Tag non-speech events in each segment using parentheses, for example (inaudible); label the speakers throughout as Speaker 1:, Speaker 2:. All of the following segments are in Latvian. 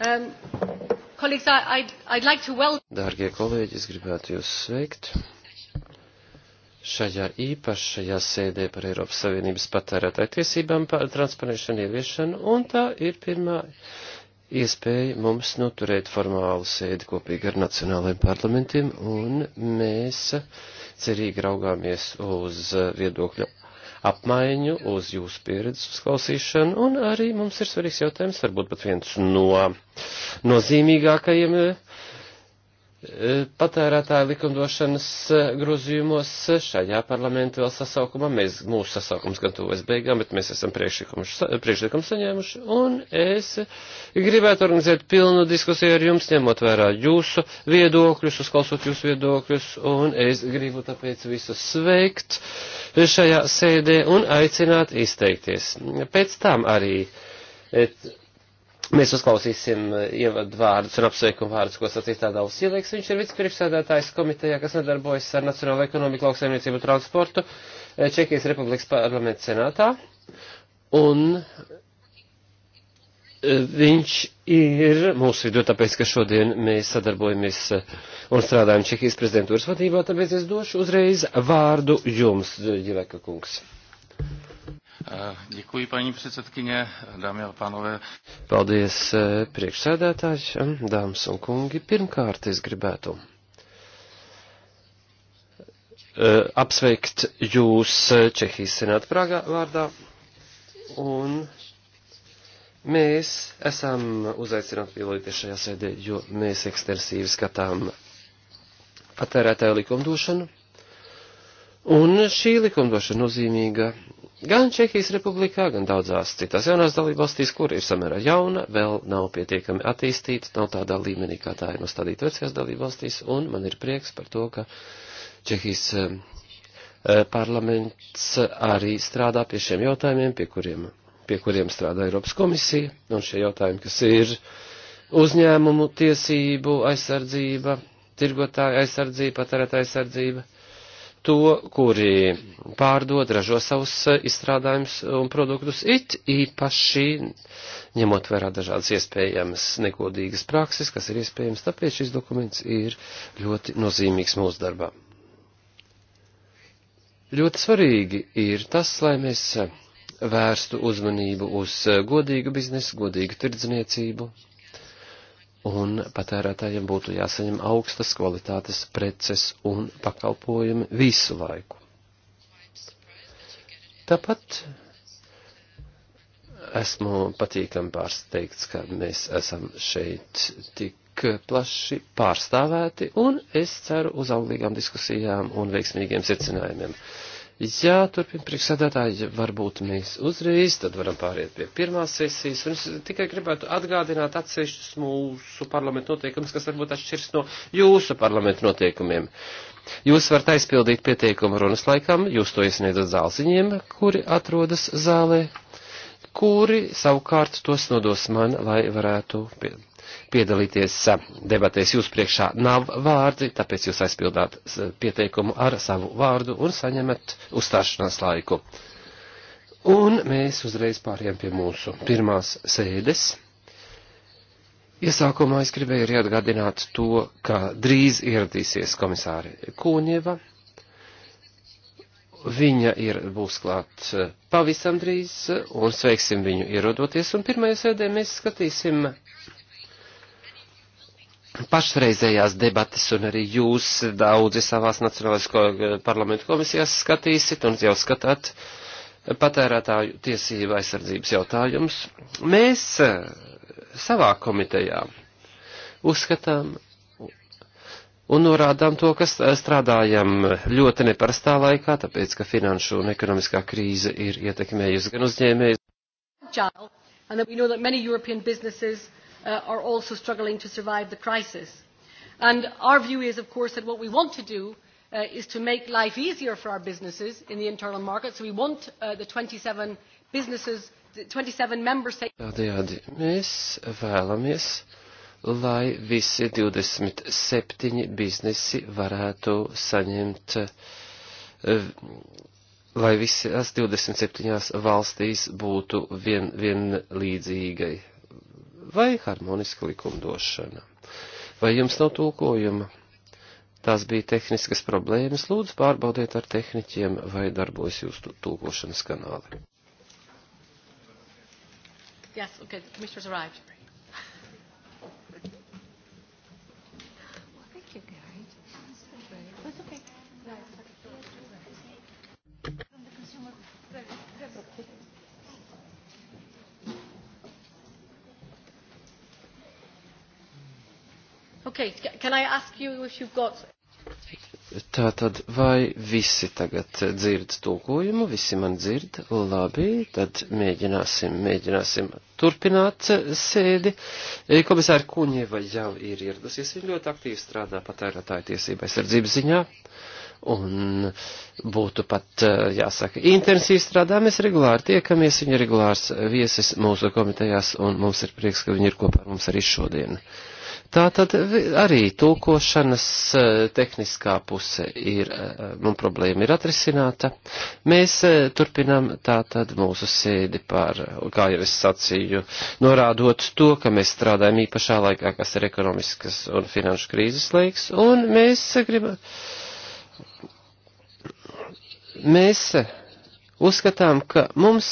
Speaker 1: Um, I'd, I'd like well...
Speaker 2: Dārgie kolēģi, es gribētu jūs sveikt šajā īpašajā sēdē par Eiropas Savienības patērētāju tiesībām, par transponēšanu ieviešanu, un tā ir pirmā iespēja mums noturēt formālu sēdi kopīgi ar nacionālajiem parlamentiem, un mēs cerīgi raugāmies uz viedokļa apmaiņu, uz jūsu pieredzes uzklausīšanu, un arī mums ir svarīgs jautājums, varbūt pat viens no nozīmīgākajiem eh, patērētāju likumdošanas e, grozījumos šajā parlamentā vēl sasaukumā. Mēs, mūsu sasaukums gan tuvojas beigām, bet mēs esam priekšlikumu saņēmuši. Un es gribētu organizēt pilnu diskusiju ar jums, ņemot vērā jūsu viedokļus, uzklausot jūsu viedokļus. Un es gribu tāpēc visus sveikt šajā sēdē un aicināt izteikties. Pēc tam arī. Et, Mēs uzklausīsim eh, ievadu vārdus un apsveikumu vārdus, ko sacīs tādā Usilīgs. Viņš ir vicepriekšsēdētājs komitejā, kas nodarbojas ar Nacionālo ekonomiku, lauksaimniecību un transportu eh, Čehijas Republikas parlamenta senātā. Un eh, viņš ir mūsu vidū, tāpēc, ka šodien mēs sadarbojamies un strādājam Čehijas prezidentūras vadībā, tāpēc es došu uzreiz vārdu jums, Ģiveka kungs.
Speaker 3: Ďakujem, eh, pani predsedkyne, dámy a pánové.
Speaker 2: Paldies, eh, priekšsēdētāji, eh, dāmas un kungi. Pirmkārt, es gribētu apsveikt jūs Čehijas senāta Prāgā vārdā. Un mēs esam uzaicināti pielīties šajā sēdē, jo mēs ekstensīvi skatām patērētāju likumdošanu. Un šī likumdošana nozīmīga Gan Čehijas republikā, gan daudzās citās jaunās dalībvalstīs, kur ir samērā jauna, vēl nav pietiekami attīstīta, nav tādā līmenī, kā tā ir nostādīta vecajās dalībvalstīs, un man ir prieks par to, ka Čehijas eh, eh, parlaments eh, arī strādā pie šiem jautājumiem, pie kuriem, pie kuriem strādā Eiropas komisija, un šie jautājumi, kas ir uzņēmumu tiesību aizsardzība, tirgotāja aizsardzība, patērētāja aizsardzība to, kuri pārdod, ražo savus eh, izstrādājumus un produktus, it īpaši ņemot vērā dažādas iespējamas negodīgas prakses, kas ir iespējams, tāpēc šis dokuments ir ļoti nozīmīgs mūsu darbā. Ļoti svarīgi ir tas, lai mēs eh, vērstu uzmanību uz eh, godīgu biznesu, godīgu tirdzniecību, un patērētājiem būtu jāsaņem augstas kvalitātes preces un pakalpojumi visu laiku. Tāpat esmu patīkami pārsteigts, ka mēs esam šeit tik plaši pārstāvēti, un es ceru uz auglīgām diskusijām un veiksmīgiem secinājumiem. Jā, turpina priekšsēdētāji, varbūt mēs uzreiz, tad varam pāriet pie pirmās sesijas, un es tikai gribētu atgādināt atsevišķus mūsu parlamentu noteikumus, kas varbūt atšķirs no jūsu parlamentu noteikumiem. Jūs varat aizpildīt pieteikumu runas laikam, jūs to iesniedzat zālziņiem, kuri atrodas zālē, kuri savukārt tos nodos man, lai varētu piedalīties debatēs jūs priekšā nav vārdi, tāpēc jūs aizpildāt pieteikumu ar savu vārdu un saņemat uzstāšanās laiku. Un mēs uzreiz pāriem pie mūsu pirmās sēdes. Iesākumā es gribēju arī atgādināt to, ka drīz ieradīsies komisāri Kūņeva. Viņa ir būs klāt pavisam drīz, un sveiksim viņu ierodoties, un pirmajā sēdē mēs skatīsim pašreizējās debatas, un arī jūs daudzi savās Nacionālajās eh, parlamentu komisijās skatīsiet un jau skatāt patērētāju tiesību aizsardzības jautājumus. Mēs eh, savā komitejā uzskatām un norādām to, ka strādājam ļoti neparastā laikā, tāpēc, ka finanšu un ekonomiskā krīze ir ietekmējusi gan uzņēmējus
Speaker 1: uh, are also struggling to survive the crisis. And our view is, of course, that what we want to do uh, is to make life easier for our businesses in the internal market. So we want uh, the 27 businesses, the 27 member states. Tādējādi
Speaker 2: mēs vēlamies, lai visi 27 biznesi varētu saņemt, uh, lai visās 27 valstīs būtu vien, vienlīdzīgai vai harmoniska likumdošana. Vai jums nav tulkojuma? Tās bija tehniskas problēmas, lūdzu pārbaudiet ar tehniķiem, vai darbojas jūsu tulkošanas kanāli.
Speaker 1: Yes, okay, the commissioner's arrived. Okay, can I ask you if you've got...
Speaker 2: Tātad, vai visi tagad dzird tulkojumu, visi man dzird, labi, tad mēģināsim, mēģināsim turpināt eh, sēdi. Eh, komisāra Kuņieva jau ir ieradusies, viņa ļoti aktīvi strādā patērētāju tiesībai sardzības ziņā, un būtu pat, eh, jāsaka, intensīvi strādā, mēs regulāri tiekamies, viņa regulārs viesis mūsu komitejās, un mums ir prieks, ka viņa ir kopā ar mums arī šodien. Uh, Tā tad arī tulkošanas eh, tehniskā puse ir, nu, problēma ir atrisināta. Mēs turpinam tā tad mūsu sēdi par, kā jau es sacīju, norādot to, ka mēs strādājam īpašā laikā, kas ir ekonomiskas un finanšu krīzes laiks, un mēs gribam. Mēs uzskatām, ka mums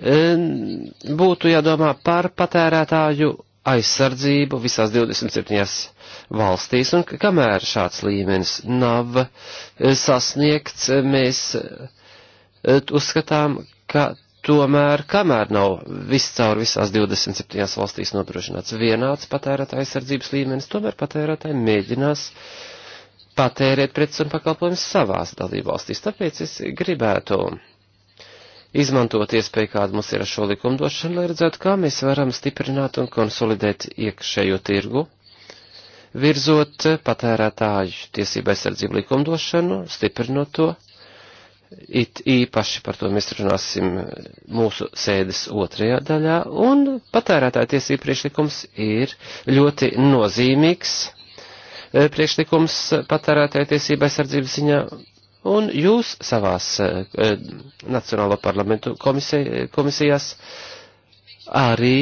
Speaker 2: būtu jādomā par patērētāju aizsardzību visās 27 valstīs, un kamēr šāds līmenis nav eh, sasniegts, eh, mēs eh, uzskatām, ka tomēr, kamēr nav viss caur visās 27 valstīs nodrošināts vienāds patērētāja aizsardzības līmenis, tomēr patērētāji mēģinās patērēt preces un pakalpojumus savās dalībvalstīs. Tāpēc es gribētu izmantot iespēju, kāda mums ir ar šo likumdošanu, lai redzētu, kā mēs varam stiprināt un konsolidēt iekšējo tirgu, virzot patērētāju tiesību aizsardzību likumdošanu, stiprinot to. It īpaši par to mēs runāsim mūsu sēdes otrajā daļā, un patērētāja tiesība priekšlikums ir ļoti nozīmīgs eh, priekšlikums patērētāja tiesība aizsardzības ziņā, Un jūs savās eh, eh Nacionālo parlamentu komisij, komisijās arī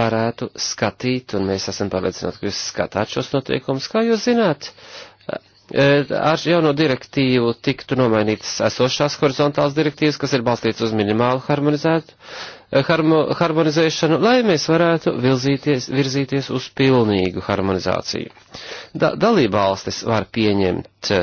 Speaker 2: varētu skatīt, un mēs esam pārliecināti, ka jūs skatāt šos notiekumus, kā jūs zināt, E, ar jauno direktīvu tiktu nomainītas esošās horizontāls direktīvas, kas ir balstīts uz minimālu harmonizētu, e, harmo, harmonizēšanu, lai mēs varētu virzīties, virzīties uz pilnīgu harmonizāciju. Da, dalībvalstis var pieņemt e,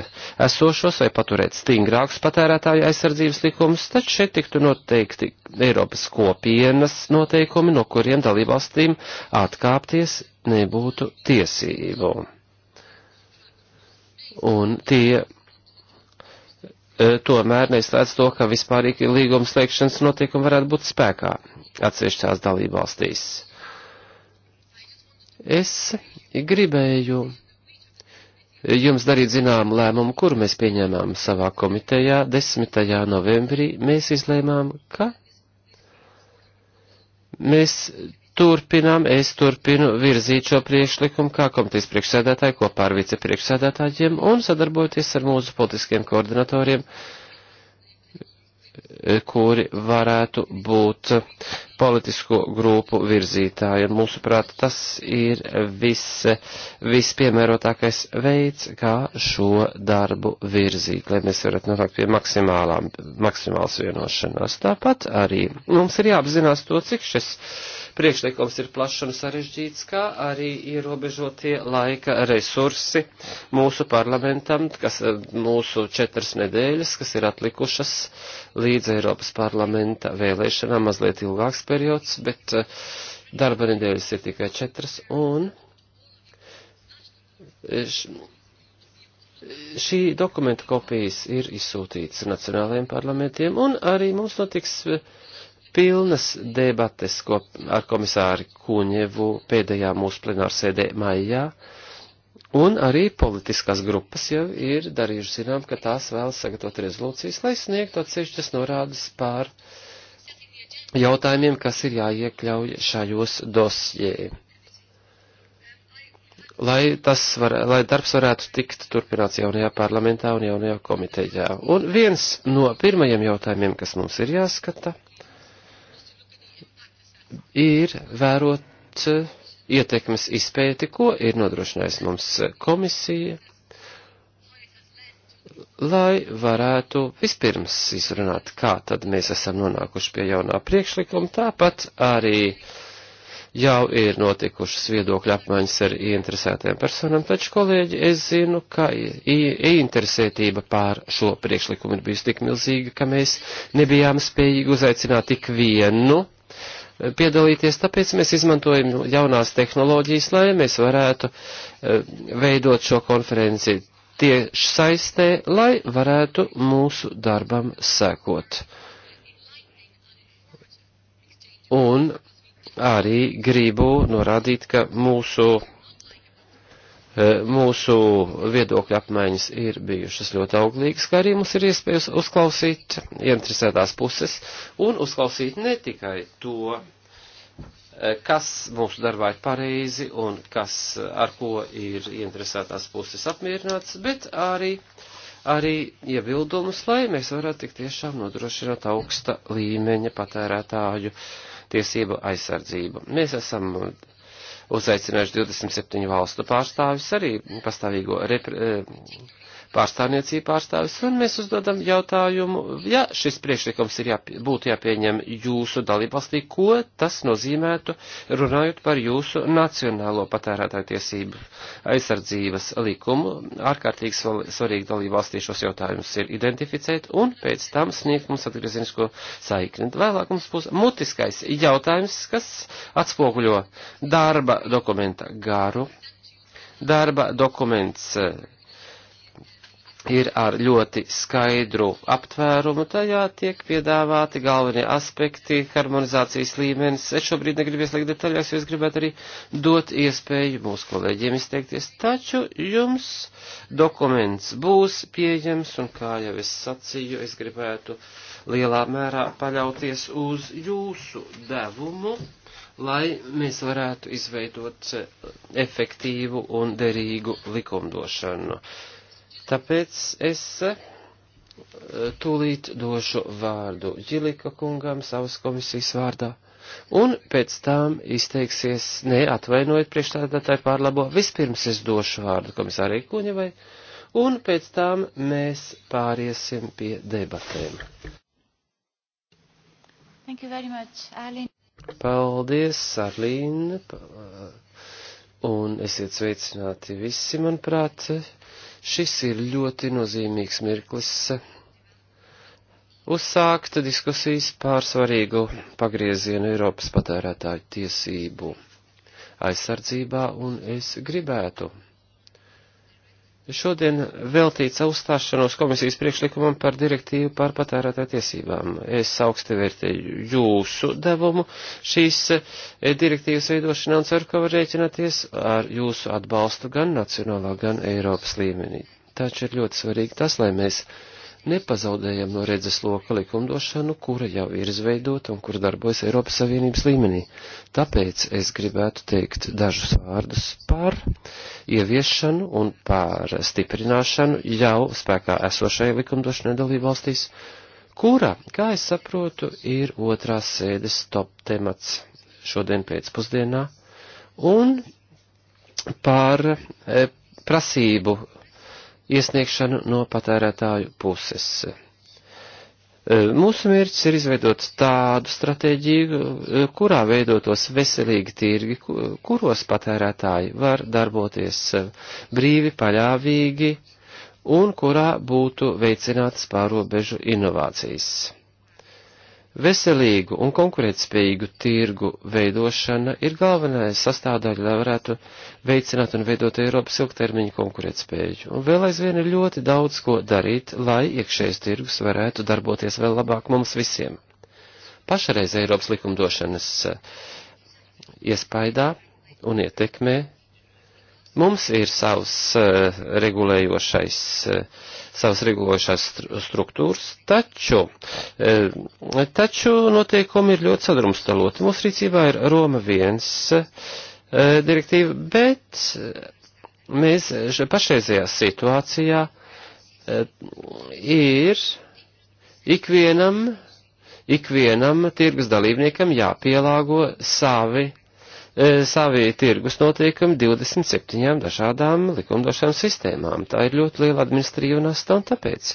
Speaker 2: esošos vai paturēt stingrākus patērētāju aizsardzības likumus, taču šeit tiktu noteikti Eiropas kopienas noteikumi, no kuriem dalībvalstīm atkāpties nebūtu tiesību Un tie e, tomēr neizslēdz to, ka vispārīgi līguma slēgšanas notiekumi varētu būt spēkā atsevišķās dalībvalstīs. Es gribēju jums darīt zinām lēmumu, kuru mēs pieņēmām savā komitejā 10. novembrī. Mēs izlēmām, ka mēs turpinām, es turpinu virzīt šo priekšlikumu kā komitejas priekšsēdētāji kopā ar vicepriekšsēdētājiem un sadarbojoties ar mūsu politiskiem koordinatoriem, kuri varētu būt politisko grupu virzītāji, un mūsuprāt tas ir viss, vispiemērotākais veids, kā šo darbu virzīt, lai mēs varētu nonākt pie maksimālām, maksimālas vienošanās. Tāpat arī mums ir jāapzinās to, cik šis priekšlikums ir plašs un sarežģīts, kā arī ierobežotie laika resursi mūsu parlamentam, kas mūsu četras nedēļas, kas ir atlikušas līdz Eiropas parlamenta vēlēšanām, mazliet ilgāks mācību periods, bet eh, darba nedēļas ir tikai četras, un šī dokumenta kopijas ir izsūtītas nacionālajiem parlamentiem, un arī mums notiks eh, pilnas debates ko, ar komisāri Kuņevu pēdējā mūsu plenārsēdē maijā. Un arī politiskās grupas jau ir darījuši zinām, ka tās vēlas sagatavot rezolūcijas, lai sniegtu atsevišķas norādes pār uh, jautājumiem, kas ir jāiekļauj šajos dosjē. Lai, var, lai darbs varētu tikt turpināts jaunajā parlamentā un jaunajā komitejā. Un viens no pirmajiem jautājumiem, kas mums ir jāskata, ir vērot uh, ietekmes izpēti, ko ir nodrošinājusi mums komisija lai varētu vispirms izrunāt, kā tad mēs esam nonākuši pie jaunā priekšlikuma, tāpat arī jau ir notikušas viedokļa apmaiņas ar ieinteresētiem personām, taču, kolēģi, es zinu, ka ieinteresētība pār šo priekšlikumu ir bijusi tik milzīga, ka mēs nebijām spējīgi uzaicināt tik vienu piedalīties, tāpēc mēs izmantojam jaunās tehnoloģijas, lai mēs varētu eh, veidot šo konferenci tieši saistē, lai varētu mūsu darbam sekot. Un arī gribu norādīt, ka mūsu, e, mūsu viedokļa apmaiņas ir bijušas ļoti auglīgas, kā arī mums ir iespējas uzklausīt interesētās puses un uzklausīt ne tikai to, Eh, kas mūsu darbā ir pareizi un kas eh, ar ko ir interesētās puses apmierināts, bet arī, arī iebildumus, lai mēs varētu tik tiešām nodrošināt augsta līmeņa patērētāju tiesību aizsardzību. Mēs esam uzaicinājuši 27 valstu pārstāvis arī pastāvīgo repre, eh, pārstāvniecība pārstāvis, un mēs uzdodam jautājumu, ja šis priekšlikums ir jāpie, būtu jāpieņem jūsu dalībvalstī, ko tas nozīmētu runājot par jūsu nacionālo patērētāju tiesību aizsardzības likumu. Ārkārtīgi svarīgi dalībvalstī šos jautājumus ir identificēt un pēc tam sniegt mums atgriezinisko saikni. Vēlāk mums būs mutiskais jautājums, kas atspoguļo darba dokumenta garu. Darba dokuments ir ar ļoti skaidru aptvērumu. Tajā tiek piedāvāti galvenie aspekti, harmonizācijas līmenis. Es šobrīd negribu ieslēgt detaļās, jo es gribētu arī dot iespēju mūsu kolēģiem izteikties. Taču jums dokuments būs pieejams, un kā jau es sacīju, es gribētu lielā mērā paļauties uz jūsu devumu lai mēs varētu izveidot efektīvu un derīgu likumdošanu. Uh, Tāpēc es e, tūlīt došu vārdu Ģilika kungam savas komisijas vārdā. Un pēc tam izteiksies, ne atvainojiet priekšstādātāju pārlabo, vispirms es došu vārdu komisārai Kuņevai, un pēc tam mēs pāriesim pie debatēm.
Speaker 1: Thank you very much, Arlene.
Speaker 2: Paldies, Arlīna, un esiet sveicināti visi, manuprāt. Šis ir ļoti nozīmīgs mirklis uzsākt diskusijas pār svarīgu pagriezienu Eiropas patērētāju tiesību aizsardzībā, un es gribētu šodien veltīt savu stāšanos komisijas priekšlikumam par direktīvu par patērētāju tiesībām. Es augsti vērtēju jūsu devumu šīs e, direktīvas veidošanā un ceru, ka var rēķināties ar jūsu atbalstu gan nacionālā, gan Eiropas līmenī. Taču ir ļoti svarīgi tas, lai mēs nepazaudējam no redzes loka likumdošanu, kura jau ir izveidota un kur darbojas Eiropas Savienības līmenī. Tāpēc es gribētu teikt dažus vārdus par ieviešanu un par stiprināšanu jau spēkā esošajai likumdošanai dalībvalstīs, kura, kā es saprotu, ir otrās sēdes top temats šodien pēcpusdienā, un par e, prasību iesniegšanu no patērētāju puses. E, mūsu mērķis ir izveidot tādu stratēģiju, e, kurā veidotos veselīgi tirgi, kuros patērētāji var darboties e, brīvi, paļāvīgi un kurā būtu veicinātas pārobežu inovācijas. Veselīgu un konkurētspējīgu tirgu veidošana ir galvenais sastāvdaļa, lai varētu veicināt un veidot Eiropas ilgtermiņu konkurētspēju. Un vēl aizvien ir ļoti daudz ko darīt, lai iekšējais tirgus varētu darboties vēl labāk mums visiem. Pašreiz Eiropas likumdošanas eh, iespaidā un ietekmē Mums ir savs eh, regulējošais, eh, savs regulējošās struktūras, taču, eh, taču noteikumi ir ļoti sadrumstaloti. Mums rīcībā ir Roma 1 direktīva, bet mēs pašreizajā situācijā ir ikvienam, ikvienam tirgus dalībniekam jāpielāgo savi E, savi tirgus noteikumi 27 dažādām likumdošanas sistēmām. Tā ir ļoti liela administrīva nasta un tāpēc.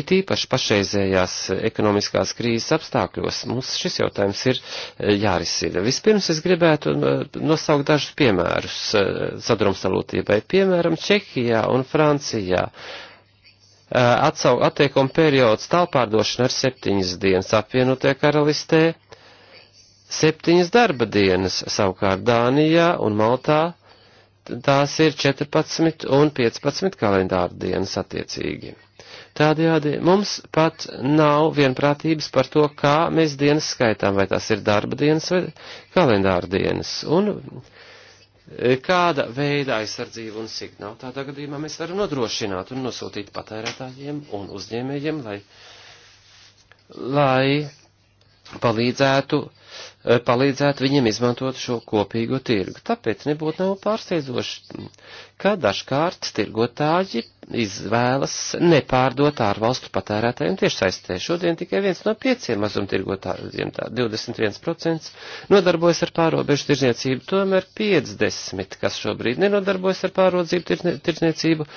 Speaker 2: It īpaši pašreizējās ekonomiskās krīzes apstākļos mums šis jautājums ir e, jārisina. Vispirms es gribētu e, nosaukt dažus piemērus sadrumstalotībai. Piemēram, Čehijā un Francijā atteikuma periods tālpārdošana ar septiņas dienas apvienotie karalistē Septiņas darba dienas savukārt Dānijā un Maltā tās ir 14 un 15 kalendāra dienas attiecīgi. Tādējādi mums pat nav vienprātības par to, kā mēs dienas skaitām, vai tās ir darba dienas vai kalendāra dienas. Un e, kāda veida aizsardzība un signāli tādā gadījumā mēs varam nodrošināt un nosūtīt patērētājiem un uzņēmējiem, lai, lai palīdzētu uh, Eh, palīdzētu viņiem izmantot šo kopīgo tirgu. Tāpēc nebūtu nav pārsteidzoši, ka dažkārt tirgotāji izvēlas nepārdot ārvalstu patērētājiem tiešsaistē. Šodien tikai viens no pieciem mazumtirgotājiem, 21% nodarbojas ar pārobežu tirzniecību, tomēr 50, kas šobrīd nenodarbojas ar pārodzību tirzniecību,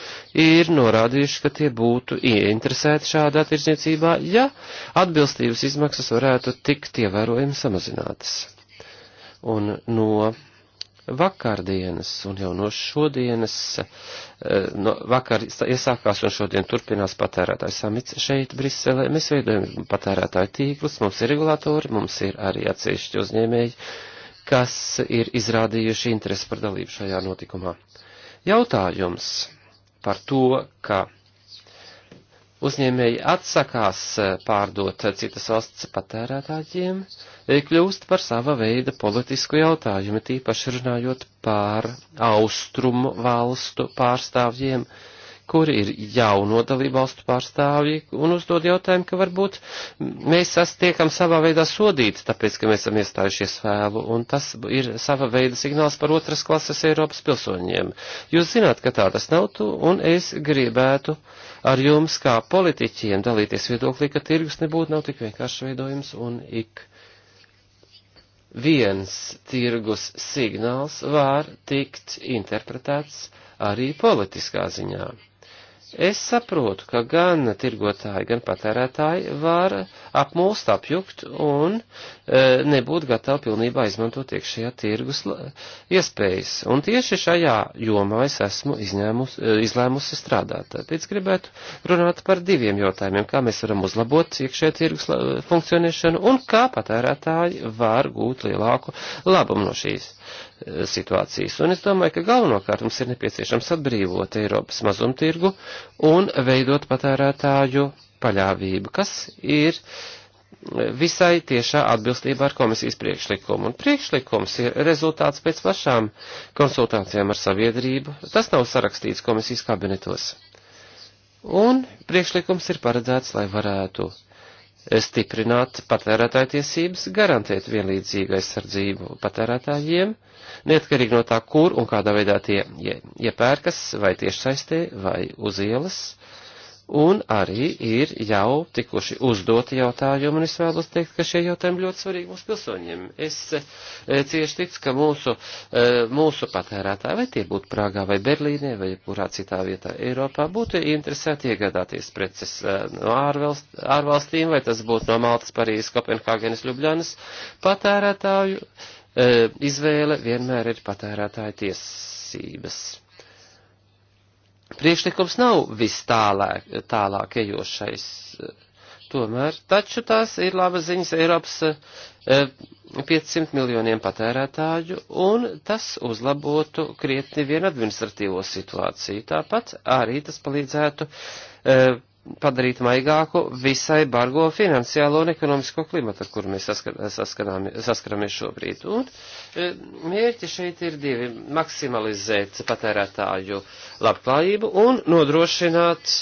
Speaker 2: ir norādījuši, ka tie būtu ieinteresēti šādā tirzniecībā, ja atbilstības izmaksas varētu tikt ievērojami samazinātas. Un no vakardienas un jau no šodienas, eh, no vakar iesākās un šodien turpinās patērētāju samits šeit, Briselē. Mēs veidojam patērētāju tīklus, mums ir regulātori, mums ir arī atsevišķi uzņēmēji, kas ir izrādījuši interesi par dalību šajā notikumā. Jautājums par to, ka uzņēmēji atsakās eh, pārdot citas valsts patērētājiem, eh, kļūst par sava veida politisku jautājumu, tīpaši runājot par austrumu valstu pārstāvjiem, uh, kur ir jauno dalībvalstu pārstāvji un uzdod jautājumu, ka varbūt mēs tiekam savā veidā sodīti, tāpēc, ka mēs esam iestājušies vēlu, un tas ir sava veida signāls par otras klases Eiropas pilsoņiem. Jūs zināt, ka tā tas nav tu, un es gribētu ar jums kā politiķiem dalīties viedoklī, ka tirgus nebūtu nav tik vienkārši veidojums un ik viens tirgus signāls var tikt interpretēts arī politiskā ziņā. Es saprotu, ka gan tirgotāji, gan patērētāji var apmūst, apjukt un e, nebūt gatavi pilnībā izmantot iekšējā tirgus iespējas. Un tieši šajā jomā es esmu izņēmus, e, izlēmusi strādāt. Tāpēc gribētu runāt par diviem jautājumiem, kā mēs varam uzlabot iekšējā tirgus funkcionēšanu un kā patērētāji var gūt lielāku labumu no šīs Eh, situācijas. Un es domāju, ka galvenokārt mums ir nepieciešams atbrīvot Eiropas mazumtirgu un veidot patērētāju paļāvību, kas ir eh, visai tiešā atbilstībā ar komisijas priekšlikumu. Un priekšlikums ir rezultāts pēc plašām konsultācijām ar sabiedrību. Tas nav sarakstīts komisijas kabinetos. Un priekšlikums ir paredzēts, lai varētu uh, stiprināt patērētāju tiesības, garantēt vienlīdzīgu aizsardzību patērētājiem, neatkarīgi no tā, kur un kādā veidā tie iepērkas, ja, ja vai tiešsaistē, vai uz ielas. Uh, Un arī ir jau tikuši uzdoti jautājumi, un es vēlos teikt, ka šie jautājumi ļoti svarīgi mūsu pilsoņiem. Es e, cieši ticu, ka mūsu, e, mūsu patērētāji, vai tie būtu Prāgā vai Berlīnē vai kurā citā vietā Eiropā, būtu interesēti iegādāties preces e, no ārvalst, ārvalstīm, vai tas būtu no Maltas, Parīzes, Kopenhāgenes, Ljubljanas patērētāju. E, izvēle vienmēr ir patērētāja tiesības priekšlikums nav viss tālāk, tālāk ejošais. Tomēr, taču tās ir labas ziņas Eiropas 500 eh, miljoniem patērētāju, un tas uzlabotu krietni vien administratīvo situāciju. Tāpat arī tas palīdzētu eh, padarīt maigāku visai bargo finansiālo un ekonomisko klimatu, ar kuru mēs saskaramies šobrīd. Un e, mērķi šeit ir divi - maksimalizēt patērētāju labklājību un nodrošināt e,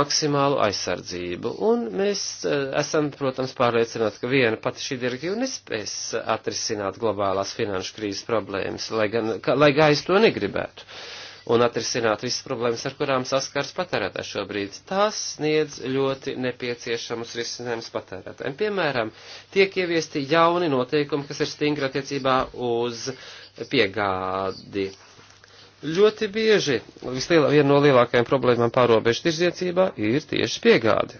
Speaker 2: maksimālu aizsardzību. Un mēs e, esam, protams, pārliecināti, ka viena pati šī direktīva nespēs atrisināt globālās finanšu krīzes problēmas, lai gan, ka, lai gais to negribētu. Uh, un atrisināt visas problēmas, ar kurām saskars patērētājs šobrīd. Tas sniedz ļoti nepieciešamus risinājumus patērētājiem. Piemēram, tiek ieviesti jauni noteikumi, kas ir stingri attiecībā uz piegādi. Ļoti bieži viena no lielākajām problēmām pārobežu tirdzniecībā ir tieši piegādi.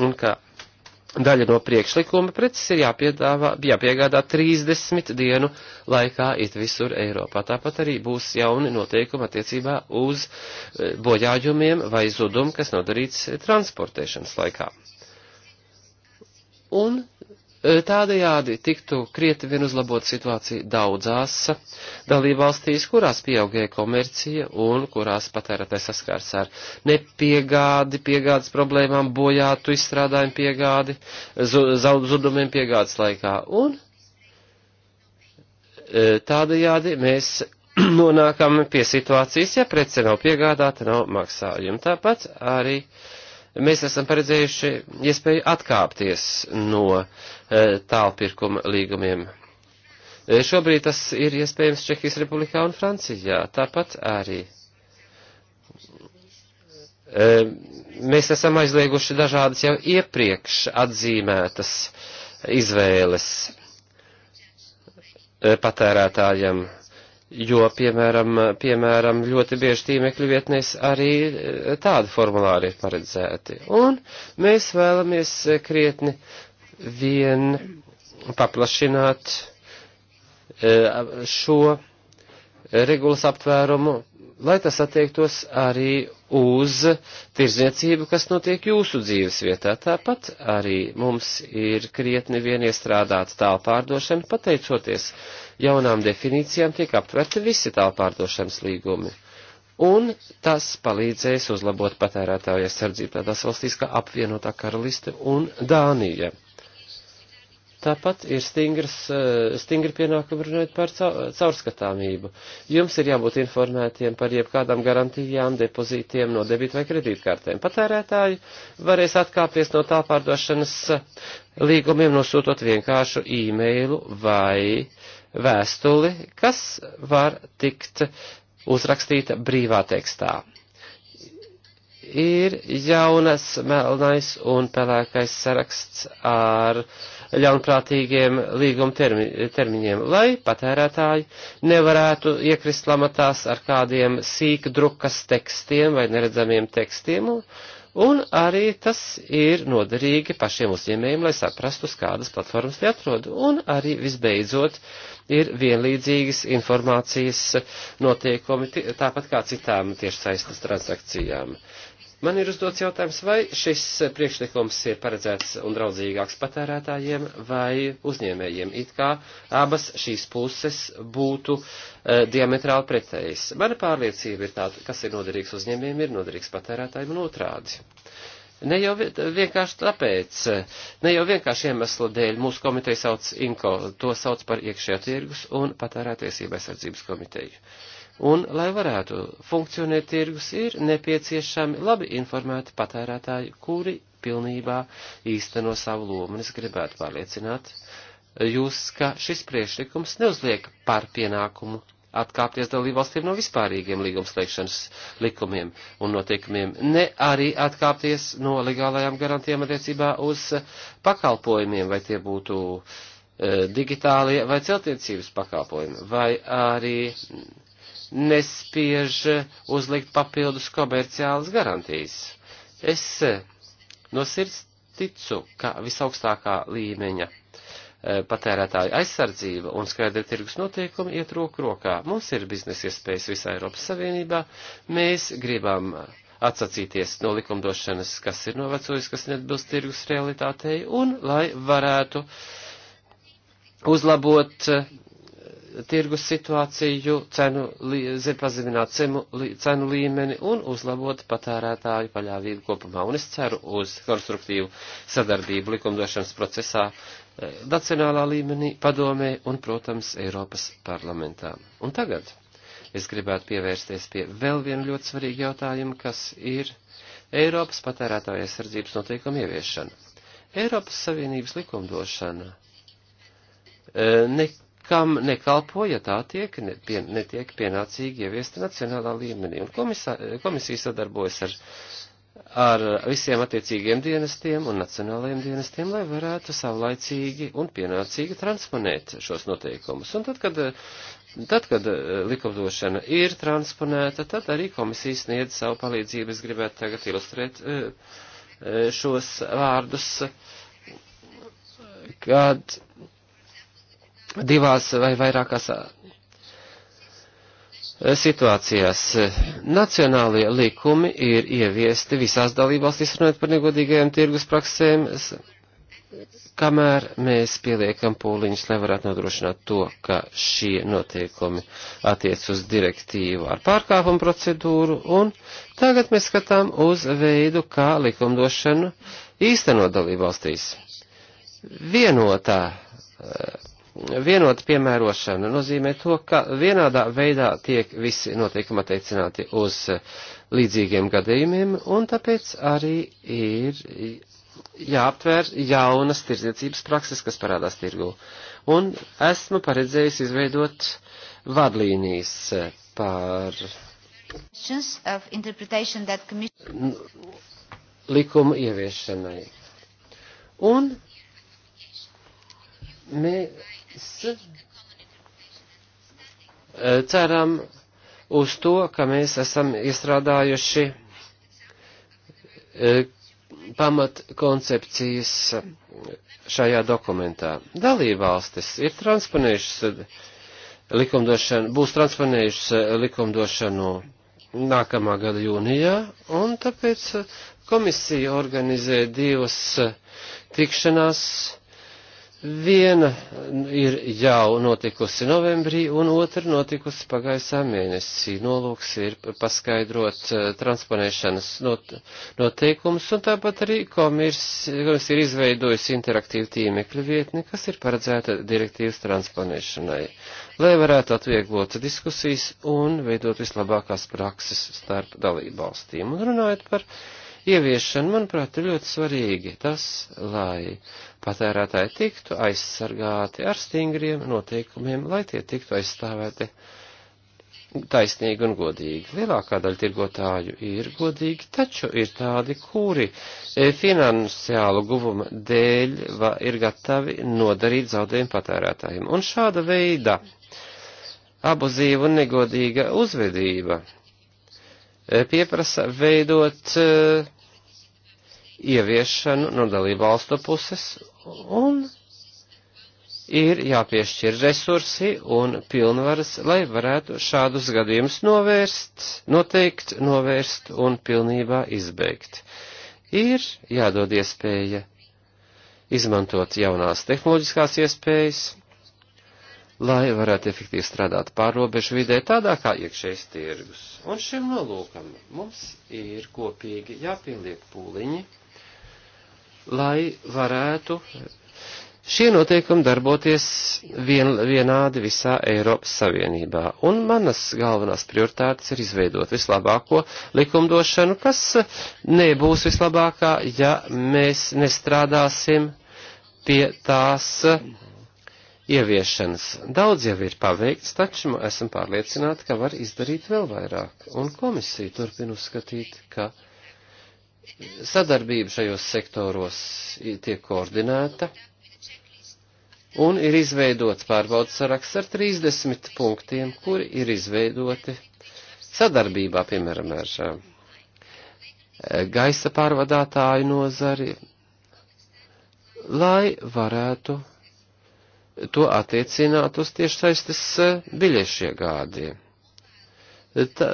Speaker 2: Un kā daļa no priekšlikuma preces ir jāpiedāvā, jāpiegādā 30 dienu laikā it visur Eiropā. Tāpat arī būs jauni noteikumi attiecībā uz eh, bojāģumiem vai zudumu, kas nodarīts eh, transportēšanas laikā. Un E, tādējādi tiktu krieti vien uzlabot situāciju daudzās dalībvalstīs, kurās pieaugēja komercija un kurās patērētāji saskārs ar nepiegādi, piegādes problēmām, bojātu izstrādājumu piegādi, zaudumiem piegādes laikā. Un e, tādējādi mēs (clears throat) nonākam pie situācijas, ja prece nav piegādāta, nav maksājuma. Tāpat arī uh, mēs esam paredzējuši iespēju atkāpties no e, tālpirkuma līgumiem. E, šobrīd tas ir iespējams Čehijas Republikā un Francijā, tāpat arī. E, mēs esam aizlieguši dažādas jau iepriekš atzīmētas izvēles patērētājiem jo, piemēram, piemēram, ļoti bieži tīmekļu vietnēs arī eh, tādi formulāri ir paredzēti. Un mēs vēlamies eh, krietni vien paplašināt eh, šo regulas aptvērumu, lai tas attiektos arī uz tirzniecību, kas notiek jūsu dzīves vietā. Tāpat arī mums ir krietni vien iestrādāts tālpārdošana, pateicoties jaunām definīcijām tiek aptverti visi tālpārdošanas līgumi. Un tas palīdzēs uzlabot patērētāju aizsardzību tādās valstīs kā apvienotā karaliste un Dānija. Tāpat ir stingras, eh, stingri pienākumi runāt par caurskatāmību. Jums ir jābūt informētiem par jebkādām garantijām, depozītiem no debīta vai kredītkartēm. Patērētāji varēs atkāpties no tā pārdošanas līgumiem, nosūtot vienkāršu e-mailu vai vēstuli, kas var tikt uzrakstīta brīvā tekstā ir jaunas melnais un pelēkais saraksts ar ļaunprātīgiem līguma termi, termiņiem, lai patērētāji nevarētu iekrist lamatās ar kādiem sīka drukas tekstiem vai neredzamiem tekstiem, un arī tas ir noderīgi pašiem uzņēmējiem, lai saprastu, uz kādas platformas tie atrod, un arī visbeidzot ir vienlīdzīgas informācijas notiekumi, tāpat kā citām tiešsaistes transakcijām. Man ir uzdots jautājums, vai šis priekšlikums ir paredzēts un draudzīgāks patērētājiem vai uzņēmējiem, it kā abas šīs puses būtu e, uh, diametrāli pretējas. Mana pārliecība ir tāda, kas ir noderīgs uzņēmējiem, ir noderīgs patērētājiem un otrādi. Ne jau vienkārši tāpēc, ne jau vienkārši iemesla dēļ mūsu komiteja sauc INCO, to sauc par iekšējā tirgus un patērētiesība aizsardzības komiteju. Un, lai varētu funkcionēt tirgus, ir nepieciešami labi informēti patērētāji, kuri pilnībā īsteno savu lomu. Un es gribētu pārliecināt jūs, ka šis priekšlikums neuzliek par pienākumu atkāpties dalībvalstīm no vispārīgiem līgumslēgšanas likumiem un noteikumiem, ne arī atkāpties no legālajām garantijām attiecībā uz pakalpojumiem, vai tie būtu e, digitālie vai celtniecības pakalpojumi, vai arī nespiež eh, uzlikt papildus komerciālas garantijas. Es eh, no sirds ticu, ka visaugstākā līmeņa eh, patērētāju aizsardzība un skaidra tirgus noteikumi iet roku rokā. Mums ir biznesa iespējas visā Eiropas Savienībā. Mēs gribam atsacīties no likumdošanas, kas ir novecojis, kas neatbilst tirgus realitātei, un lai varētu uzlabot tirgus situāciju, cenu, zem pazemināt cenu, cenu līmeni un uzlabot patērētāju paļāvību kopumā. Un es ceru uz konstruktīvu sadarbību likumdošanas procesā eh, nacionālā līmenī, padomē un, protams, Eiropas parlamentā. Un tagad es gribētu pievērsties pie vēl viena ļoti svarīga jautājuma, kas ir Eiropas patērētāju aizsardzības noteikumu ieviešana. Eiropas Savienības likumdošana. Eh, ne kam nekalpo, ja tā tiek, ne, pie, netiek pienācīgi ieviesta nacionālā līmenī. Un komisā, komisija sadarbojas ar, ar visiem attiecīgiem dienestiem un nacionālajiem dienestiem, lai varētu savlaicīgi un pienācīgi transponēt šos noteikumus. Un tad, kad, tad, kad eh, likumdošana ir transponēta, tad arī komisija sniedz savu palīdzību. Es gribētu tagad ilustrēt eh, eh, šos vārdus, kad divās vai vairākās uh, situācijās. Nacionālie likumi ir ieviesti visās dalībvalstīs runājot par negodīgajām tirgus praksēm, kamēr mēs pieliekam pūliņus, lai varētu nodrošināt to, ka šie noteikumi attiec uz direktīvu ar pārkāpumu procedūru, un tagad mēs skatām uz veidu, kā likumdošanu īstenot dalībvalstīs. Vienotā uh, vienota piemērošana nozīmē to, ka vienādā veidā tiek visi noteikumi attiecināti uz līdzīgiem gadījumiem, un tāpēc arī ir jāaptvēr jaunas tirdzniecības prakses, kas parādās tirgu. Un esmu paredzējis izveidot vadlīnijas par likumu ieviešanai. Un mē, mēs eh, ceram uz to, ka mēs esam iestrādājuši eh, pamatkoncepcijas šajā dokumentā. Dalībvalstis ir transponējušas eh, likumdošanu, būs transponējušas likumdošanu nākamā gada jūnijā, un tāpēc komisija organizē divas tikšanās Viena ir jau notikusi novembrī, un otra notikusi pagaisā mēnesī. Nolūks ir paskaidrot eh, transponēšanas not, noteikumus, un tāpat arī komisija ir izveidojusi interaktīvu tīmekļu vietni, kas ir paredzēta direktīvas transponēšanai, lai varētu atvieglot diskusijas un veidot vislabākās prakses starp dalībvalstīm. Un runājot par ieviešana, manuprāt, ir ļoti svarīgi tas, lai patērētāji tiktu aizsargāti ar stingriem noteikumiem, lai tie tiktu aizstāvēti taisnīgi un godīgi. Lielākā daļa tirgotāju ir godīgi, taču ir tādi, kuri e, finansiālu guvuma dēļ ir gatavi nodarīt zaudējumu patērētājiem. Un šāda veida abuzīva un negodīga uzvedība pieprasa veidot eh, ieviešanu no dalību valstu puses un ir jāpiešķir resursi un pilnvaras, lai varētu šādus gadījumus novērst, noteikt, novērst un pilnībā izbeigt. Ir jādod iespēja izmantot jaunās tehnoloģiskās iespējas, lai varētu efektīvi strādāt pārrobežu vidē, tādā kā iekšējais tirgus. Un šim nolūkam mums ir kopīgi jāpieliek pūliņi, lai varētu šie noteikumi darboties vien, vienādi visā Eiropas Savienībā. Un manas galvenās prioritātes ir izveidot vislabāko likumdošanu, kas nebūs vislabākā, ja mēs nestrādāsim pie tās. Mm -hmm ieviešanas. Daudz jau ir paveikts, taču esam pārliecināti, ka var izdarīt vēl vairāk. Un komisija turpina uzskatīt, ka sadarbība šajos sektoros tiek koordinēta un ir izveidots pārbaudas saraksts ar 30 punktiem, kuri ir izveidoti sadarbībā, piemēram, ar eh, gaisa pārvadātāju nozari, lai varētu to attiecināt uz tiešsaistes eh, biļešiegādiem. Tā,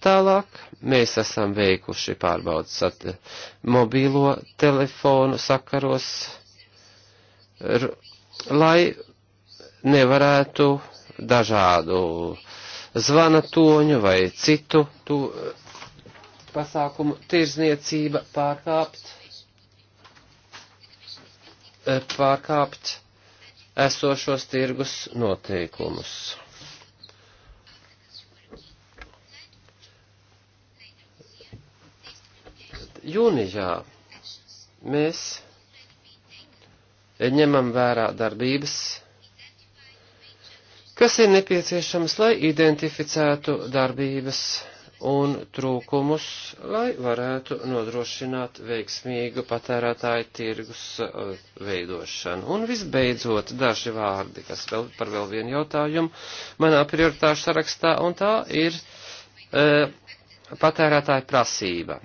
Speaker 2: tālāk mēs esam veikuši pārbaudas at, mobīlo telefonu sakaros, r, lai nevarētu dažādu zvana toņu vai citu tu, pasākumu tirzniecība pārkāpt, eh, pārkāpt esošos tirgus noteikumus. Jūnijā mēs ņemam vērā darbības, kas ir nepieciešams, lai identificētu darbības un trūkumus, lai varētu nodrošināt veiksmīgu patērētāju tirgus uh, veidošanu. Un visbeidzot, daži vārdi, kas vēl par vēl vienu jautājumu manā prioritāšu sarakstā, un tā ir e, patērētāja prasība.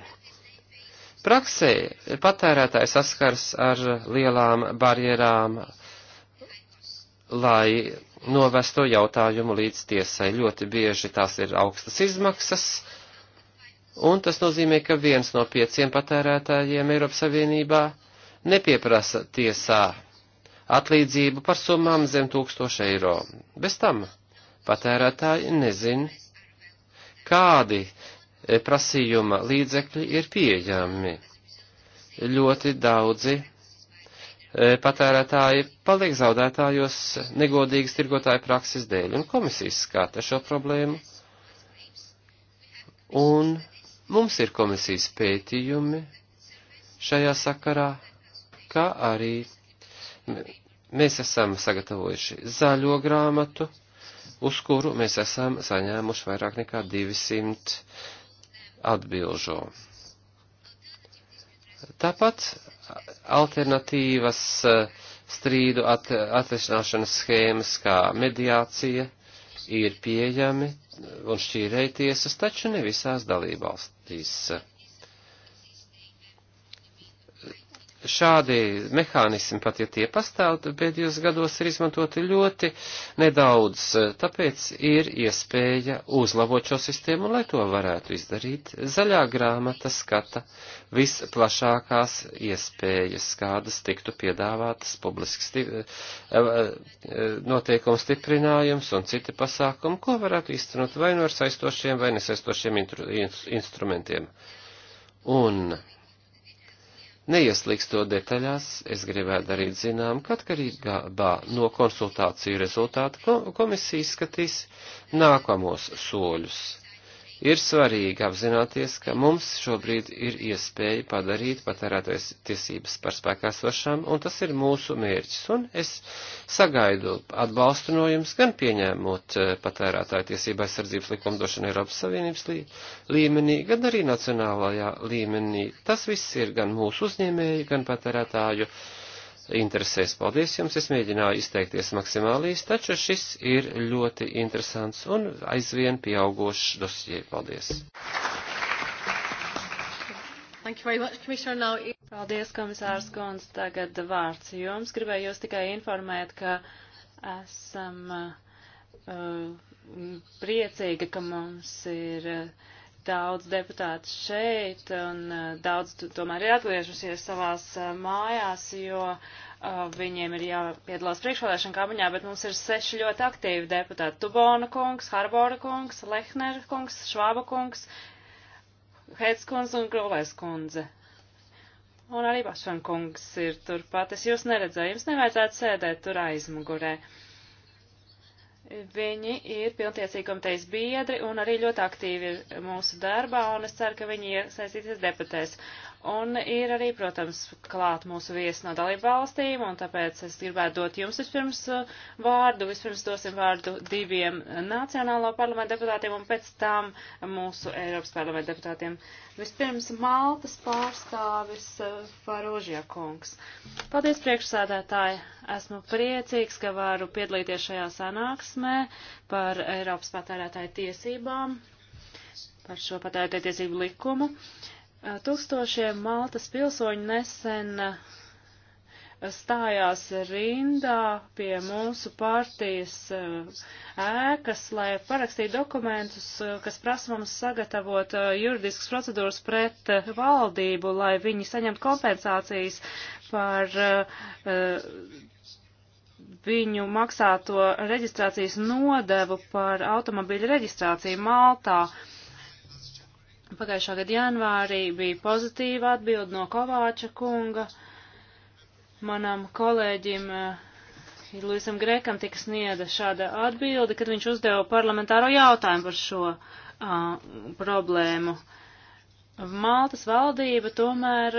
Speaker 2: Praksē patērētāji saskars ar lielām barjerām, lai novesto jautājumu līdz tiesai. Ļoti bieži tās ir augstas izmaksas, un tas nozīmē, ka viens no pieciem patērētājiem Eiropas Savienībā nepieprasa tiesā atlīdzību par summām zem 1000 eiro. Bez tam patērētāji nezin, kādi e, prasījuma līdzekļi ir pieejami. Ļoti daudzi E, patērētāji paliek zaudētājos negodīgas tirgotāja prakses dēļ, un komisijas skata šo problēmu. Un mums ir komisijas pētījumi šajā sakarā, kā arī mēs esam sagatavojuši zaļo grāmatu, uz kuru mēs esam saņēmuši vairāk nekā 200 atbilžu. Tāpat alternatīvas eh, strīdu at, atrisināšanas schēmas, kā mediācija, ir pieejami un šķīrētiesas, taču ne visās dalībvalstīs. šādi mehānismi, pat ja tie pastāv, pēdējos gados ir izmantoti ļoti nedaudz, tāpēc ir iespēja uzlabot šo sistēmu, lai to varētu izdarīt. Zaļā grāmata skata visplašākās iespējas, kādas tiktu piedāvātas publisks sti eh, eh, noteikumu stiprinājums un citi pasākumi, ko varētu iztenot vai no nu ar saistošiem vai nesaistošiem instru instrumentiem. Un Neieslīkstot detaļās, es gribētu darīt zinām, ka atkarībā no konsultāciju rezultātu komisija skatīs nākamos soļus. Ir svarīgi apzināties, ka mums šobrīd ir iespēja padarīt patērētājas tiesības par spēkā sošām, un tas ir mūsu mērķis. Un es sagaidu atbalstu no jums, gan pieņēmot eh, patērētāju tiesību aizsardzības likumdošanu Eiropas Savienības lī, līmenī, gan arī nacionālajā līmenī. Tas viss ir gan mūsu uzņēmēji, gan patērētāju tiesības interesēs. Paldies jums, es mēģināju izteikties maksimālīs, taču šis ir ļoti interesants un aizvien pieaugošs dosie. Paldies!
Speaker 4: Much, Now... Paldies, komisārs Kons. Tagad vārds jums. Gribēju jūs tikai informēt, ka esam uh, priecīgi, ka mums ir. Uh, daudz deputātu šeit, un uh, daudz tomēr ir atgriežusies savās uh, mājās, jo uh, viņiem ir jāpiedalās priekšvēlēšana kampaņā, bet mums ir seši ļoti aktīvi deputāti. Tubona kungs, Harbora kungs, Lehner kungs, Švāba kungs, Hēdz kungs un Grulēs kundze. Un arī Bašvan kungs ir turpat. Es jūs neredzēju, jums nevajadzētu sēdēt tur aizmugurē. Uh, Viņi ir pilntiesīgi komitejas biedri un arī ļoti aktīvi ir mūsu darbā, un es ceru, ka viņi iesaistīsies debatēs. Un ir arī, protams, klāt mūsu viesi no dalību valstīm, un tāpēc es gribētu dot jums vispirms uh, vārdu. Vispirms dosim vārdu diviem Nacionālo parlamentu deputātiem un pēc tam mūsu Eiropas parlamentu deputātiem. Vispirms Maltas pārstāvis uh, Farožija kungs. Paldies, priekšsādētāji! Esmu priecīgs, ka varu piedalīties šajā sanāksmē par Eiropas patērētāju tiesībām, par šo patērētāju tiesību likumu. Uh, Tūkstošiem Maltas pilsoņu nesen stājās rindā pie mūsu partijas ēkas, lai parakstītu dokumentus, kas prasa mums sagatavot juridiskas procedūras pret valdību, lai viņi saņemtu kompensācijas par viņu maksāto reģistrācijas nodevu par automobīļu reģistrāciju Maltā. Uh, Pagājušā gada janvārī bija pozitīva atbild no Kovāča kunga. Manam kolēģim eh, Luisam Grekam tika snieda šāda atbilde, kad viņš uzdeva parlamentāro jautājumu par šo uh, problēmu. Maltas valdība tomēr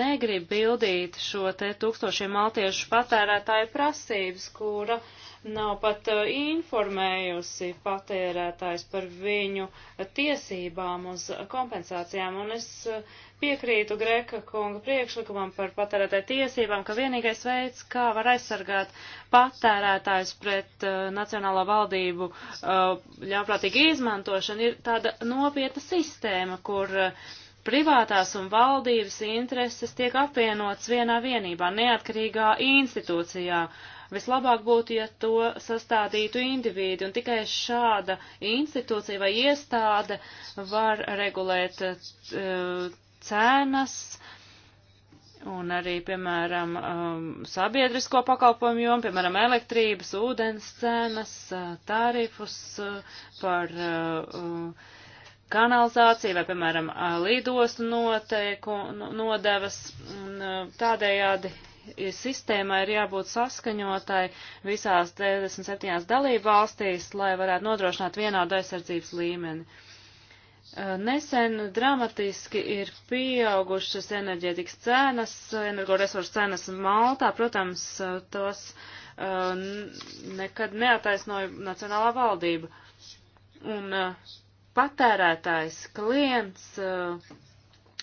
Speaker 4: negrib bildīt šo te tūkstošiem maltiešu patērētāju prasības, kura uh, nav pat uh, informējusi patērētājs par viņu tiesībām uz kompensācijām. Un es uh, piekrītu Greka kunga priekšlikumam par patērētāju tiesībām, ka vienīgais veids, kā var aizsargāt patērētājs pret uh, nacionālo valdību uh, ļaunprātīgu izmantošanu, ir tāda nopietna sistēma, kur uh, privātās un valdības intereses tiek apvienotas vienā vienībā, neatkarīgā institūcijā. Uh, Vislabāk būtu, ja to sastādītu indivīdi, un tikai šāda institūcija vai iestāde var regulēt eh, cenas un arī, piemēram, um, sabiedrisko pakalpojumu jomu, piemēram, elektrības, ūdens cenas, eh, tarifus eh, par kanalizāciju vai, piemēram, lidostu noteiku nodevas, un tādējādi sistēmai ir jābūt saskaņotai visās 97 dalību valstīs, lai varētu nodrošināt vienādu aizsardzības līmeni. Nesen dramatiski ir pieaugušas enerģētikas cenas, energoresursu cenas Maltā. Protams, tos nekad neataisnoja Nacionālā valdība. Un patērētājs, klients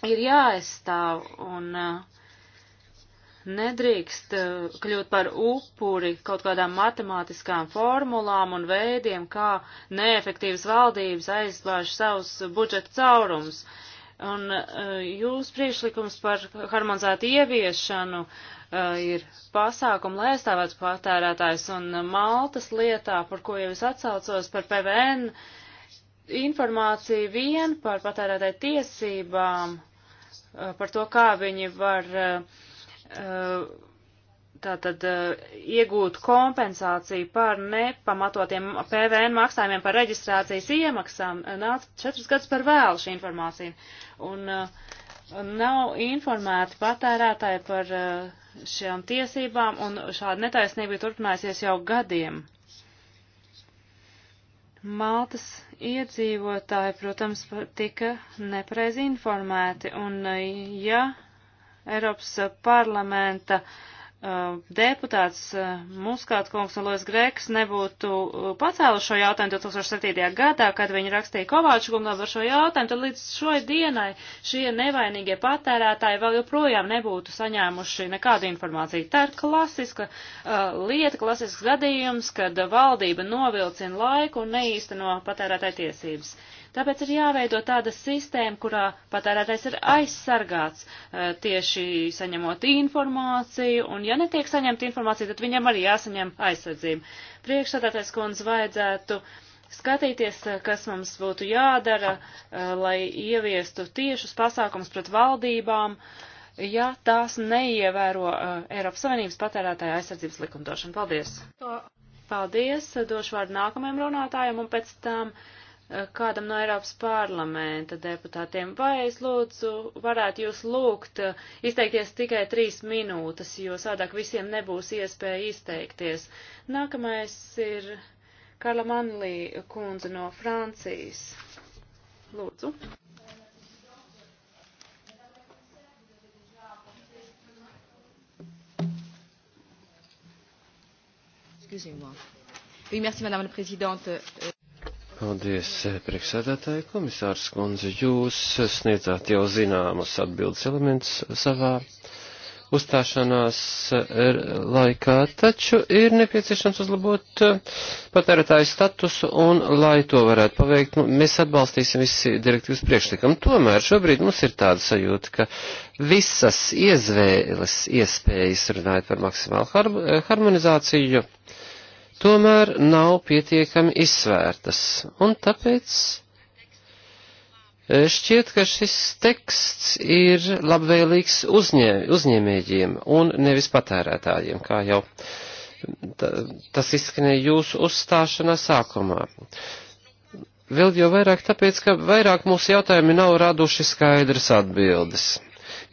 Speaker 4: ir jāaizstāv un uh, nedrīkst eh, kļūt par upuri kaut kādām matemātiskām formulām un veidiem, kā neefektīvas valdības aizslāž savus budžeta caurumus. Un eh, jūs priekšlikums par harmonizētu ieviešanu eh, ir pasākumu, lai aizstāvētu patērētājs un Maltas lietā, par ko jau es atsaucos par PVN, informācija vien par patērētāju tiesībām, par to, kā viņi var uh, Uh, tātad uh, iegūt kompensāciju par nepamatotiem PVN maksājumiem par reģistrācijas iemaksām uh, nāca četrus gadus par vēlu šī informācija. Un nav informēti patērētāji par šām tiesībām, un šāda netaisnība ir turpinājusies jau gadiem. Maltas iedzīvotāji, protams, tika nepareizi informēti, un ja Eiropas eh, parlamenta eh, deputāts eh, Muskāt kungs un Lois Grēks nebūtu pacēluši šo jautājumu 2007. gadā, kad viņi rakstīja Kovāču kungam par šo jautājumu, tad līdz šai dienai šie nevainīgie patērētāji vēl joprojām nebūtu saņēmuši nekādu informāciju. Tā ir klasiska uh, lieta, klasisks gadījums, kad valdība novilcina laiku un neīsteno patērētāju tiesības. Uh, Tāpēc ir jāveido tāda sistēma, kurā patērētais ir aizsargāts e, tieši saņemot informāciju, un ja netiek saņemta informācija, tad viņam arī jāsaņem aizsardzība. Priekšsādātais kundze vajadzētu skatīties, e, kas mums būtu jādara, e, lai ieviestu tiešus pasākums pret valdībām ja tās neievēro uh, Eiropas Savienības patērētāja aizsardzības likumdošanu. Paldies! Paldies! Došu vārdu nākamajam runātājam un pēc tam Eh, kādam no Eiropas parlamenta deputātiem, vai es lūdzu, varētu jūs lūgt eh, izteikties tikai trīs minūtes, jo sādāk visiem nebūs iespēja izteikties. Nākamais ir Karla Manlī kundze no Francijas. Lūdzu.
Speaker 1: Excusez-moi. Oui, merci, Madame la Présidente.
Speaker 2: Euh, Paldies, eh, priekšsēdētāji komisārs kundze. Jūs sniedzāt jau zināmus atbildes elementus savā uzstāšanās eh, laikā, taču ir nepieciešams uzlabot eh, patērētāju statusu, un, lai to varētu paveikt, nu, mēs atbalstīsim visi direktīvas priekšlikumu. Tomēr šobrīd mums ir tāda sajūta, ka visas iezvēles iespējas runājot par maksimālu harmonizāciju tomēr nav pietiekami izsvērtas, un tāpēc e, šķiet, ka šis teksts ir labvēlīgs uzņē, uzņēmējiem un nevis patērētājiem, kā jau tas izskanēja jūsu uzstāšanā sākumā. Vēl jau vairāk tāpēc, ka vairāk mūsu jautājumi nav raduši skaidras atbildes.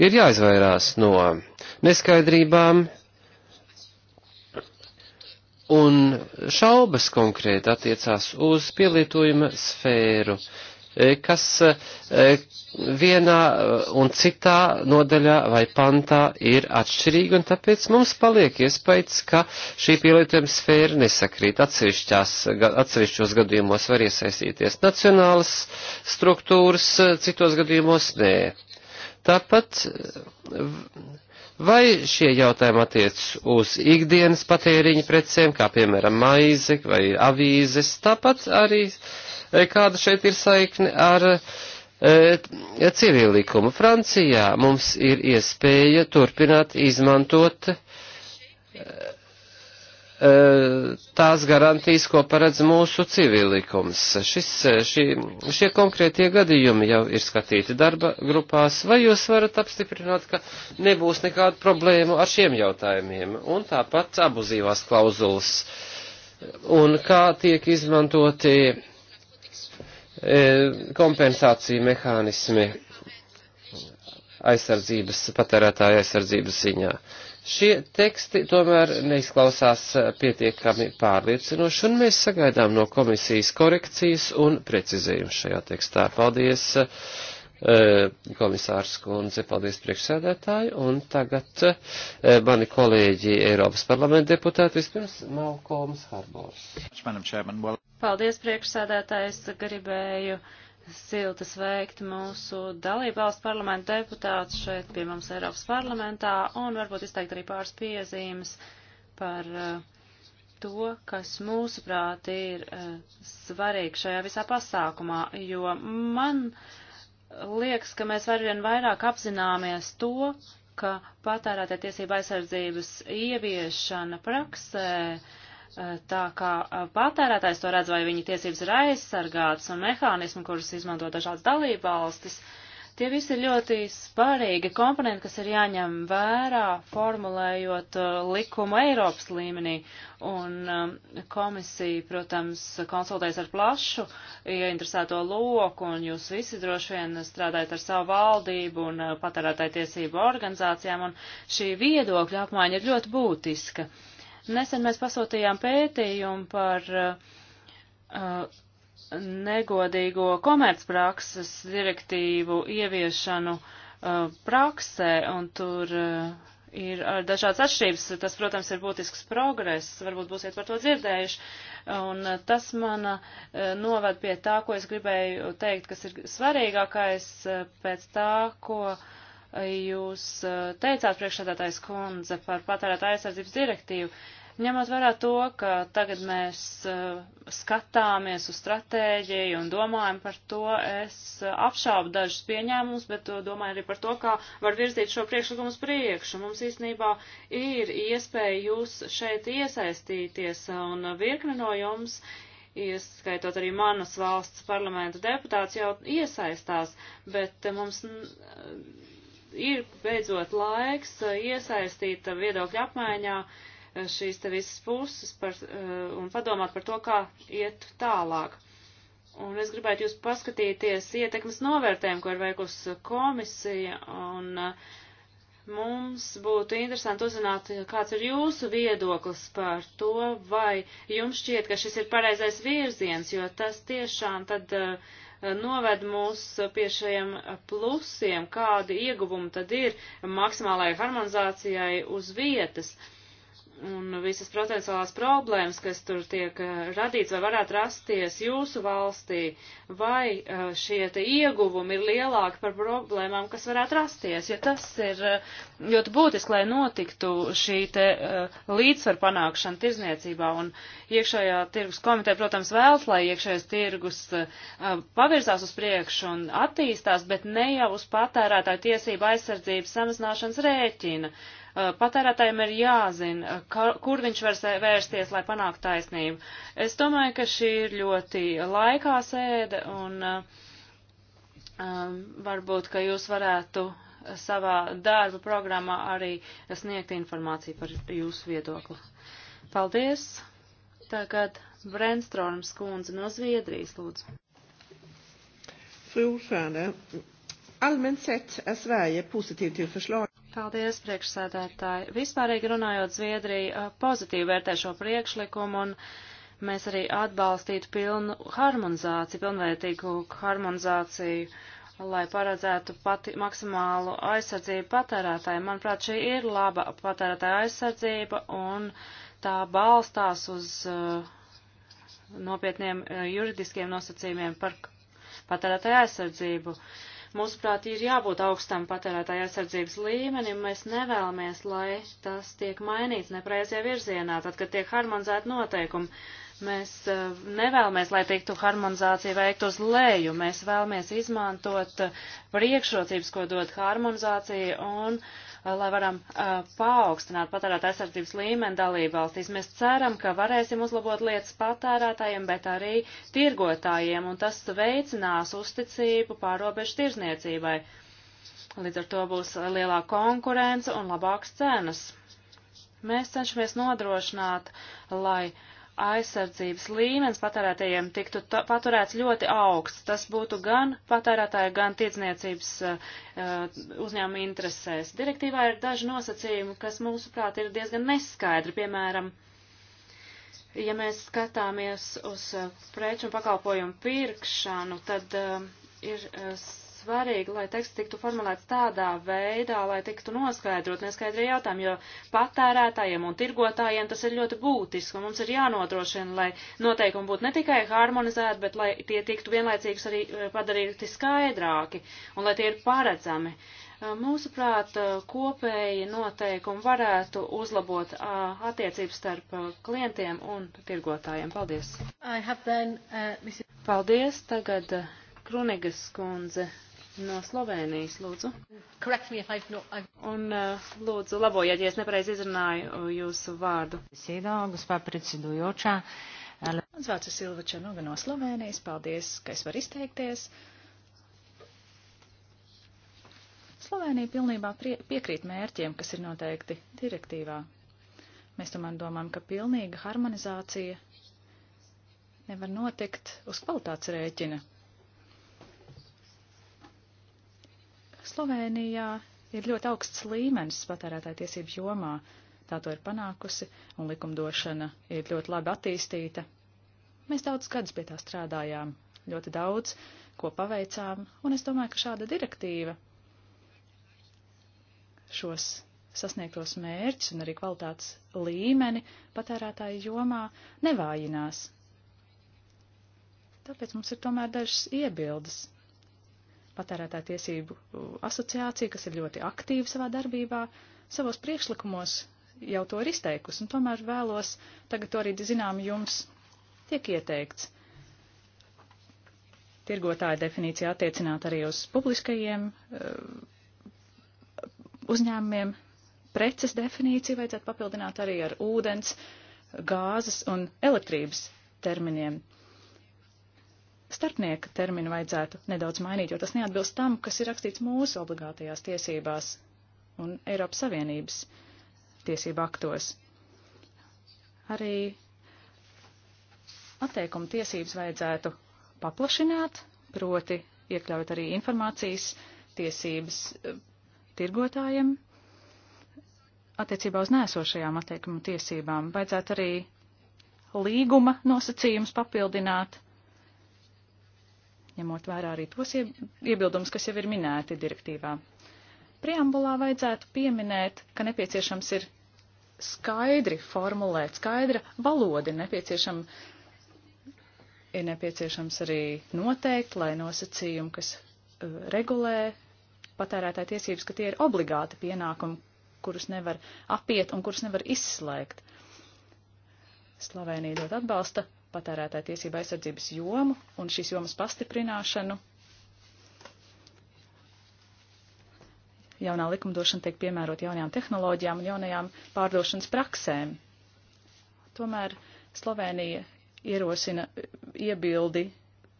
Speaker 2: Ir jāizvairās no neskaidrībām, Un šaubas konkrēti attiecās uz pielietojuma sfēru, e, kas e, vienā e, un citā nodaļā vai pantā ir atšķirīga, un tāpēc mums paliek iespējas, ka šī pielietojuma sfēra nesakrīt. Atsevišķos gadījumos var iesaistīties nacionālas struktūras, citos gadījumos nē. Tāpat Vai šie jautājumi attiec uz ikdienas patēriņu precēm, kā piemēram maize vai avīzes, tāpat arī e, kāda šeit ir saikne ar e, civilikumu. Francijā mums ir iespēja turpināt izmantot e, E, tās garantijas, ko paredz mūsu civilikums. Šis, e, šī, šie konkrētie gadījumi jau ir skatīti darba grupās, vai jūs varat apstiprināt, ka nebūs nekādu problēmu ar šiem jautājumiem, un tāpat abuzīvās klauzulas, un kā tiek izmantoti e, kompensāciju mehānismi aizsardzības, patērētāja aizsardzības ziņā. E, Šie teksti tomēr neizklausās eh, pietiekami pārliecinoši, un mēs sagaidām no komisijas korekcijas un precizējumu šajā tekstā. Paldies, eh, komisārs kundze, paldies priekšsēdētāji, un tagad eh, mani kolēģi Eiropas parlamenta deputāti vispirms Malkoms Harbors.
Speaker 4: Paldies priekšsēdētājs, gribēju silti sveikt mūsu dalību valstu parlamentu deputātus šeit pie mums Eiropas parlamentā un varbūt izteikt arī pāris piezīmes par eh, to, kas mūsuprāt ir eh, svarīgi šajā visā pasākumā, jo man liekas, ka mēs arvien vairāk apzināmies to, ka patērētā tiesība aizsardzības ieviešana praksē uh, Eh, tā kā eh, patērētājs to redz, vai viņa tiesības ir aizsargātas un mehānismi, kurus izmanto dažādas dalībvalstis. Tie visi ir ļoti svarīgi komponenti, kas ir jāņem vērā, formulējot eh, likumu Eiropas līmenī. Un komisija, protams, konsultējas ar plašu ieinteresēto loku, un jūs visi droši vien strādājat ar savu valdību un patērētāju tiesību organizācijām, un šī viedokļa apmaiņa ir ļoti būtiska. Uh, Nesen mēs pasūtījām pētījumu par uh, negodīgo komercprakses direktīvu ieviešanu uh, praksē, un tur uh, ir dažādas atšķirības. Tas, protams, ir būtisks progress, varbūt būsiet par to dzirdējuši. Un uh, tas man uh, noved pie tā, ko es gribēju teikt, kas ir svarīgākais uh, pēc tā, ko jūs eh, teicāt priekšsēdētājs kundze par patērētāju aizsardzības direktīvu. Ņemot vērā to, ka tagad mēs eh, skatāmies uz stratēģiju un domājam par to, es eh, apšaubu dažus pieņēmumus, bet domāju arī par to, kā var virzīt šo priekšlikumu uz priekšu. Mums īstenībā ir iespēja jūs šeit iesaistīties un virkni no jums ieskaitot arī manas valsts parlamenta deputāts, jau iesaistās, bet mums ir beidzot laiks uh, iesaistīt uh, viedokļu apmaiņā uh, šīs te visas puses par, un padomāt par to, kā iet tālāk. Un es gribētu jūs paskatīties ietekmes novērtējumu, ko ir veikusi komisija, un mums būtu interesanti uzzināt, kāds ir jūsu viedoklis par to, vai jums šķiet, ka šis ir pareizais virziens, jo tas tiešām tad uh, noved mūs pie šiem plusiem, kādi ieguvumi tad ir maksimālajai harmonizācijai uz vietas. Uh, un visas procesuālās problēmas, kas tur tiek eh, radīts vai varētu rasties jūsu valstī, vai eh, šie te ieguvumi ir lielāki par problēmām, kas varētu rasties, jo tas ir eh, ļoti būtiski, lai notiktu šī te līdzsvar panākšana tirzniecībā, un iekšējā tirgus komiteja, protams, vēlas, lai iekšējais tirgus pavirzās uz priekšu un attīstās, bet ne jau uz patērētāju tiesību aizsardzības samazināšanas rēķina Eh, patērētājiem ir jāzina, eh, kur viņš var vērsties, lai panāktu taisnību. Es domāju, ka šī ir ļoti laikā sēde un um, varbūt, ka jūs varētu savā darba programmā arī sniegt informāciju par jūsu viedokli. Paldies! Tagad Brenstrorms kundze no Zviedrijas, lūdzu.
Speaker 3: Fru ordförande, allmänt
Speaker 5: sett är Sverige positivt till förslaget.
Speaker 4: Paldies, priekšsēdētāji. Vispārīgi runājot, Zviedrija eh, pozitīvi vērtē šo priekšlikumu un mēs arī atbalstītu pilnu harmonizāciju, pilnvērtīgu harmonizāciju, lai paredzētu pati maksimālu aizsardzību patērētājiem. Manuprāt, šī ir laba patērētāja aizsardzība un tā balstās uz uh, nopietniem uh, juridiskiem nosacījumiem par patērētāja aizsardzību. Uh, Mūsuprāt, ir jābūt augstam patērētāja aizsardzības līmenim, mēs nevēlamies, lai tas tiek mainīts nepreizajā virzienā, tad, kad tiek harmonizēta noteikumi. Mēs eh, nevēlamies, lai tiktu harmonizācija veikt uz leju, mēs vēlamies izmantot eh, priekšrocības, ko dod harmonizācija un uh, Eh, lai varam eh, paaugstināt patērētā aizsardzības līmeni dalību valstīs. Mēs ceram, ka varēsim uzlabot lietas patērētājiem, bet arī tirgotājiem, un tas veicinās uzticību pārobežu tirzniecībai. Līdz ar to būs lielāka konkurence un labākas cenas. Mēs cenšamies nodrošināt, lai uh, aizsardzības līmenis patērētājiem tiktu paturēts ļoti augsts. Tas būtu gan patērētāja, gan tirdzniecības uh, uzņēmuma interesēs. Direktīvā ir daži nosacījumi, kas mūsuprāt ir diezgan neskaidri. Piemēram, ja mēs skatāmies uz eh, preču un pakalpojumu pirkšanu, tad uh, ir uh, svarīgi, lai teksts tiktu formulēts tādā veidā, lai tiktu noskaidrot neskaidrie jautājumi, jo patērētājiem un tirgotājiem tas ir ļoti būtiski, un mums ir jānodrošina, lai noteikumi būtu ne tikai harmonizēti, bet lai tie tiktu vienlaicīgs arī eh, padarīti skaidrāki, un lai tie ir paredzami. Eh, mūsuprāt, eh, kopēji noteikumi varētu uzlabot attiecības starp klientiem un tirgotājiem. Paldies! Then, uh, Paldies! Tagad Krunigas kundze no Slovēnijas, lūdzu. Not, Un eh, lūdzu, labojiet, ja es nepareizi izrunāju eh, jūsu vārdu. Mans vārds ir Silva Čanuga no
Speaker 6: Slovēnijas. Paldies, ka es varu izteikties. Slovēnija pilnībā prie, piekrīt mērķiem, kas ir noteikti direktīvā. Mēs tomēr domājam, ka pilnīga harmonizācija nevar notikt uz kvalitātes rēķina, Slovenijā ir ļoti augsts līmenis patērētāja tiesību jomā. Tā to ir panākusi, un likumdošana ir ļoti labi attīstīta. Mēs daudz gadus pie tā strādājām, ļoti daudz, ko paveicām, un es domāju, ka šāda direktīva šos sasniegtos mērķus un arī kvalitātes līmeni patērētāju jomā nevājinās. Tāpēc mums ir tomēr dažas iebildes patērētāju tiesību asociācija, kas ir ļoti aktīva savā darbībā, savos priekšlikumos jau to ir izteikusi, un tomēr vēlos tagad to arī, zinām, jums tiek ieteikts. Tirgotāja definīcija attiecināt arī uz publiskajiem uzņēmumiem. Preces definīciju vajadzētu papildināt arī ar ūdens, gāzes un elektrības terminiem. Uh, starpnieka terminu vajadzētu nedaudz mainīt, jo tas neatbilst tam, kas ir rakstīts mūsu obligātajās tiesībās un Eiropas Savienības tiesību aktos. Arī atteikuma tiesības vajadzētu paplašināt, proti iekļaut arī informācijas tiesības eh, tirgotājiem. Attiecībā uz nēsošajām atteikuma tiesībām vajadzētu arī līguma nosacījums papildināt, ņemot vērā arī tos iebildumus, kas jau ir minēti direktīvā. Preambulā vajadzētu pieminēt, ka nepieciešams ir skaidri formulēt, skaidra valoda ir nepieciešama, ir nepieciešams arī noteikt, lai nosacījumi, kas e, regulē patērētāja tiesības, ka tie ir obligāti pienākumi, kurus nevar apiet un kurus nevar izslēgt. Slovēnija dot atbalsta patērētāja tiesība aizsardzības jomu un šīs jomas pastiprināšanu. Jaunā likumdošana tiek piemērot jaunajām tehnoloģijām un jaunajām pārdošanas praksēm. Tomēr Slovēnija ierosina iebildi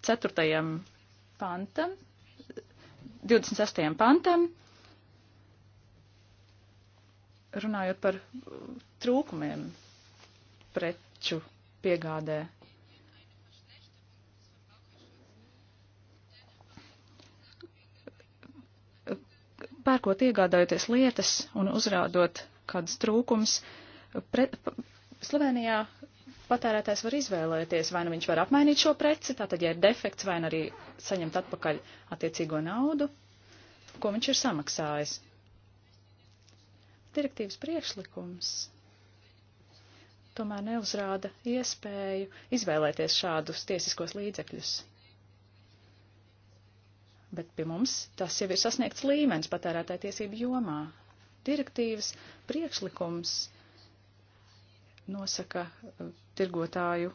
Speaker 6: 4. pantam, 26. pantam, runājot par trūkumiem preču piegādē. pērkot iegādājoties lietas un uzrādot kādas trūkums, pret, Slovenijā patērētājs var izvēlēties, vai nu viņš var apmainīt šo preci, tātad, ja ir defekts, vai nu arī saņemt atpakaļ attiecīgo naudu, ko viņš ir samaksājis. Direktīvas priekšlikums tomēr neuzrāda iespēju izvēlēties šādus tiesiskos līdzekļus bet pie mums tas jau ir sasniegts līmenis patērētāja tiesību jomā. Direktīvas priekšlikums nosaka uh, tirgotāju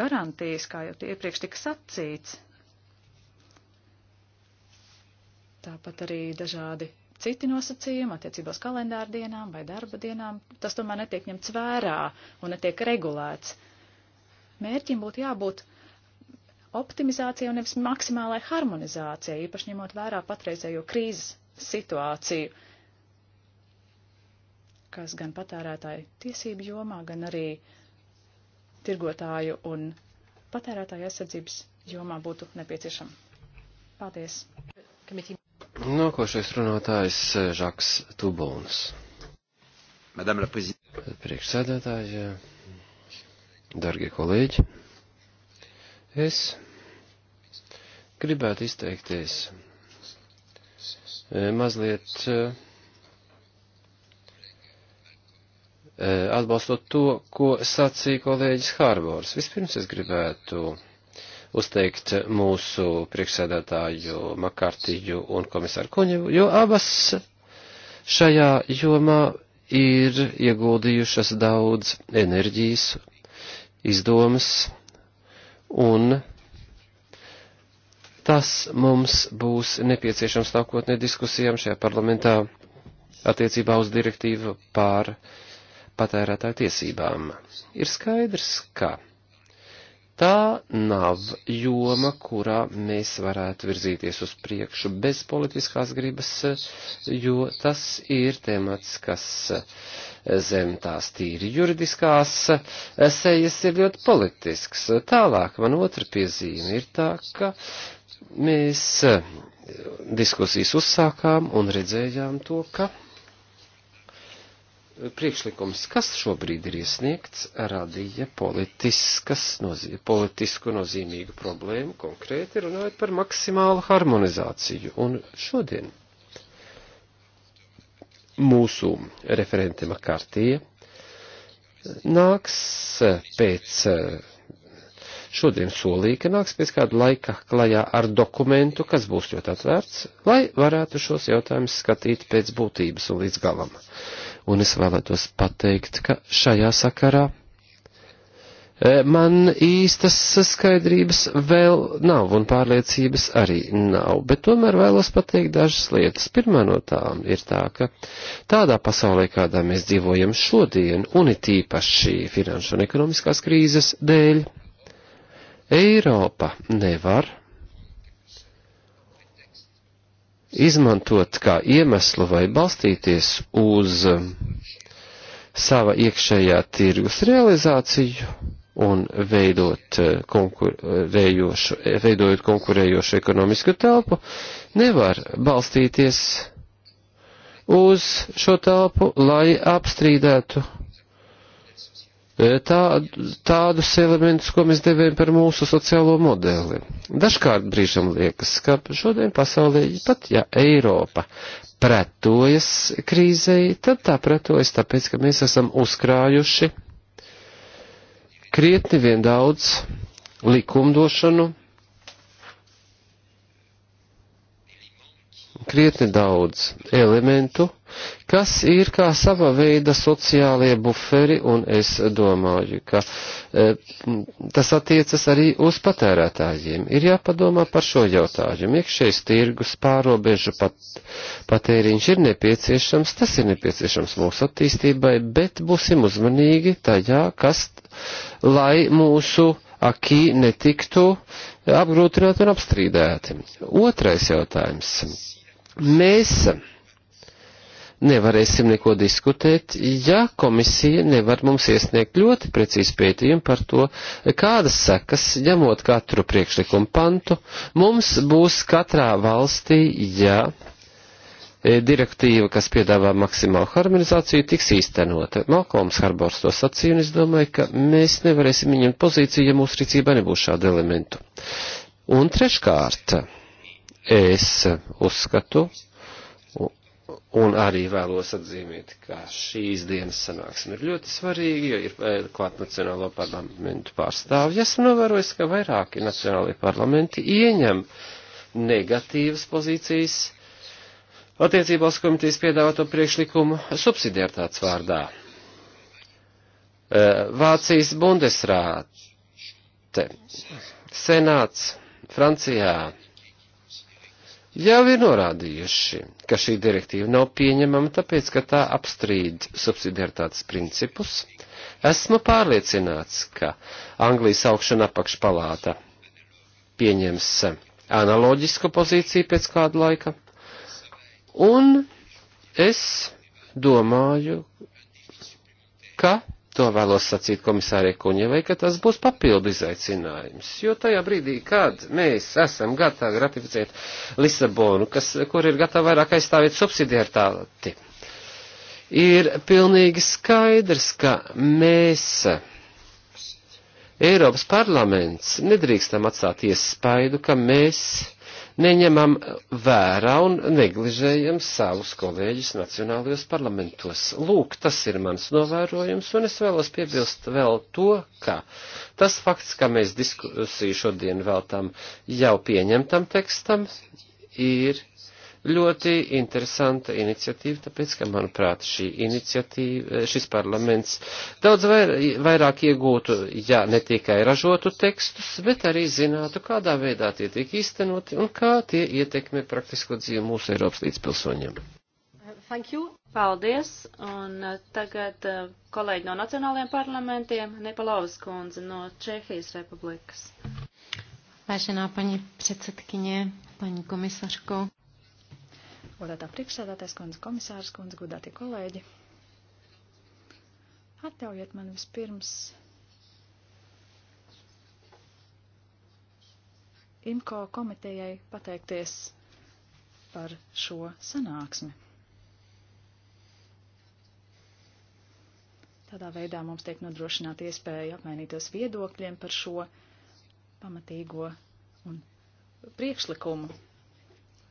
Speaker 6: garantijas, kā jau iepriekš tika sacīts. Tāpat arī dažādi citi nosacījumi attiecībā uz kalendāra dienām vai darba dienām. Tas tomēr netiek ņemts vērā un netiek regulēts. Mērķim būtu jābūt optimizācijai un nevis maksimālai harmonizācijai, īpaši ņemot vērā patreizējo krīzes situāciju, kas gan patērētāju tiesību jomā, gan arī tirgotāju un patērētāju aizsardzības jomā būtu nepieciešama. Paldies!
Speaker 2: Nākošais runātājs eh, Žaks Tubons. Madame la Présidente. Priekšsēdētāji, eh, darbie kolēģi, es Gribētu izteikties eh, mazliet eh, atbalstot to, ko sacīja kolēģis Hārbors. Vispirms es gribētu uzteikt mūsu priekšsēdētāju Makartiju un komisāru Kuņevu, jo abas šajā jomā ir ieguldījušas daudz enerģijas, izdomas un Tas mums būs nepieciešams nākotnē diskusijām šajā parlamentā attiecībā uz direktīvu pār patērētāju tiesībām. Ir skaidrs, ka tā nav joma, kurā mēs varētu virzīties uz priekšu bez politiskās gribas, jo tas ir temats, kas zem tās tīri juridiskās sejas ir ļoti politisks. Tālāk man otra piezīme ir tā, ka Mēs eh, diskusijas uzsākām un redzējām to, ka priekšlikums, kas šobrīd ir iesniegts, radīja nozī politisku nozīmīgu problēmu, konkrēti runājot par maksimālu harmonizāciju. Un šodien mūsu referente Makartie nāks eh, pēc eh, šodien solīja, ka nāks pēc kāda laika klajā ar dokumentu, kas būs ļoti atvērts, lai varētu šos jautājumus skatīt pēc būtības un līdz galam. Un es vēlētos pateikt, ka šajā sakarā e, man īstas skaidrības vēl nav un pārliecības arī nav, bet tomēr vēlos pateikt dažas lietas. Pirmā no tām ir tā, ka tādā pasaulē, kādā mēs dzīvojam šodien, un it īpaši finanšu un ekonomiskās krīzes dēļ, Eiropa nevar izmantot kā iemeslu vai balstīties uz um, sava iekšējā tirgus realizāciju un veidot uh, konkurējošu, uh, eh, veidojot konkurējošu ekonomisku telpu, nevar balstīties uz šo telpu, lai apstrīdētu E, tā, tādus elementus, ko mēs devējam par mūsu sociālo modeli. Dažkārt brīžam liekas, ka šodien pasaulē, pat ja Eiropa pretojas krīzei, tad tā pretojas tāpēc, ka mēs esam uzkrājuši krietni vien daudz likumdošanu, krietni daudz elementu, kas ir kā sava veida sociālie buferi, un es domāju, ka e, tas attiecas arī uz patērētājiem. Ir jāpadomā par šo jautājumu. Iekšējais tirgus pārobežu pat, patēriņš ir nepieciešams, tas ir nepieciešams mūsu attīstībai, bet būsim uzmanīgi tajā, kas, lai mūsu akī netiktu apgrūtināti un apstrīdēti. Otrais jautājums. Mēs nevarēsim neko diskutēt, ja komisija nevar mums iesniegt ļoti precīzi pētījumu par to, kādas sekas, ņemot katru priekšlikumu pantu, mums būs katrā valstī, ja e, direktīva, kas piedāvā maksimālu harmonizāciju, tiks īstenota. Malkolms Harbors to sacīja, un es domāju, ka mēs nevarēsim viņam pozīciju, ja mūsu rīcībā nebūs šādu elementu. Un treškārt, es uzskatu, Un arī vēlos atzīmēt, ka šīs dienas sanāksme ir ļoti svarīga, jo ir eh, klāt Nacionālo parlamentu pārstāvji. Esmu novērojis, ka vairāki Nacionālajie parlamenti ieņem negatīvas pozīcijas attiecībā uz komitejas piedāvāto priekšlikumu subsidiartāts vārdā. Eh, Vācijas Bundesrāte, Senāts, Francijā jau ir norādījuši, ka šī direktīva nav pieņemama, tāpēc, ka tā apstrīd subsidiaritātes principus. Esmu pārliecināts, ka Anglijas augšana apakšpalāta pieņems analoģisku pozīciju pēc kāda laika, un es domāju, ka to vēlos sacīt komisārie Kuņevai, ka tas būs papildu izaicinājums, jo tajā brīdī, kad mēs esam gatavi ratificēt Lisabonu, kas, kur ir gatavi vairāk aizstāvēt subsidiartāti, ir pilnīgi skaidrs, ka mēs, Eiropas parlaments, nedrīkstam atstāt iespaidu, ka mēs neņemam vērā un negližējam savus kolēģus nacionālajos parlamentos. Lūk, tas ir mans novērojums, un es vēlos piebilst vēl to, ka tas fakts, ka mēs diskusiju šodien veltam jau pieņemtam tekstam, ir Ļoti interesanta iniciatīva, tāpēc, ka, manuprāt, šī iniciatīva, eh, šis parlaments daudz vairāk iegūtu, ja ne tikai ražotu tekstus, bet arī zinātu, kādā veidā tie tiek īstenoti un kā tie ietekmē praktisko dzīvi mūsu Eiropas līdzpilsoņiem.
Speaker 4: Thank you. Paldies. Un eh, tagad eh, kolēģi no nacionālajiem parlamentiem, Nepalovas kundze no Čehijas republikas.
Speaker 7: Vážená paní předsedkyně, paní komisařko
Speaker 6: godātā priekšsēdētājs kundze, komisārs kundze, godātie kolēģi. Atļaujiet man vispirms IMCO komitejai pateikties par šo sanāksmi. Tādā veidā mums tiek nodrošināta iespēja apmainīties viedokļiem par šo pamatīgo un priekšlikumu,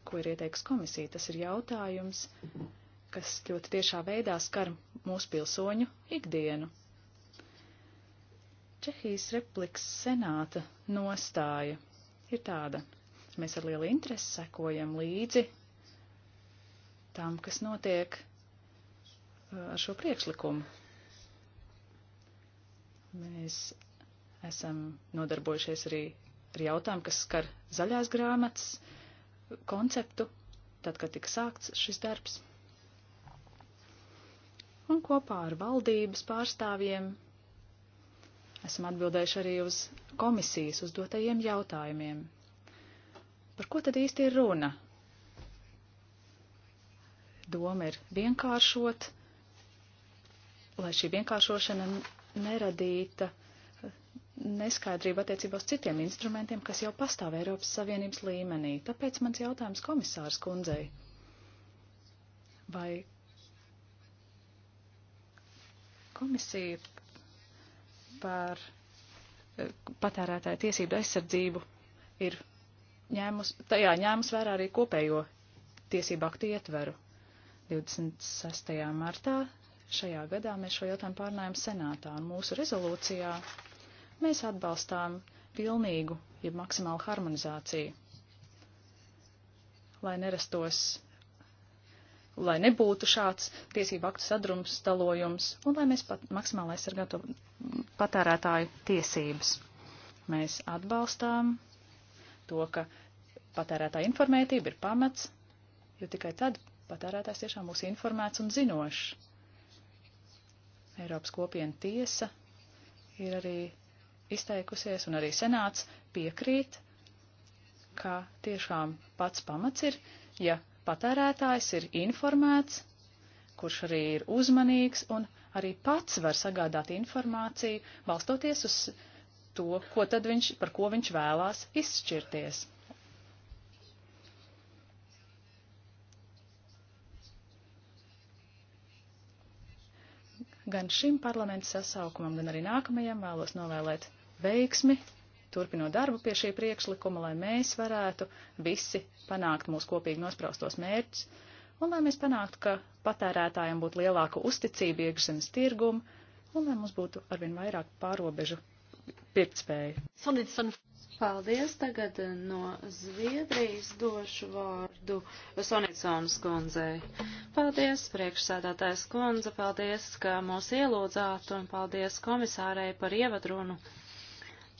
Speaker 6: ko ir ieteiks komisija. Tas ir jautājums, kas ļoti tiešā veidā skar mūsu pilsoņu ikdienu. Čehijas repliks senāta nostāja ir tāda. Mēs ar lielu interesi sekojam līdzi tam, kas notiek uh, ar šo priekšlikumu. Mēs esam nodarbojušies arī ar jautājumu, kas skar zaļās grāmatas konceptu, tad, kad tika sākts šis darbs. Un kopā ar valdības pārstāvjiem esam atbildējuši arī uz komisijas uzdotajiem jautājumiem. Par ko tad īsti ir runa? Doma ir vienkāršot, lai šī vienkāršošana neradīta neskaidrība attiecībā uz citiem instrumentiem, kas jau pastāv Eiropas Savienības līmenī. Tāpēc mans jautājums komisārs kundzei. Vai komisija par eh, patērētāju tiesību aizsardzību ir ņēmus, tajā ņēmus vērā arī kopējo tiesību aktu ietveru. 26. martā šajā gadā mēs šo jautājumu pārnājām senātā un mūsu rezolūcijā Mēs atbalstām pilnīgu, jeb ja maksimālu harmonizāciju, lai nerastos, lai nebūtu šāds tiesību aktu sadrumstalojums un lai mēs pat maksimāli aizsargātu patērētāju tiesības. Mēs atbalstām to, ka patērētāja informētība ir pamats, jo tikai tad patērētājs tiešām būs informēts un zinošs. Eiropas kopiena tiesa ir arī izteikusies, un arī senāts piekrīt, ka tiešām pats pamats ir, ja patērētājs ir informēts, kurš arī ir uzmanīgs un arī pats var sagādāt informāciju, balstoties uz to, ko tad viņš, par ko viņš vēlās izšķirties. gan šim parlamentu sasaukumam, gan arī nākamajam vēlos novēlēt veiksmi, turpinot darbu pie šī priekšlikuma, lai mēs varētu visi panākt mūsu kopīgi nospraustos mērķus, un lai mēs panāktu, ka patērētājiem būtu lielāka uzticība iekšzemes tirgumu, un lai mums būtu arvien vairāk pārobežu pirktspēju.
Speaker 4: Paldies. Tagad eh, no Zviedrijas došu vārdu Sonicānas kundzei. Paldies, priekšsēdātājs kundze, paldies, ka mūs ielūdzāt un paldies komisārei par ievadrunu.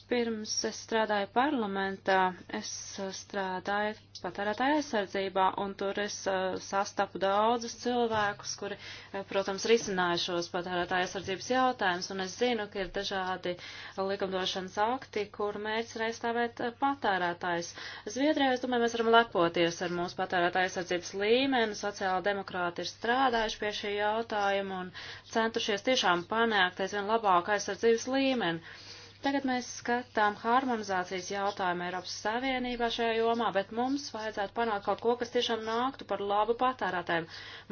Speaker 4: Pirms es strādāju parlamentā, es uh, strādāju patērētāja aizsardzībā, un tur es uh, sastapu daudzus cilvēkus, kuri, uh, protams, risināja šos patērētāja aizsardzības jautājumus, un es zinu, ka ir dažādi likumdošanas akti, kur mērķis ir aizstāvēt uh, patērētājs. Zviedrijā, es domāju, mēs varam lepoties ar mūsu patērētāja aizsardzības līmeni, sociāla demokrāti ir strādājuši pie šī jautājuma un centušies tiešām panākt aizvien labāku aizsardzības līmeni. Tagad mēs skatām harmonizācijas jautājumu Eiropas Savienībā šajā jomā, bet mums vajadzētu panākt kaut ko, kas tiešām nāktu par labu patērētājiem.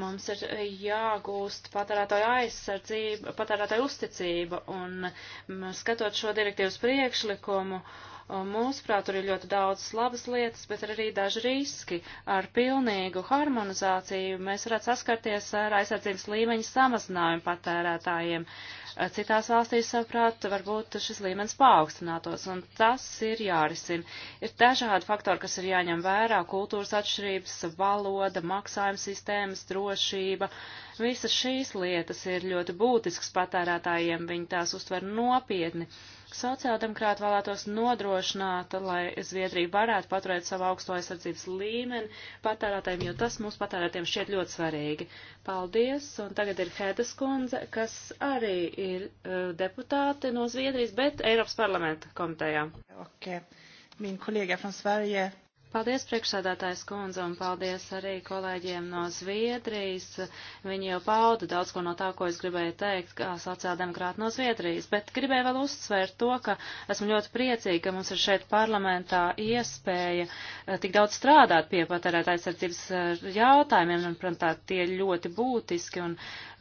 Speaker 4: Mums ir jāgūst patērētāju aizsardzība, patērētāju uzticība, un skatot šo direktīvas priekšlikumu, uh, Un mūsuprāt, tur ir ļoti daudz labas lietas, bet ir arī daži riski. Ar pilnīgu harmonizāciju mēs varētu saskarties ar aizsardzības līmeņa samazinājumu patērētājiem. Citās valstīs, saprāt, varbūt šis līmenis paaugstinātos, un tas ir jārisina. Ir dažādi faktori, kas ir jāņem vērā - kultūras atšķirības, valoda, maksājuma sistēmas, drošība. Visas šīs lietas ir ļoti būtisks patērētājiem, viņi tās uztver nopietni. Uh, Sociāldemokrāti vēlētos nodrošināt, lai Zviedrija varētu paturēt savu augsto aizsardzības līmeni patērētājiem, jo tas mūsu patērētājiem šķiet ļoti svarīgi. Paldies, un tagad ir Hedas kundze, kas arī ir uh, deputāte no Zviedrijas, bet Eiropas parlamenta komitejā. Okay. Min kolēģa no Sverige Paldies priekšsēdētājs kundze un paldies arī kolēģiem no Zviedrijas. Viņi jau pauda daudz ko no tā, ko es gribēju teikt, kā sociāldemokrāti no Zviedrijas, bet gribēju vēl uzsvērt to, ka esmu ļoti priecīga, ka mums ir šeit parlamentā iespēja eh, tik daudz strādāt pie patērētājas aizsardzības eh, jautājumiem, un, protams, tā tie ļoti būtiski, un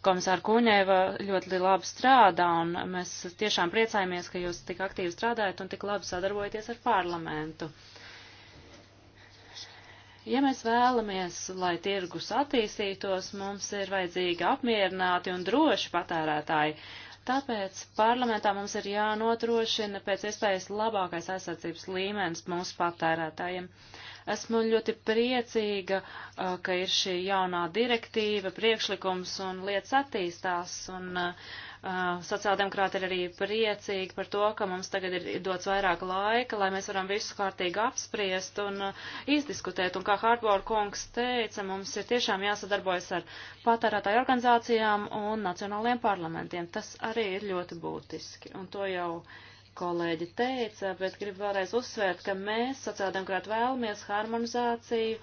Speaker 4: komisāra Kuņēva ļoti labi strādā, un mēs tiešām priecājamies, ka jūs tik aktīvi strādājat un tik labi sadarbojaties ar parlamentu. Ja mēs vēlamies, lai tirgus attīstītos, mums ir vajadzīgi apmierināti un droši patērētāji. Tāpēc parlamentā mums ir jānodrošina pēc iespējas labākais aizsardzības līmenis mūsu patērētājiem. Esmu ļoti priecīga, uh, ka ir šī jaunā direktīva, priekšlikums un lietas attīstās. Un, uh, Eh, sociāldemokrāti ir arī priecīgi par to, ka mums tagad ir dots vairāk laika, lai mēs varam visu kārtīgi apspriest un eh, izdiskutēt. Un kā Harbor kungs teica, mums ir tiešām jāsadarbojas ar patērētāju organizācijām un nacionāliem parlamentiem. Tas arī ir ļoti būtiski. Un to jau kolēģi teica, bet gribu vēlreiz uzsvērt, ka mēs, sociāldemokrāti, vēlamies harmonizāciju,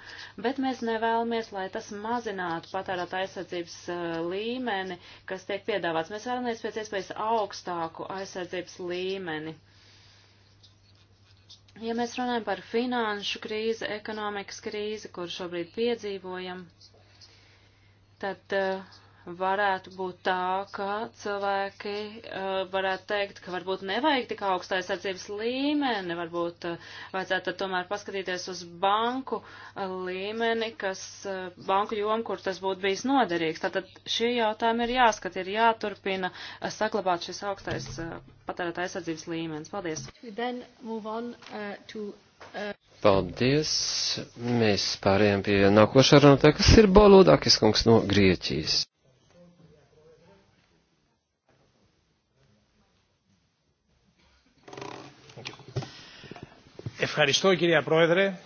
Speaker 4: bet mēs nevēlamies, lai tas mazinātu patērētā aizsardzības uh, līmeni, kas tiek piedāvāts. Mēs vēlamies pēc iespējas augstāku aizsardzības līmeni. Ja mēs runājam par finanšu krīzi, ekonomikas krīzi, kur šobrīd piedzīvojam, tad uh, varētu būt tā, ka cilvēki uh, varētu teikt, ka varbūt nevajag tik augstā aizsardzības līmeni, varbūt uh, vajadzētu tomēr paskatīties uz banku uh, līmeni, kas uh, banku jomu, kur tas būtu bijis noderīgs. Tātad šie jautājumi ir jāskat, ir jāturpina uh, saglabāt šis augstais uh, patērētā aizsardzības līmenis. Paldies. On, uh, to, uh...
Speaker 2: Paldies. Mēs pārējām pie nākošā runātāja, kas ir Balodakis kungs no Grieķijas.
Speaker 8: Ευχαριστώ κυρία Πρόεδρε.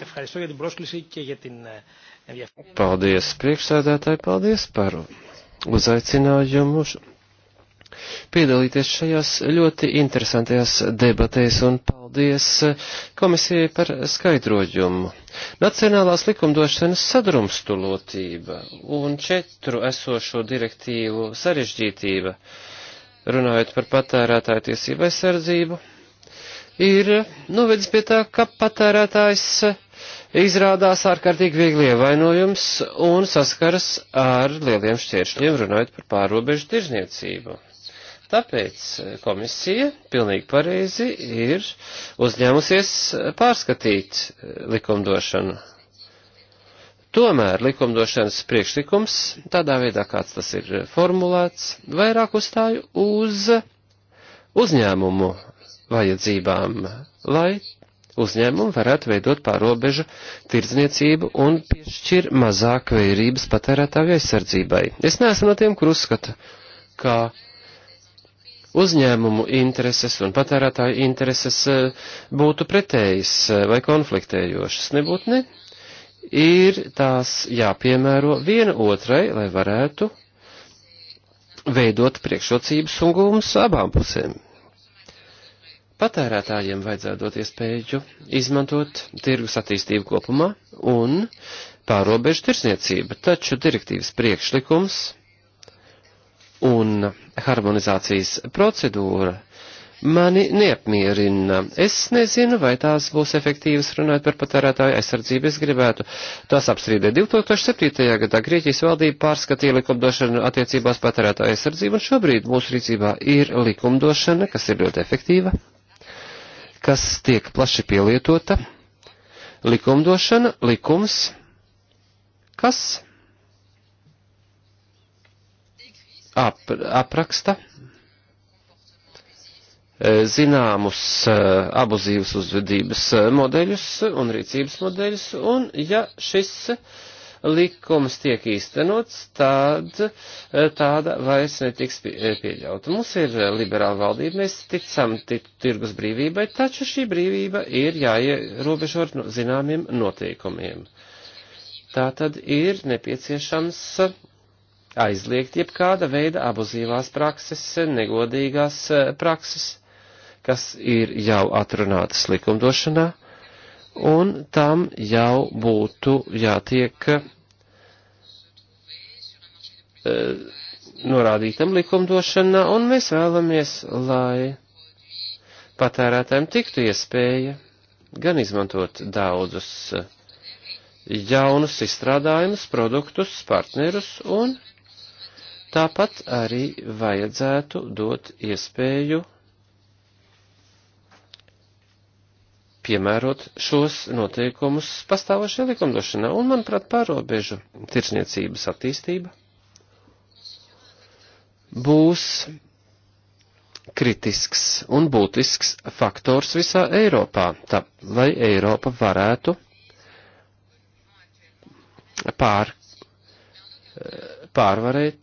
Speaker 8: Ευχαριστώ για την πρόσκληση και για την
Speaker 2: ενδιαφέρουσα. Paldies priekšsēdētāji, paldies par uzaicinājumu piedalīties šajās ļoti interesantajās debatēs un paldies komisijai par skaidrojumu. Nacionālās likumdošanas sadrumstulotība un četru esošo direktīvu sarežģītība, runājot par patērētāju tiesību aizsardzību ir novedis pie tā, ka patērētājs izrādās ārkārtīgi viegli ievainojums un saskaras ar lieliem šķēršļiem, runājot par pārobežu tirzniecību. Tāpēc komisija pilnīgi pareizi ir uzņēmusies pārskatīt likumdošanu. Tomēr likumdošanas priekšlikums, tādā veidā, kāds tas ir formulēts, vairāk uzstāju uz uzņēmumu vajadzībām, lai uzņēmumi varētu veidot pārobežu tirdzniecību un piešķir mazāk vērības patērētāju aizsardzībai. Es neesmu no tiem, kur uzskata, ka uzņēmumu intereses un patērētāju intereses eh, būtu pretējas eh, vai konfliktējošas. Nebūtu ne. Ir tās jāpiemēro viena otrai, lai varētu veidot priekšrocības un gūmus abām pusēm. Patērētājiem vajadzētu dot iespēju izmantot tirgus attīstību kopumā un pārobežu tirsniecību, taču direktīvas priekšlikums un harmonizācijas procedūra mani neapmierina. Es nezinu, vai tās būs efektīvas runājot par patērētāju aizsardzību. Es gribētu tās apstrīdēt. 2007. gadā Grieķijas valdība pārskatīja likumdošanu attiecībās patērētāju aizsardzību, un šobrīd mūsu rīcībā ir likumdošana, kas ir ļoti efektīva kas tiek plaši pielietota. Likumdošana, likums, kas ap, apraksta e, zināmus e, abuzīvas uzvedības e, modeļus un rīcības modeļus, un ja šis uh, likums tiek īstenots, tad eh, tāda vairs netiks eh, pieļauta. Mums ir eh, liberāla valdība, mēs ticam tirgus brīvībai, taču šī brīvība ir jāierobežo ar zināmiem noteikumiem. Tā tad ir nepieciešams aizliegt jebkāda veida abuzīvās prakses, negodīgās prakses, kas ir jau atrunātas likumdošanā un tam jau būtu jātiek e, norādītam likumdošanā, un mēs vēlamies, lai patērētājiem tiktu iespēja gan izmantot daudzus eh, jaunus izstrādājumus, produktus, partnerus, un tāpat arī vajadzētu dot iespēju piemērot šos noteikumus pastāvošajā likumdošanā un, manuprāt, pārobežu tirsniecības attīstība būs kritisks un būtisks faktors visā Eiropā, tā, lai Eiropa varētu pār, pārvarēt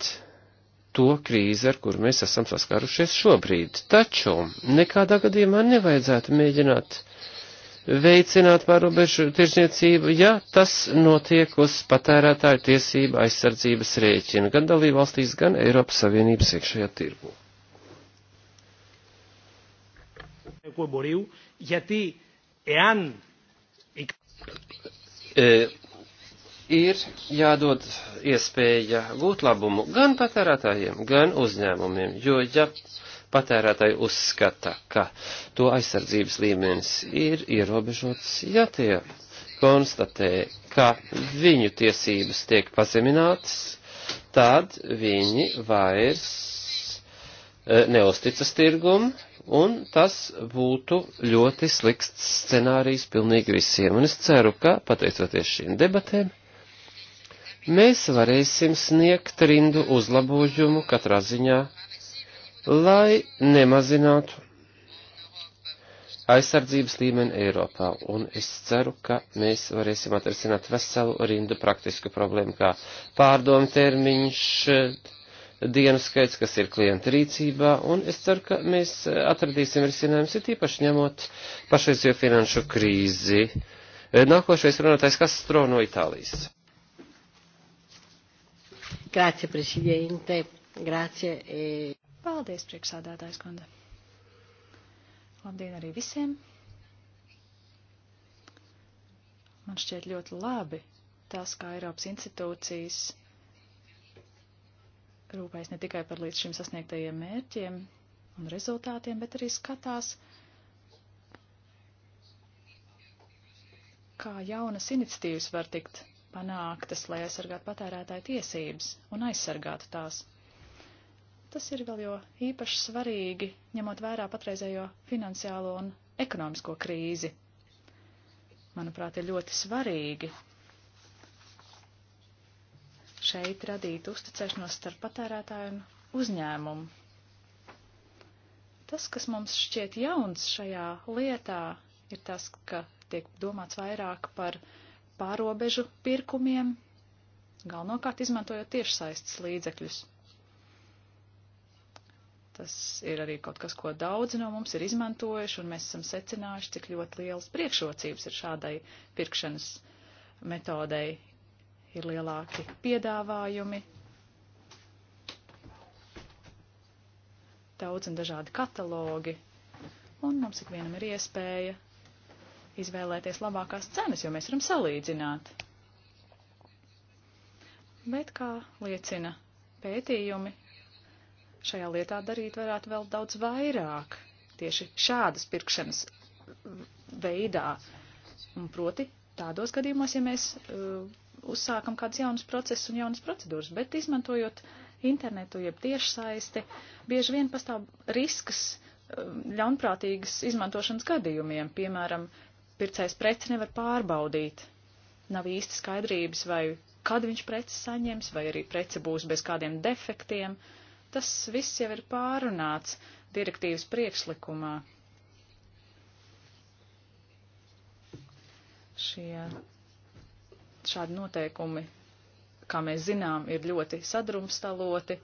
Speaker 2: to krīzi, ar kuru mēs esam saskārušies šobrīd. Taču nekādā gadījumā nevajadzētu mēģināt uh, veicināt pārobežu tirzniecību, ja tas notiek uz patērētāju tiesību aizsardzības rēķina gan dalībvalstīs, gan Eiropas Savienības iekšējā tirgu. E, ir jādod iespēja gūt labumu gan patērētājiem, gan uzņēmumiem, jo ja patērētāji uzskata, ka to aizsardzības līmenis ir ierobežots, ja tie konstatē, ka viņu tiesības tiek pazeminātas, tad viņi vairs e, neusticas tirgumu, un tas būtu ļoti slikts scenārijs pilnīgi visiem. Un es ceru, ka, pateicoties šīm debatēm, mēs varēsim sniegt rindu uzlabojumu katrā ziņā lai nemazinātu aizsardzības līmeni Eiropā, un es ceru, ka mēs varēsim atrisināt veselu rindu praktisku problēmu, kā pārdomu termiņš, dienu skaits, kas ir klienta rīcībā, un es ceru, ka mēs atradīsim risinājumus, ir īpaši ņemot pašreizējo finanšu krīzi. Nākošais runātājs Kastro no Itālijas.
Speaker 1: Grazie, Presidente. Grazie. E...
Speaker 6: Paldies, priekšsādātājs kundze. Labdien arī visiem. Man šķiet ļoti labi tas, kā Eiropas institūcijas rūpējas ne tikai par līdz šim sasniegtajiem mērķiem un rezultātiem, bet arī skatās, kā jaunas iniciatīvas var tikt panāktas, lai aizsargātu patērētāju tiesības un aizsargātu tās. Tas ir vēl jo īpaši svarīgi, ņemot vērā patreizējo finansiālo un ekonomisko krīzi. Manuprāt, ir ļoti svarīgi šeit radīt uzticēšanos starp patērētāju un uzņēmumu. Tas, kas mums šķiet jauns šajā lietā, ir tas, ka tiek domāts vairāk par pārobežu pirkumiem, galvenokārt izmantojot tiešsaistes līdzekļus. Tas ir arī kaut kas, ko daudzi no mums ir izmantojuši, un mēs esam secinājuši, cik ļoti lielas priekšrocības ir šādai pirkšanas metodei. Ir lielāki piedāvājumi, daudz un dažādi katalogi, un mums ikvienam ir iespēja izvēlēties labākās cenas, jo mēs varam salīdzināt. Bet, kā liecina pētījumi, šajā lietā darīt varētu vēl daudz vairāk tieši šādas pirkšanas veidā. Un proti tādos gadījumos, ja mēs uh, uzsākam kādus jaunus procesus un jaunas procedūras, bet izmantojot internetu, jeb tiešsaisti, bieži vien pastāv risks uh, ļaunprātīgas izmantošanas gadījumiem. Piemēram, pircais preci nevar pārbaudīt. Nav īsti skaidrības, vai kad viņš preci saņems, vai arī preci būs bez kādiem defektiem. Uh, Tas viss jau ir pārunāts direktīvas priekšlikumā. Šie šādi noteikumi, kā mēs zinām, ir ļoti sadrumstaloti,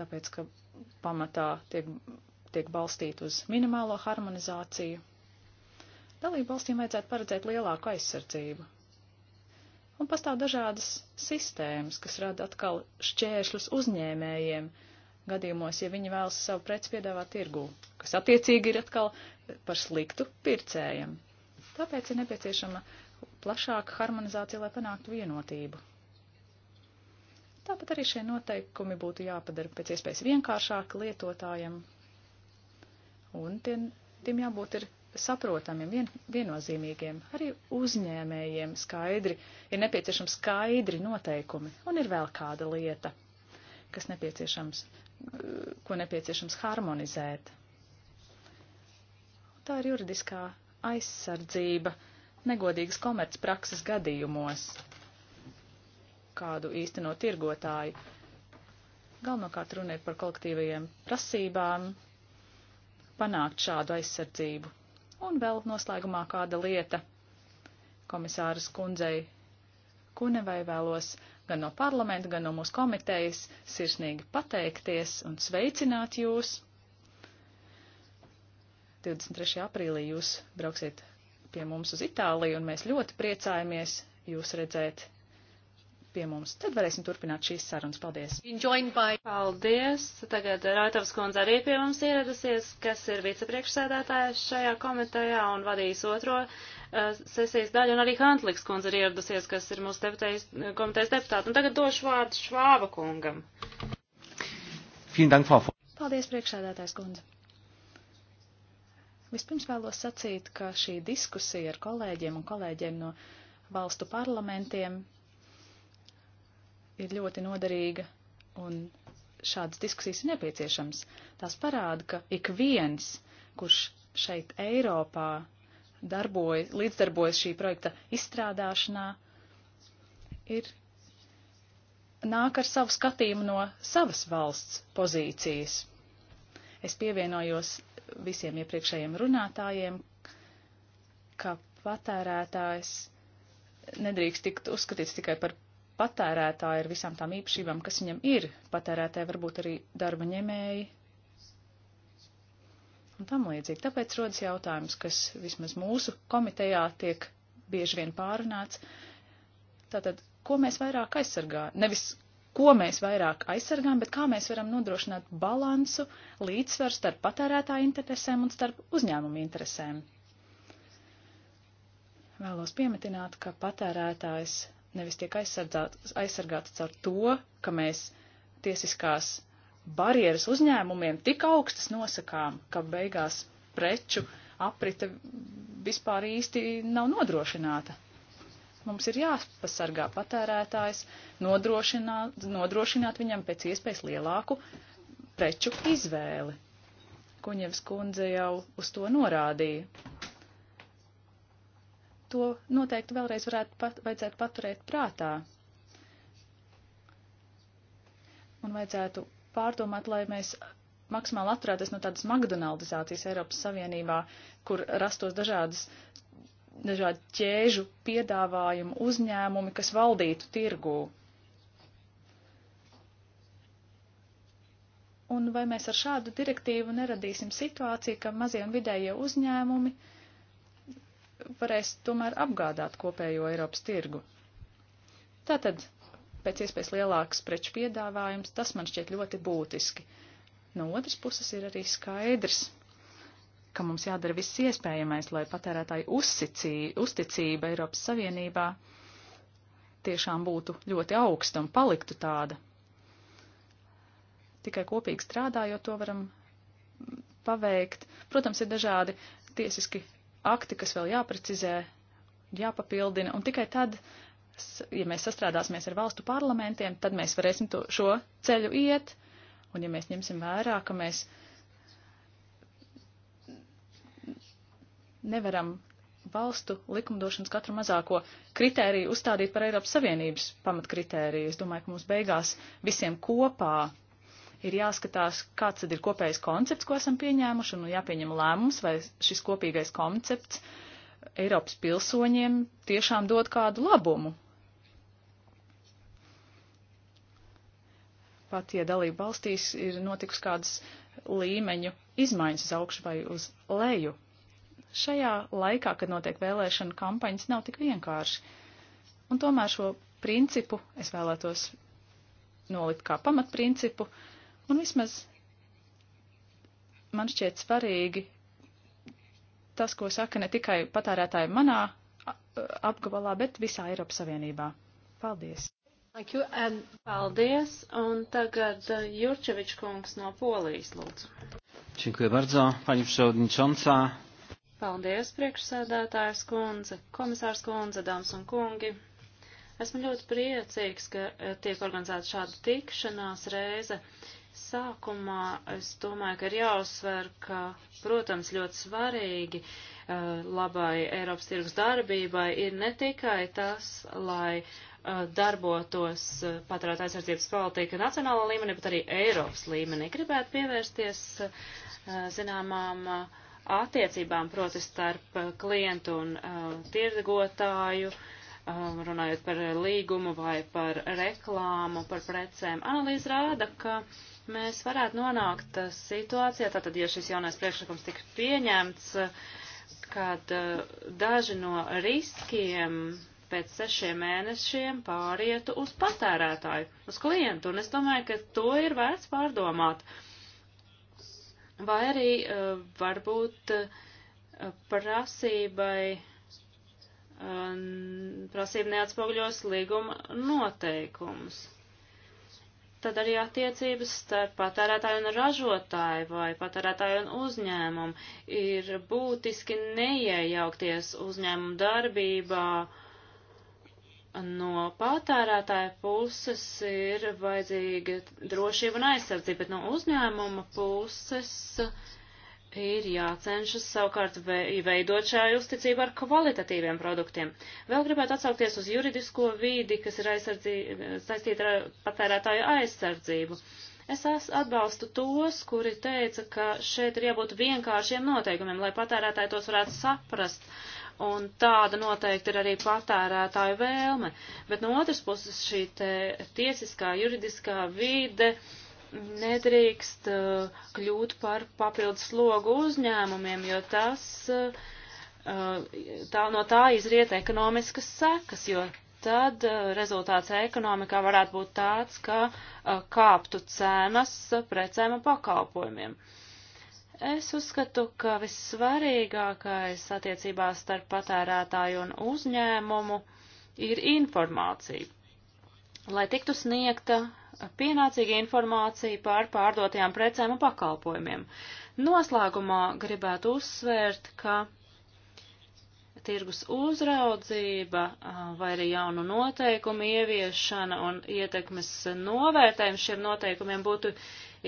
Speaker 6: tāpēc, ka pamatā tiek, tiek balstīt uz minimālo harmonizāciju. Dalību valstīm vajadzētu paredzēt lielāku aizsardzību Un pastāv dažādas sistēmas, kas rada atkal šķēršļus uzņēmējiem gadījumos, ja viņi vēlas savu preci piedāvāt tirgū, kas attiecīgi ir atkal par sliktu pircējiem. Tāpēc ir nepieciešama plašāka harmonizācija, lai panāktu vienotību. Tāpat arī šie noteikumi būtu jāpadara pēc iespējas vienkāršāk lietotājiem, un tiem, tiem jābūt ir saprotamiem, vien, viennozīmīgiem, arī uzņēmējiem skaidri, ir nepieciešams skaidri noteikumi. Un ir vēl kāda lieta, kas nepieciešams, ko nepieciešams harmonizēt. Tā ir juridiskā aizsardzība negodīgas komercprakses gadījumos, kādu īsteno tirgotāju. Galvenokārt runa ir par kolektīvajiem prasībām panākt šādu aizsardzību Un vēl noslēgumā kāda lieta komisāras kundzei Kunevai vēlos gan no parlamenta, gan no mūsu komitejas sirsnīgi pateikties un sveicināt jūs. 23. aprīlī jūs brauksiet pie mums uz Itāliju, un mēs ļoti priecājamies jūs redzēt pie mums. Tad varēsim turpināt šīs sarunas. Paldies!
Speaker 4: By... Paldies! Tagad Raitovs kundze arī pie mums ieradusies, kas ir vicepriekšsēdētājs šajā komitejā un vadīs otro uh, sesijas daļu, un arī Hantliks kundze ir ieradusies, kas ir mūsu deputējas, komitejas deputāta. Un tagad došu vārdu Švāba kungam.
Speaker 6: Paldies, priekšsēdētājs kundze! Vispirms vēlos sacīt, ka šī diskusija ar kolēģiem un kolēģiem no valstu parlamentiem ir ļoti noderīga un šādas diskusijas ir nepieciešams. Tās parāda, ka ik viens, kurš šeit Eiropā darbojas, līdzdarbojas šī projekta izstrādāšanā, ir nāk ar savu skatījumu no savas valsts pozīcijas. Es pievienojos visiem iepriekšējiem runātājiem, ka patērētājs nedrīkst tikt uzskatīts tikai par patērētāji ar visām tām īpašībām, kas viņam ir. Patērētāji varbūt arī darba ņemēji un tam līdzīgi. Tāpēc rodas jautājums, kas vismaz mūsu komitejā tiek bieži vien pārunāts. Tātad, ko mēs vairāk aizsargājam? Nevis, ko mēs vairāk aizsargājam, bet kā mēs varam nodrošināt balansu, līdzsvaru starp patērētāju interesēm un starp uzņēmumu interesēm. Vēlos piemetināt, ka patērētājs nevis tiek aizsargāta caur to, ka mēs tiesiskās barjeras uzņēmumiem tik augstas nosakām, ka beigās preču aprite vispār īsti nav nodrošināta. Mums ir jāpasargā patērētājs, nodrošināt, nodrošināt viņam pēc iespējas lielāku preču izvēli. Kuņevs kundze jau uz to norādīja to noteikti vēlreiz varētu pat, vajadzētu paturēt prātā. Un vajadzētu pārdomāt, lai mēs maksimāli atturētos no tādas McDonaldizācijas Eiropas Savienībā, kur rastos dažādas, dažādi ķēžu piedāvājumu uzņēmumi, kas valdītu tirgū. Un vai mēs ar šādu direktīvu neradīsim situāciju, ka mazie un vidējie uzņēmumi uh, varēs tomēr apgādāt kopējo Eiropas tirgu. Tātad, pēc iespējas lielāks preču piedāvājums, tas man šķiet ļoti būtiski. No otras puses ir arī skaidrs, ka mums jādara viss iespējamais, lai patērētāju uzsicī, uzticība Eiropas Savienībā tiešām būtu ļoti augsta un paliktu tāda. Tikai kopīgi strādājot, to varam paveikt. Protams, ir dažādi tiesiski akti, kas vēl jāprecizē, jāpapildina, un tikai tad, ja mēs sastrādāsimies ar valstu parlamentiem, tad mēs varēsim to, šo ceļu iet, un ja mēs ņemsim vērā, ka mēs nevaram valstu likumdošanas katru mazāko kritēriju uzstādīt par Eiropas Savienības pamatkritēriju. Es domāju, ka mums beigās visiem kopā ir jāskatās, kāds tad ir kopējais koncepts, ko esam pieņēmuši, un nu jāpieņem lēmums, vai šis kopīgais koncepts Eiropas pilsoņiem tiešām dod kādu labumu. Pat, ja dalība valstīs ir notikusi kādas līmeņu izmaiņas uz augšu vai uz leju. Šajā laikā, kad notiek vēlēšana kampaņas, nav tik vienkārši. Un tomēr šo principu es vēlētos nolikt kā pamatprincipu, uh, Un vismaz man šķiet svarīgi tas, ko saka ne tikai patērētāji manā apgabalā, bet visā Eiropas Savienībā.
Speaker 4: Paldies! Thank you, and paldies, un tagad uh, Jurčevič kungs no Polijas, lūdzu.
Speaker 2: Dziękuję bardzo, pani przewodnicząca.
Speaker 4: Paldies, priekšsēdētājs kundze, komisārs kundze, dāmas un kungi. Esmu ļoti priecīgs, ka eh, tiek organizēta šāda tikšanās reize. Uh, Sākumā es domāju, ka ir jāuzsver, ka, protams, ļoti svarīgi uh, labai Eiropas tirgus darbībai ir ne tikai tas, lai uh, darbotos uh, paturēt aizsardzības politika nacionālā līmenī, bet arī Eiropas līmenī. Gribētu pievērsties uh, zināmām uh, attiecībām, proti, starp uh, klientu un tirgotāju um, runājot par līgumu vai par reklāmu, par precēm. Analīze rāda, ka uh, mēs varētu nonākt uh, situācijā, tātad, ja šis jaunais priekšlikums tika pieņemts, uh, kad uh, daži no riskiem pēc sešiem mēnešiem pārietu uz patērētāju, uz klientu, un es domāju, ka to ir vērts pārdomāt. Vai arī varbūt prasībai, prasība neatspoguļos līguma noteikumus tad arī attiecības starp patērētāju un ražotāju vai patērētāju un uzņēmumu ir būtiski neiejaukties uzņēmumu darbībā. No patērētāja puses ir vajadzīga drošība un aizsardzība, bet no uzņēmuma puses uh, ir jācenšas savukārt veidot šādu uzticību ar kvalitatīviem produktiem. Vēl gribētu atsaukties uz juridisko vīdi, kas ir saistīta ar patērētāju aizsardzību. Es atbalstu tos, kuri teica, ka šeit ir jābūt vienkāršiem noteikumiem, lai patērētāji tos varētu saprast, un tāda noteikti ir arī patērētāju vēlme. Bet no otras puses šī tiesiskā, juridiskā vīde. Uh, nedrīkst uh, kļūt par papildus slogu uzņēmumiem, jo tas, uh, uh, tā, no tā izriet ekonomiskas sekas, jo tad uh, rezultāts ekonomikā varētu būt tāds, ka uh, kāptu cenas precēm un pakalpojumiem. Es uzskatu, ka vissvarīgākais attiecībās starp patērētāju un uzņēmumu ir informācija lai tiktu sniegta pienācīga informācija par pārdotajām precēm un pakalpojumiem. Noslēgumā gribētu uzsvērt, ka tirgus uzraudzība vai arī jaunu noteikumu ieviešana un ietekmes novērtējums šiem noteikumiem būtu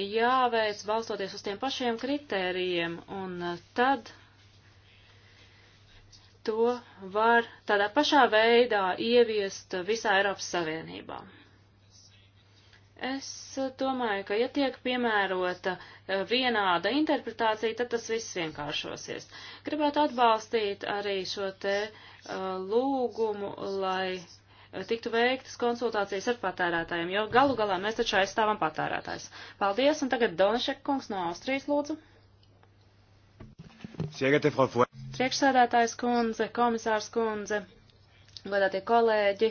Speaker 4: jāveic balstoties uz tiem pašiem kritērijiem, un tad to var tādā pašā veidā ieviest visā Eiropas Savienībā. Es domāju, ka ja tiek piemērota e, vienāda interpretācija, tad tas viss vienkāršosies. Gribētu atbalstīt arī šo te uh, lūgumu, lai e, tiktu veiktas konsultācijas ar patērētājiem, jo galu galā mēs taču aizstāvam patērētājs. Paldies, un tagad Donašek kungs no Austrijas lūdzu.
Speaker 8: Siegiete, Frau
Speaker 4: Priekšsēdētājs kundze, komisārs kundze, godātie kolēģi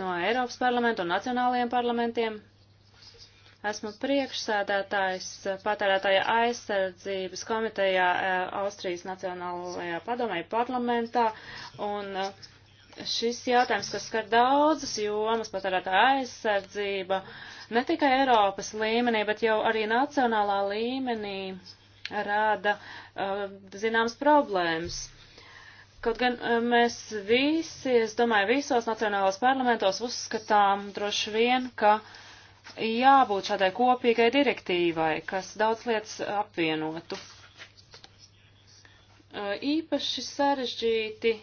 Speaker 4: no Eiropas parlamenta un nacionālajiem parlamentiem. Esmu priekšsēdētājs patērētāja aizsardzības komitejā eh, Austrijas Nacionālajā padomē parlamentā un eh, šis jautājums, kas skar daudzas jomas, patērētāja aizsardzība, ne tikai Eiropas līmenī, bet jau arī nacionālā līmenī rāda uh, zināmas problēmas. Kaut gan uh, mēs visi, es domāju, visos nacionālos parlamentos uzskatām droši vien, ka jābūt šādai kopīgai direktīvai, kas daudz lietas apvienotu. Uh, īpaši sarežģīti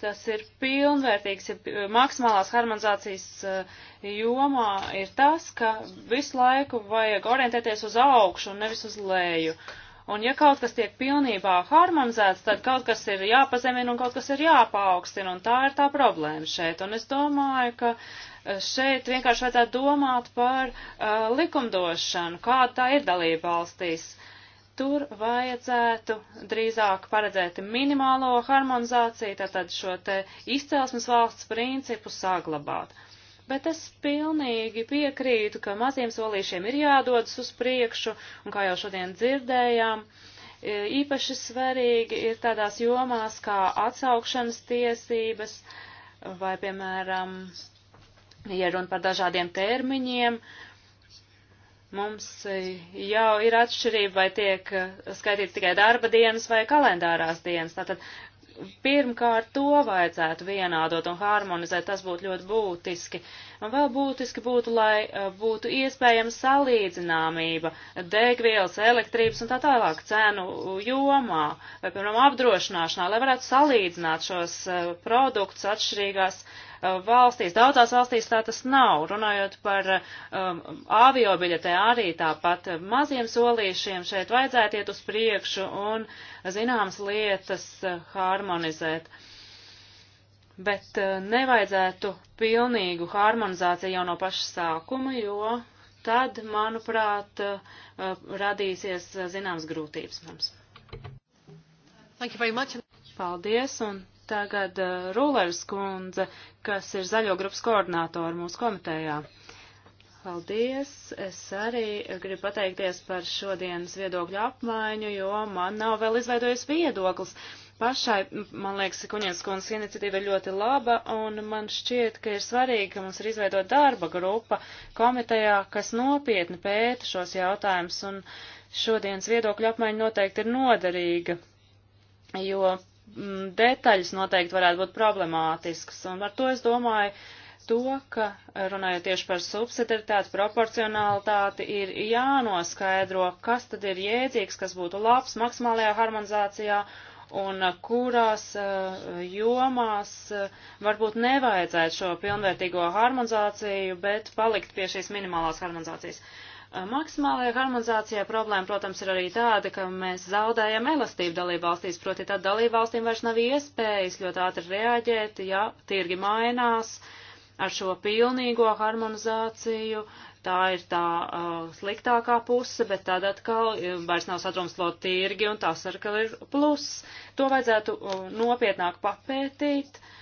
Speaker 4: tas ir pilnvērtīgs, ja maksimālās harmonizācijas eh, jomā ir tas, ka visu laiku vajag orientēties uz augšu un nevis uz leju. Un ja kaut kas tiek pilnībā harmonizēts, tad kaut kas ir jāpazemina un kaut kas ir jāpaukstina, un tā ir tā problēma šeit. Un es domāju, ka eh, šeit vienkārši vajadzētu domāt par uh, likumdošanu, kā tā ir dalība valstīs. Uh, Tur vajadzētu drīzāk paredzēt minimālo harmonizāciju, tātad šo te izcelsmes valsts principu saglabāt. Bet es pilnīgi piekrītu, ka maziem solīšiem ir jādodas uz priekšu, un kā jau šodien dzirdējām, e, īpaši svarīgi ir tādās jomās kā atsaukšanas tiesības vai, piemēram, ja runa par dažādiem termiņiem, uh, Mums e, jau ir atšķirība, vai tiek e, skaitīts tikai darba dienas vai kalendārās dienas. Tātad pirmkārt to vajadzētu vienādot un harmonizēt, tas būtu ļoti būtiski. Un vēl būtiski būtu, lai e, būtu iespējama salīdzināmība degvielas, elektrības un tā tālāk cenu jomā, vai, piemēram, apdrošināšanā, lai varētu salīdzināt šos produktus atšķirīgās uh, Eh, valstīs, daudzās valstīs tā tas nav. Runājot par um, avio biļetē arī tāpat maziem solīšiem šeit vajadzētu iet uz priekšu un zināmas lietas eh, harmonizēt. Bet uh, nevajadzētu pilnīgu harmonizāciju jau no paša sākuma, jo tad, manuprāt, uh, radīsies zināmas grūtības mums. Paldies, un Tagad uh, eh, Rūlers kundze, kas ir zaļo grupas koordinātora mūsu komitejā. Paldies! Es arī gribu pateikties par šodienas viedokļu apmaiņu, jo man nav vēl izveidojies viedoklis. Pašai, man liekas, Kuņins kundzes iniciatīva ir ļoti laba, un man šķiet, ka ir svarīgi, ka mums ir izveidot darba grupa komitejā, kas nopietni pēta šos jautājumus, un šodienas viedokļu apmaiņa noteikti ir noderīga, jo Mm, detaļas noteikti varētu būt problemātiskas. Un ar to es domāju to, ka runājot tieši par subsidiaritāti, proporcionalitāti, ir jānoskaidro, kas tad ir jēdzīgs, kas būtu labs maksimālajā harmonizācijā un kurās eh, jomās eh, varbūt nevajadzētu šo pilnvērtīgo harmonizāciju, bet palikt pie šīs minimālās harmonizācijas. Uh, Eh, maksimālajā harmonizācijā problēma, protams, ir arī tāda, ka mēs zaudējam elastību dalībvalstīs, proti tad dalībvalstīm vairs nav iespējas ļoti ātri reaģēt, ja tirgi mainās ar šo pilnīgo harmonizāciju. Tā ir tā uh, sliktākā puse, bet tad atkal eh, vairs nav sadrumstalot tirgi un tas atkal ir pluss. To vajadzētu uh, nopietnāk papētīt. Uh,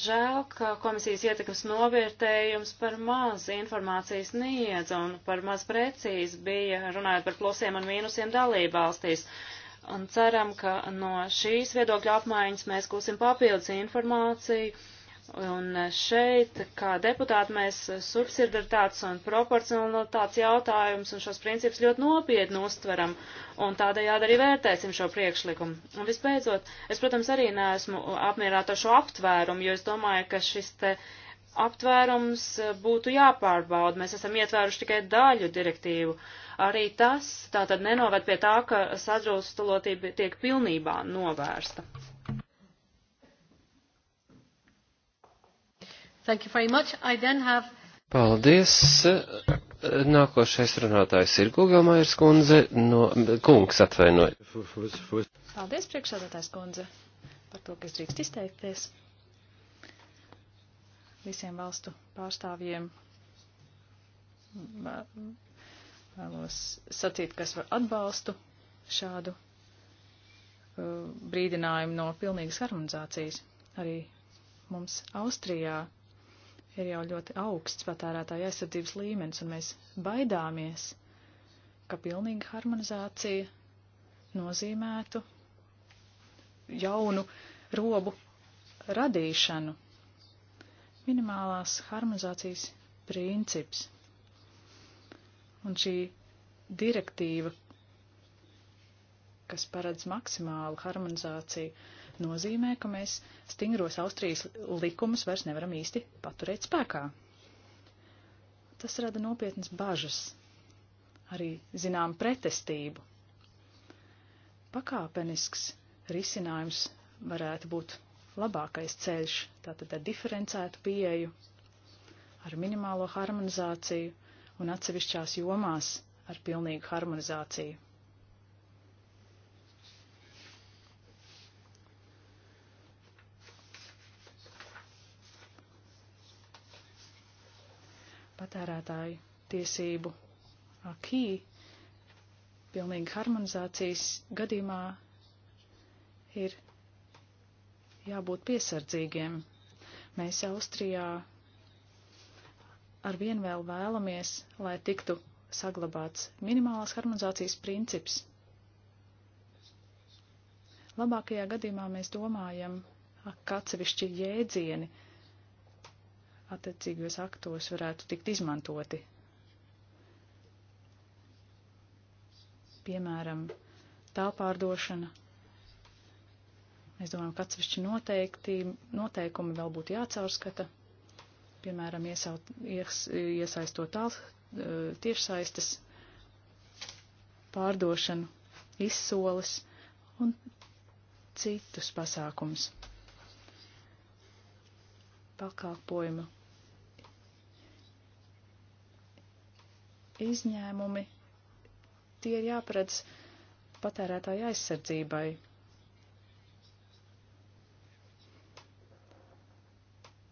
Speaker 4: Žēl, ka komisijas ietekmes novērtējums par maz informācijas niedz un par maz precīzi bija runājot par plusiem un mīnusiem dalībvalstīs. Un ceram, ka no šīs viedokļa apmaiņas mēs gūsim papildus informāciju Un eh, šeit, kā deputāti, mēs eh, subsidaritātes un proporcionalitātes jautājumus un šos principus ļoti nopietni uztveram un tādējādi arī vērtēsim šo priekšlikumu. Un visbeidzot, es, protams, arī neesmu apmierināta ar šo aptvērumu, jo es domāju, ka šis te aptvērums eh, būtu jāpārbauda. Mēs esam ietvēruši tikai daļu direktīvu. Arī tas tātad nenoved pie tā, ka sadrūstulotība tiek pilnībā novērsta.
Speaker 1: Thank you very much. I then have...
Speaker 2: Paldies. Nākošais runātājs ir Google Mairs kundze no kungs atvainoja.
Speaker 1: Paldies, priekšsādātājs
Speaker 6: kundze, par to, ka es drīkst izteikties visiem valstu pārstāvjiem. Vēlos sacīt, kas var atbalstu šādu uh, brīdinājumu no pilnīgas harmonizācijas. Arī mums Austrijā ir jau ļoti augsts patērētāja aizsardzības līmenis, un mēs baidāmies, ka pilnīga harmonizācija nozīmētu jaunu robu radīšanu. Minimālās harmonizācijas princips. Un šī direktīva, kas paredz maksimālu harmonizāciju, nozīmē, ka mēs stingros Austrijas likumus vairs nevaram īsti paturēt spēkā. Tas rada nopietnas bažas, arī zinām pretestību. Pakāpenisks risinājums varētu būt labākais ceļš, tātad ar diferencētu pieeju, ar minimālo harmonizāciju un atsevišķās jomās ar pilnīgu harmonizāciju. patērētāju tiesību akī pilnīgi harmonizācijas gadījumā ir jābūt piesardzīgiem. Mēs Austrijā ar vien vēl vēlamies, lai tiktu saglabāts minimālās harmonizācijas princips. Labākajā gadījumā mēs domājam, ka atsevišķi jēdzieni attiecīgajos aktos varētu tikt izmantoti. Piemēram, tālpārdošana. Mēs domājam, ka atsevišķi noteikti, noteikumi vēl būtu jācaurskata, piemēram, iesaut, ies, iesaistot tāls, e, tiešsaistes pārdošanu, izsoles un citus pasākumus pakalpojumu izņēmumi, tie ir jāparedz patērētāja aizsardzībai.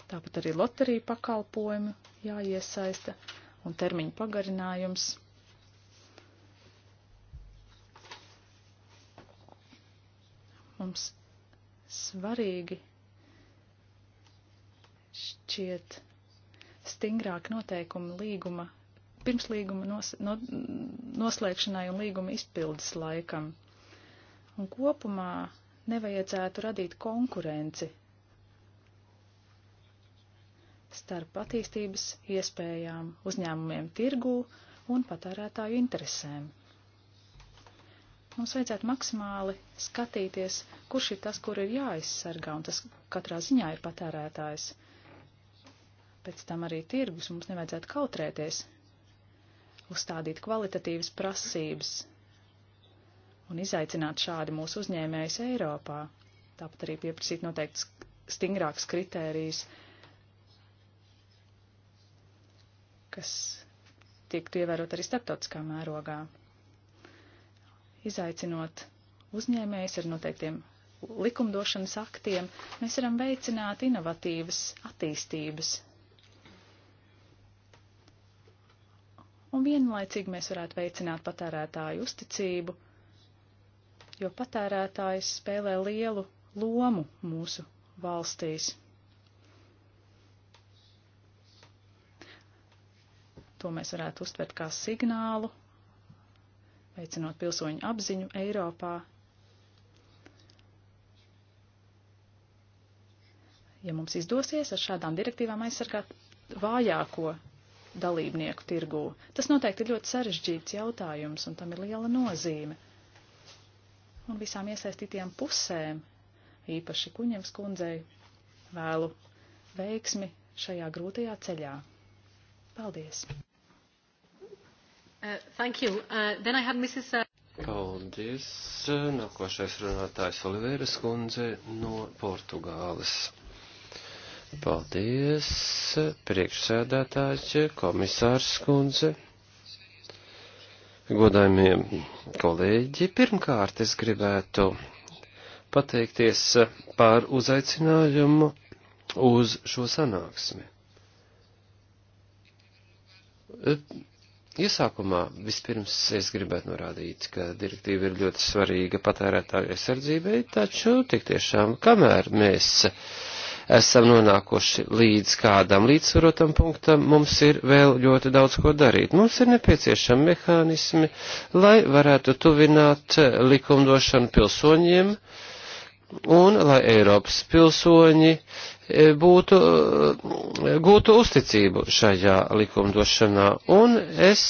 Speaker 6: Tāpat arī loteriju pakalpojumi jāiesaista un termiņu pagarinājums. Mums svarīgi šķiet stingrāk noteikumi līguma pirms līguma nos, no, noslēgšanai un līguma izpildes laikam. Un kopumā nevajadzētu radīt konkurenci starp attīstības iespējām, uzņēmumiem tirgū un patērētāju interesēm. Mums vajadzētu maksimāli skatīties, kurš ir tas, kur ir jāaizsargā, un tas katrā ziņā ir patērētājs. Pēc tam arī tirgus mums nevajadzētu kautrēties, uzstādīt kvalitatīvas prasības un izaicināt šādi mūsu uzņēmējus Eiropā. Tāpat arī pieprasīt noteikti stingrākas kritērijas, kas tiktu ievērot arī starptautiskā mērogā. Izaicinot uzņēmējus ar noteiktiem likumdošanas aktiem, mēs varam veicināt inovatīvas attīstības un vienlaicīgi mēs varētu veicināt patērētāju uzticību, jo patērētājs spēlē lielu lomu mūsu valstīs. To mēs varētu uztvert kā signālu, veicinot pilsoņu apziņu Eiropā. Ja mums izdosies ar šādām direktīvām aizsargāt vājāko dalībnieku tirgū. Tas noteikti ir ļoti sarežģīts jautājums, un tam ir liela nozīme. Un visām iesaistītajām pusēm, īpaši kuņems kundzei, vēlu veiksmi šajā grūtajā
Speaker 1: ceļā. Paldies! Uh, thank you. Uh, then I have Mrs. Uh...
Speaker 2: Paldies. Nākošais runātājs Oliveras kundze no Portugāles. Paldies, priekšsēdētāji, komisārs Skundze. Godājumie kolēģi, pirmkārt es gribētu pateikties par uzaicinājumu uz šo sanāksmi. Iesākumā vispirms es gribētu norādīt, ka direktīva ir ļoti svarīga patērētāju aizsardzībai, taču tik tiešām, kamēr mēs uh, esam nonākuši līdz kādam līdzsvarotam punktam, mums ir vēl ļoti daudz ko darīt. Mums ir nepieciešami mehānismi, lai varētu tuvināt eh, likumdošanu pilsoņiem un lai Eiropas pilsoņi eh, būtu, eh, gūtu uzticību šajā likumdošanā. Un es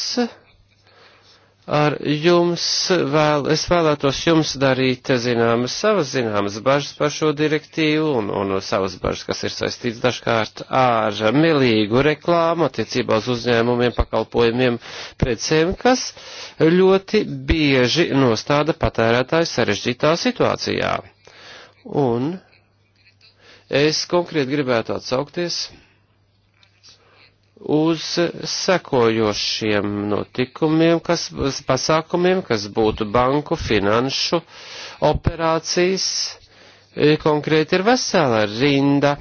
Speaker 2: ar jums vēl, es vēlētos jums darīt zināmas savas zināmas bažas par šo direktīvu un, un savas bažas, kas ir saistīts dažkārt ar milīgu reklāmu attiecībā uz uzņēmumiem, pakalpojumiem, precēm, kas ļoti bieži nostāda patērētāju sarežģītā situācijā. Un es konkrēti gribētu atsaukties uz sekojošiem notikumiem, kas, pasākumiem, kas būtu banku, finanšu operācijas. E, konkrēti ir vesela rinda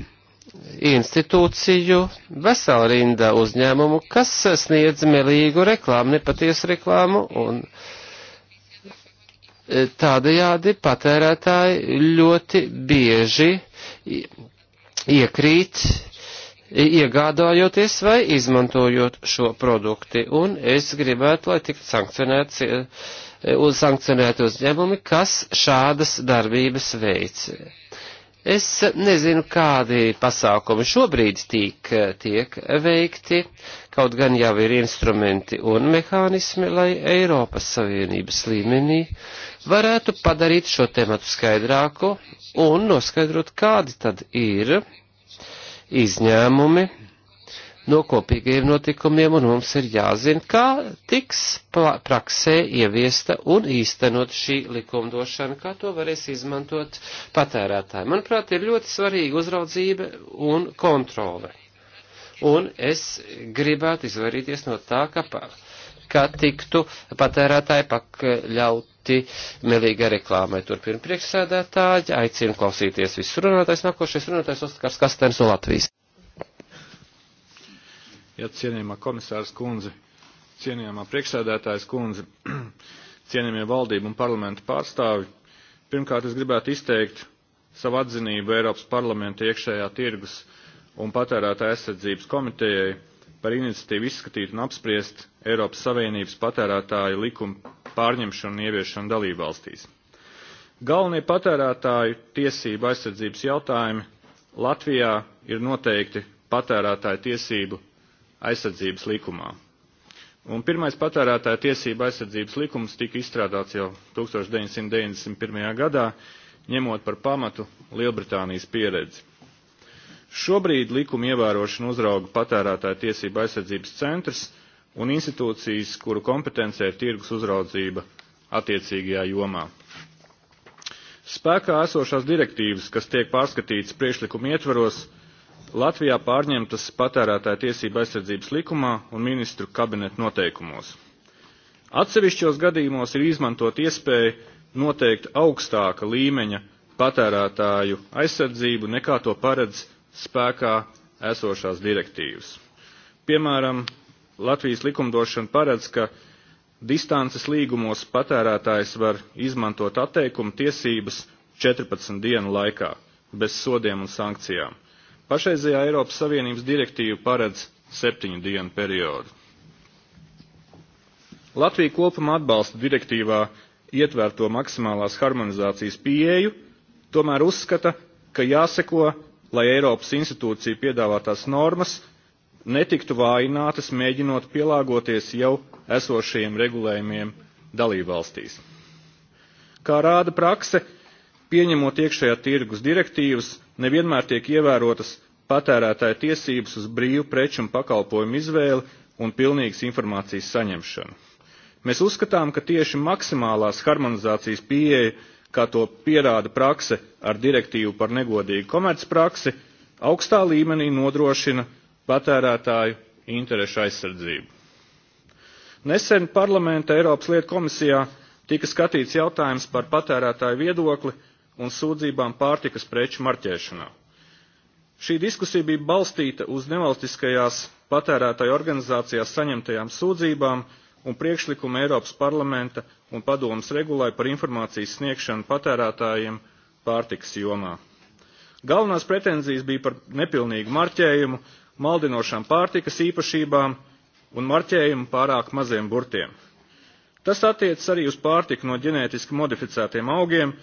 Speaker 2: institūciju, vesela rinda uzņēmumu, kas sniedz melīgu reklāmu, nepatiesu reklāmu, un e, tādajādi patērētāji ļoti bieži iekrīt iegādājoties vai izmantojot šo produkti. Un es gribētu, lai tiktu sankcionēts, e, e, uz sankcionēti uzņēmumi, kas šādas darbības veic. Es nezinu, kādi pasākumi šobrīd tiek, tiek veikti, kaut gan jau ir instrumenti un mehānismi, lai Eiropas Savienības līmenī varētu padarīt šo tematu skaidrāku un noskaidrot, kādi tad ir uh, izņēmumi no kopīgiem notikumiem, un mums ir jāzina, kā tiks praksē ieviesta un īstenot šī likumdošana, kā to varēs izmantot patērētāji. Manuprāt, ir ļoti svarīga uzraudzība un kontrole. Un es gribētu izvairīties no tā, ka, pa, ka tiktu patērētāji pakļaut ļoti melīga reklāmai. Turpina priekšsēdētāji, aicinu klausīties visus runātājs. Nākošais runātājs Ostakars Kastens no Latvijas.
Speaker 3: Ja cienījumā komisārs kundze, cienījumā priekšsēdētājs kundze, (clears throat) cienījumie valdību un parlamentu pārstāvi, pirmkārt es gribētu izteikt savu atzinību Eiropas parlamenta iekšējā tirgus un patērētāja aizsardzības komitejai par iniciatīvu izskatīt un apspriest Eiropas Savienības patērētāju likuma pārņemšanu un ieviešanu dalībvalstīs. Galvenie patērētāju tiesību aizsardzības jautājumi Latvijā ir noteikti patērētāju tiesību aizsardzības likumā. Un pirmais patērētāja tiesība aizsardzības likums tika izstrādāts jau 1991. gadā, ņemot par pamatu Lielbritānijas pieredzi. Šobrīd likuma ievērošanu uzrauga patērētāja tiesība aizsardzības centrs, un institūcijas, kuru kompetencē ir tirgus uzraudzība attiecīgajā jomā. Spēkā esošās direktīvas, kas tiek pārskatītas priekšlikuma ietvaros, Latvijā pārņemtas patērētāja tiesība aizsardzības likumā un ministru kabineta noteikumos. Atsevišķos gadījumos ir izmantot iespēju noteikt augstāka līmeņa patērētāju aizsardzību nekā to paredz spēkā esošās direktīvas. Piemēram, Latvijas likumdošana paredz, ka distances līgumos patērētājs var izmantot atteikuma tiesības 14 dienu laikā bez sodiem un sankcijām. Pašreizējā Eiropas Savienības direktīva paredz septiņu dienu periodu. Latvija kopumā atbalsta direktīvā ietverto maksimālās harmonizācijas pieeju, tomēr uzskata, ka jāseko, lai Eiropas institūcija piedāvātās normas netiktu vājinātas, mēģinot pielāgoties jau esošajiem regulējumiem dalībvalstīs. Kā rāda prakse, pieņemot iekšējā tirgus direktīvas, nevienmēr tiek ievērotas patērētāja tiesības uz brīvu preču un pakalpojumu izvēli un pilnīgas informācijas saņemšanu. Mēs uzskatām, ka tieši maksimālās harmonizācijas pieeja, kā to pierāda prakse ar direktīvu par negodīgu komercpraksi, augstā līmenī nodrošina patērētāju interešu aizsardzību. Nesen parlamenta Eiropas lietu komisijā tika skatīts jautājums par patērētāju viedokli un sūdzībām pārtikas preču marķēšanā. Šī diskusija bija balstīta uz nevalstiskajās patērētāju organizācijās saņemtajām sūdzībām un priekšlikumu Eiropas parlamenta un padomas regulai par informācijas sniegšanu patērētājiem pārtikas jomā. Galvenās pretenzijas bija par nepilnīgu marķējumu, maldinošām pārtikas īpašībām un marķējumu pārāk maziem burtiem. Tas attiecas arī uz pārtiku no ģenētiski modificētiem augiem,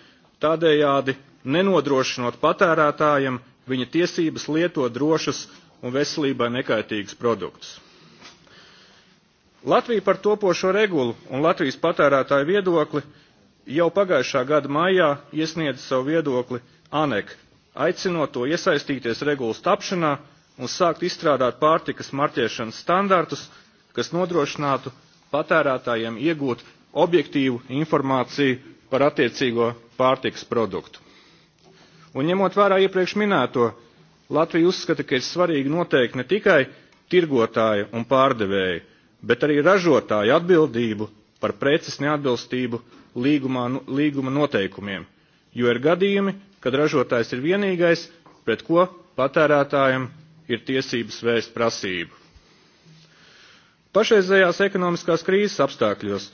Speaker 3: tādējādi nenodrošinot patērētājiem viņa tiesības lietot drošas un veselībai nekaitīgus produktus. Latvija par topošo regulu un Latvijas patērētāju viedokli jau pagājušā gada maijā iesniedza savu viedokli ANEK, aicinot to iesaistīties regulas tapšanā un sākt izstrādāt pārtikas marķēšanas standartus, kas nodrošinātu patērētājiem iegūt objektīvu informāciju par attiecīgo pārtikas produktu. Un ņemot vērā iepriekš minēto, Latvija uzskata, ka ir svarīgi noteikt ne tikai tirgotāju un pārdevēju, bet arī ražotāju atbildību par preces neatbilstību līgumā, nu, līguma noteikumiem, jo ir gadījumi, kad ražotājs ir vienīgais, pret ko patērētājiem ir tiesības vēst prasību. Pašreizējās ekonomiskās krīzes apstākļos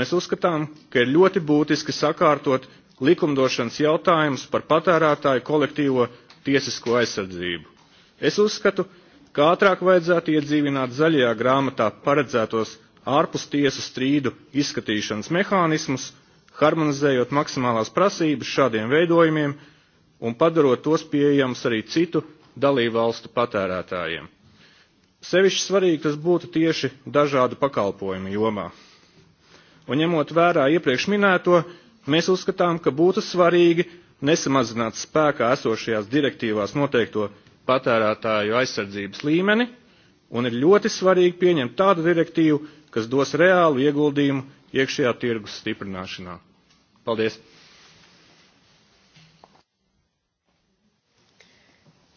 Speaker 3: mēs uzskatām, ka ir ļoti būtiski sakārtot likumdošanas jautājumus par patērētāju kolektīvo tiesisko aizsardzību. Es uzskatu, ka ātrāk vajadzētu iedzīvināt zaļajā grāmatā paredzētos ārpus tiesu strīdu izskatīšanas mehānismus, harmonizējot maksimālās prasības šādiem veidojumiem un padarot tos pieejams arī citu dalību valstu patērētājiem. Sevišķi svarīgi tas būtu tieši dažādu pakalpojumu jomā. Un ņemot vērā iepriekš minēto, mēs uzskatām, ka būtu svarīgi nesamazināt spēkā esošajās direktīvās noteikto patērētāju aizsardzības līmeni, un ir ļoti svarīgi pieņemt tādu direktīvu, kas dos reālu ieguldījumu iekšējā tirgus stiprināšanā. Paldies!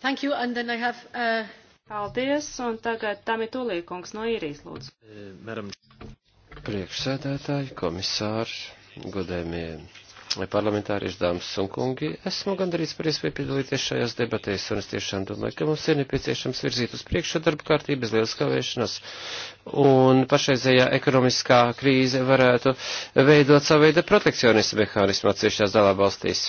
Speaker 4: Thank you, and then I have... Uh... Paldies, un tagad Tami Tulīkungs no īrijas lūdzu.
Speaker 2: Eh, Mēram. Priekšsēdētāji, komisāri, godējumie parlamentārieši, dāmas un kungi, esmu gandrīz par iespēju piedalīties šajās debatēs, un es tiešām domāju, ka mums ir nepieciešams virzīt uz priekšu darba kārtību bez lielas kavēšanas, un pašreizējā ekonomiskā krīze varētu veidot savu veidu protekcionismu mehānismu atsevišķās dalībvalstīs,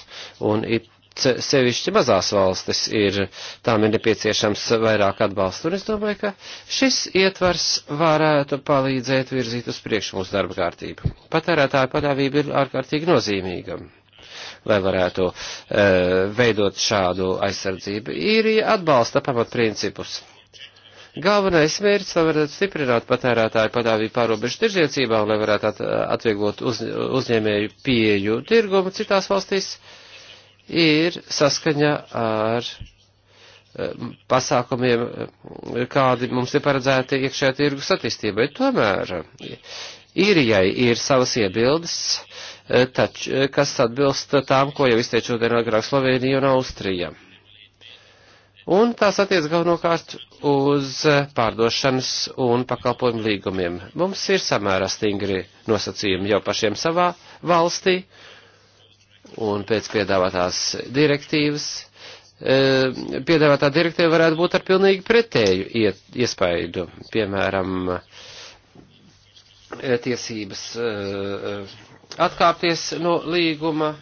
Speaker 2: un it sevišķi mazās valstis ir, tām ir nepieciešams vairāk atbalstu. Un es domāju, ka šis ietvars varētu palīdzēt virzīt uz priekšu mūsu darba kārtību. Patērētāja padāvība ir ārkārtīgi nozīmīga lai varētu e, veidot šādu aizsardzību. Īrija atbalsta pamatprincipus. Galvenais mērķis, lai varētu stiprināt patērētāju padāvību pārobežu tirdzniecībā un lai varētu at, atvieglot uz, uzņēmēju pieju tirgumu citās valstīs. E, ir saskaņa ar eh, pasākumiem, kādi mums ir paredzēti iekšējā tirgus attīstībai. Tomēr īrijai ir savas iebildes, eh, tač, eh, kas atbilst tām, ko jau izteicu šodien agrāk Slovenija un Austrija. Un tās attiec galvenokārt uz pārdošanas un pakalpojumu līgumiem. Mums ir samērā stingri nosacījumi jau pašiem savā valstī, uh, Un pēc piedāvātās direktīvas, e, piedāvātā direktīva varētu būt ar pilnīgi pretēju iespaidu. Piemēram, e, tiesības e, atkāpties no līguma,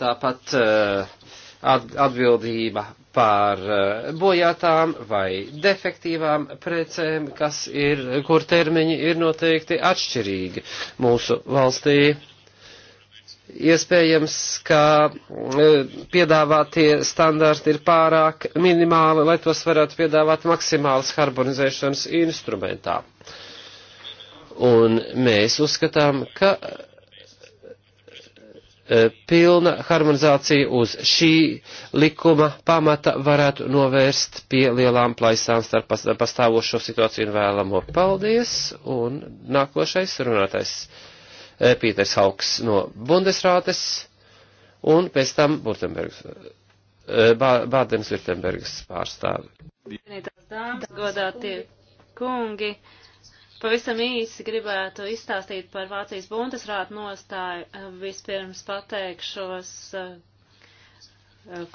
Speaker 2: tāpat atbildība par bojātām vai defektīvām precēm, kas ir, kur termiņi ir noteikti atšķirīgi mūsu valstī Iespējams, ka e, piedāvātie standarti ir pārāk minimāli, lai tos varētu piedāvāt maksimālas harmonizēšanas instrumentā. Un mēs uzskatām, ka e, pilna harmonizācija uz šī likuma pamata varētu novērst pie lielām plaisām starp pastāvošo situāciju un vēlamo. Paldies! Un nākošais runātais. Eh, Pīters Hauks no Bundesrātes un pēc tam Burtenbergs, eh, Bādens Virtenbergs pārstāvi.
Speaker 4: Dāmas, godātie kungi, pavisam īsi gribētu izstāstīt par Vācijas Bundesrātu nostāju. Eh, vispirms pateikšos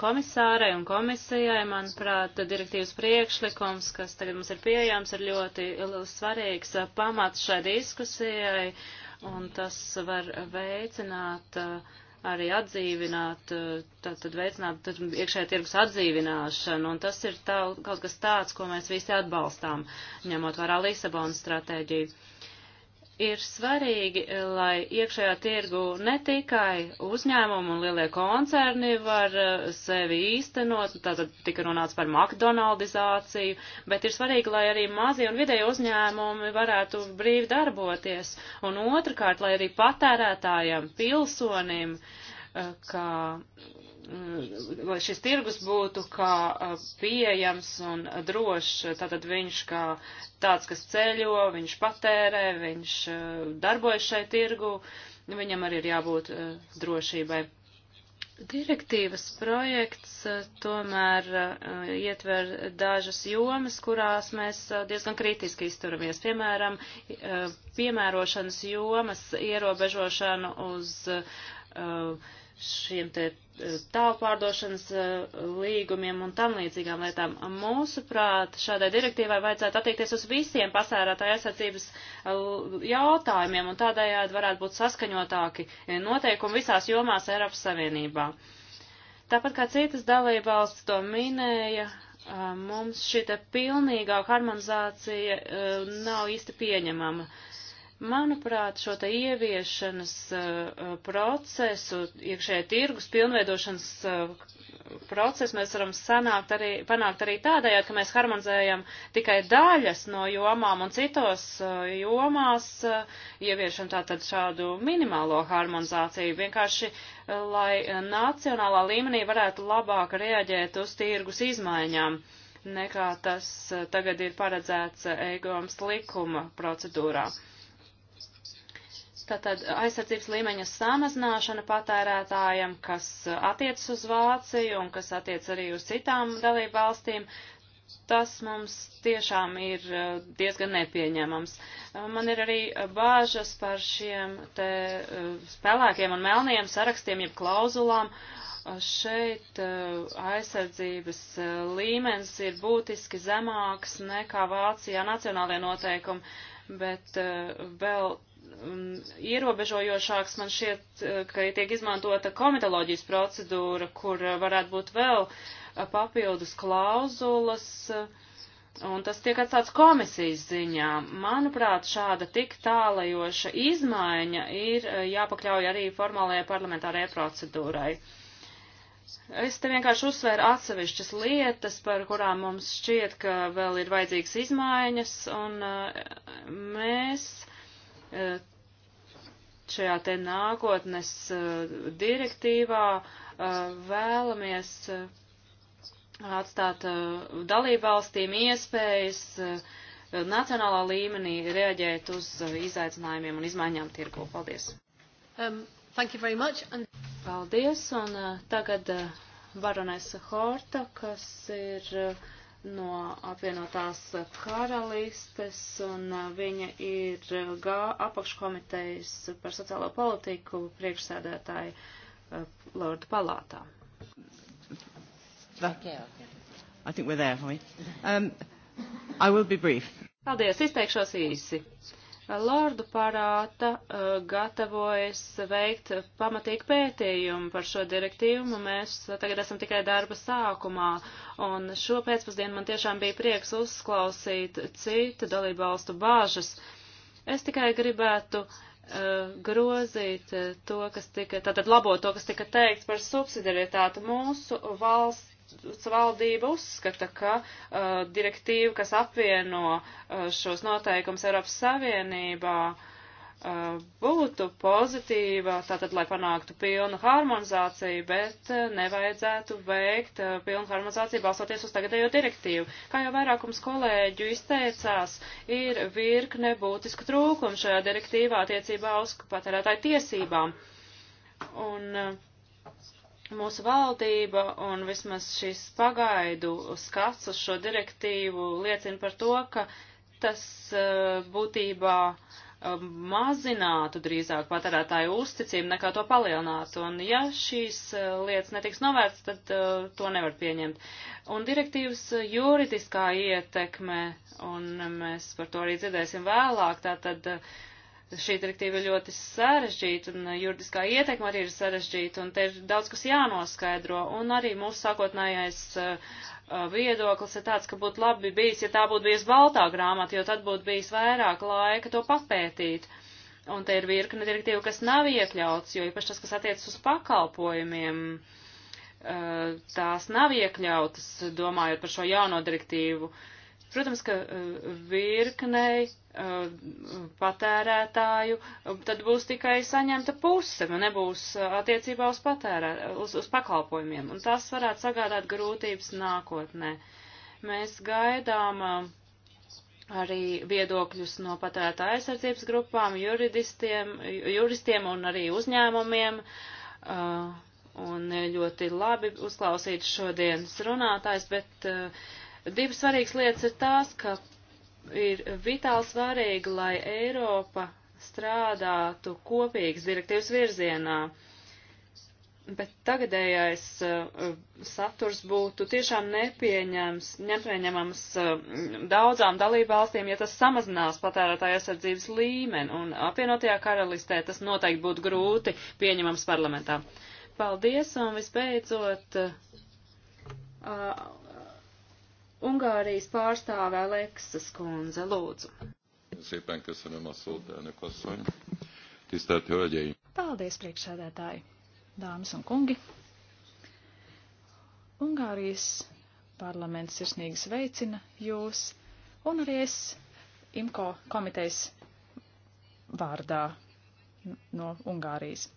Speaker 4: komisārai un komisijai, manuprāt, direktīvas priekšlikums, kas tagad mums ir pieejams, ir ļoti svarīgs pamats šai diskusijai un tas var veicināt uh, arī atdzīvināt, tātad uh, veicināt tad iekšē tirgus atdzīvināšanu, un tas ir tā, kaut kas tāds, ko mēs visi atbalstām, ņemot vērā Lisabonas stratēģiju ir svarīgi, lai iekšējā tirgu ne tikai uzņēmumi un lielie koncerni var eh, sevi īstenot, tātad tika runāts par McDonaldizāciju, bet ir svarīgi, lai arī mazie un vidēji uzņēmumi varētu brīvi darboties. Un otrkārt, lai arī patērētājiem, pilsonim, eh, kā Mm, lai šis tirgus būtu kā uh, pieejams un drošs, tātad viņš kā tāds, kas ceļo, viņš patērē, viņš uh, darbojas šai tirgu, viņam arī ir jābūt uh, drošībai. Direktīvas projekts tomēr ietver dažas jomas, kurās mēs diezgan kritiski izturamies. Piemēram, piemērošanas jomas ierobežošanu uz šiem te tālpārdošanas eh, līgumiem un tam līdzīgām lietām. Mūsuprāt, šādai direktīvai vajadzētu attiekties uz visiem pasērētāju aizsardzības eh, jautājumiem un tādējādi varētu būt saskaņotāki eh, noteikumi visās jomās Eiropas Savienībā. Tāpat kā citas dalībvalsts to minēja, mums šī pilnīgā harmonizācija nav īsti pieņemama. Manuprāt, šo te ieviešanas uh, uh, procesu, iekšējā tirgus pilnveidošanas uh, procesu mēs varam sanākt arī, panākt arī tādējādi, ka mēs harmonizējam tikai daļas no jomām un citos uh, jomās uh, ieviešam tātad šādu minimālo harmonizāciju, vienkārši uh, lai nacionālā līmenī varētu labāk reaģēt uz tirgus izmaiņām nekā tas tagad ir paredzēts EGOMS likuma procedūrā. Tātad aizsardzības līmeņa samazināšana patērētājiem, kas attiecas uz Vāciju un kas attiec arī uz citām dalību valstīm, tas mums tiešām ir eh, diezgan nepieņemams. Eh, man ir arī bāžas par šiem te eh, spēlēkiem un melniem sarakstiem, jeb klauzulām. Šeit aizsardzības līmenis ir būtiski zemāks nekā Vācijā nacionālajie noteikumi, bet vēl Um, ierobežojošāks man šķiet, uh, ka tiek izmantota komitoloģijas procedūra, kur uh, varētu būt vēl uh, papildus klauzulas, un tas tiek atstāts komisijas ziņā. Manuprāt, šāda tik tālajoša izmaiņa ir jāpakļauj arī formālajai parlamentārajai procedūrai. Es te vienkārši uzsvēru atsevišķas lietas, par kurām mums šķiet, ka vēl ir vajadzīgas izmaiņas, un mēs Eh, šajā te nākotnes eh, direktīvā eh, vēlamies atstāt dalībvalstīm iespējas nacionālā līmenī reaģēt uz izaicinājumiem un izmaiņām tirgu. Paldies! Um, thank you very much. And... Paldies, un tagad baronesa Horta, kas ir uh, no apvienotās karalistes, un uh, viņa ir uh, GA apakškomitejas par sociālo politiku priekšsēdētāja uh, Lorda palātā. Okay, okay.
Speaker 1: I think we're there, we? um, I will be brief.
Speaker 4: Paldies, izteikšos īsi. Lordu parāta eh, gatavojas veikt pamatīgu pētījumu par šo direktīvu. Nu, mēs tagad esam tikai darba sākumā, un šo pēcpusdienu man tiešām bija prieks uzklausīt citu dalībvalstu bāžas. Es tikai gribētu uh, grozīt to, kas tika, tātad labot to, kas tika teikts par subsidiarietātu. Mūsu valsts valdība uzskata, ka uh, direktīva, kas apvieno uh, šos noteikums Eiropas Savienībā, uh, būtu pozitīva, tātad, lai panāktu pilnu harmonizāciju, bet uh, nevajadzētu veikt uh, pilnu harmonizāciju balstoties uz tagadējo direktīvu. Kā jau vairākums kolēģu izteicās, ir virkne būtisku trūkumu šajā direktīvā attiecībā uz patērētāju tiesībām. Un, uh, mūsu valdība un vismaz šis pagaidu skats uz šo direktīvu liecina par to, ka tas eh, būtībā eh, mazinātu drīzāk patērētāju uzticību nekā to palielinātu. Un ja šīs eh, lietas netiks novērts, tad uh, to nevar pieņemt. Un direktīvas juridiskā ietekme, un mēs par to arī dzirdēsim vēlāk, tātad uh, šī direktīva ir ļoti sarežģīta un juridiskā ietekma arī ir sarežģīta un te ir daudz kas jānoskaidro. Un arī mūsu sākotnējais uh, uh viedoklis ir tāds, ka būtu labi bijis, ja tā būtu bijusi baltā grāmata, jo tad būtu bijis vairāk laika to papētīt. Un te ir virkne direktīva, kas nav iekļauts, jo īpaši tas, kas attiecas uz pakalpojumiem, uh, tās nav iekļautas, domājot par šo jauno direktīvu. Protams, ka uh, virknei Uh, patērētāju, tad būs tikai saņemta puse, nu, nebūs uh, attiecībā uz, patērē, uz, uz pakalpojumiem, un tas varētu sagādāt grūtības nākotnē. Mēs gaidām uh, arī viedokļus no patērētā aizsardzības grupām, juridistiem, juristiem un arī uzņēmumiem, un ļoti labi uzklausīt šodienas runātājs, bet divas svarīgas lietas ir tās, ka ir vitāli svarīgi, lai Eiropa strādātu kopīgas direktīvas virzienā, bet tagadējais uh, saturs būtu tiešām nepieņems, nepieņemams uh, daudzām dalībvalstīm, ja tas samazinās patērētāja aizsardzības līmeni, un apvienotajā karalistē tas noteikti būtu grūti pieņemams parlamentā. Paldies, un visbeidzot. Uh, Ungārijas pārstāvē Leksas kundze, lūdzu.
Speaker 9: Szépen köszönöm a szót, elnök asszony. Tisztelt Hölgyeim!
Speaker 6: Paldies, priekšsēdētāji, dāmas un kungi! Ungārijas parlaments sirsnīgi sveicina jūs un arī es IMKO komitejas vārdā no Ungārijas.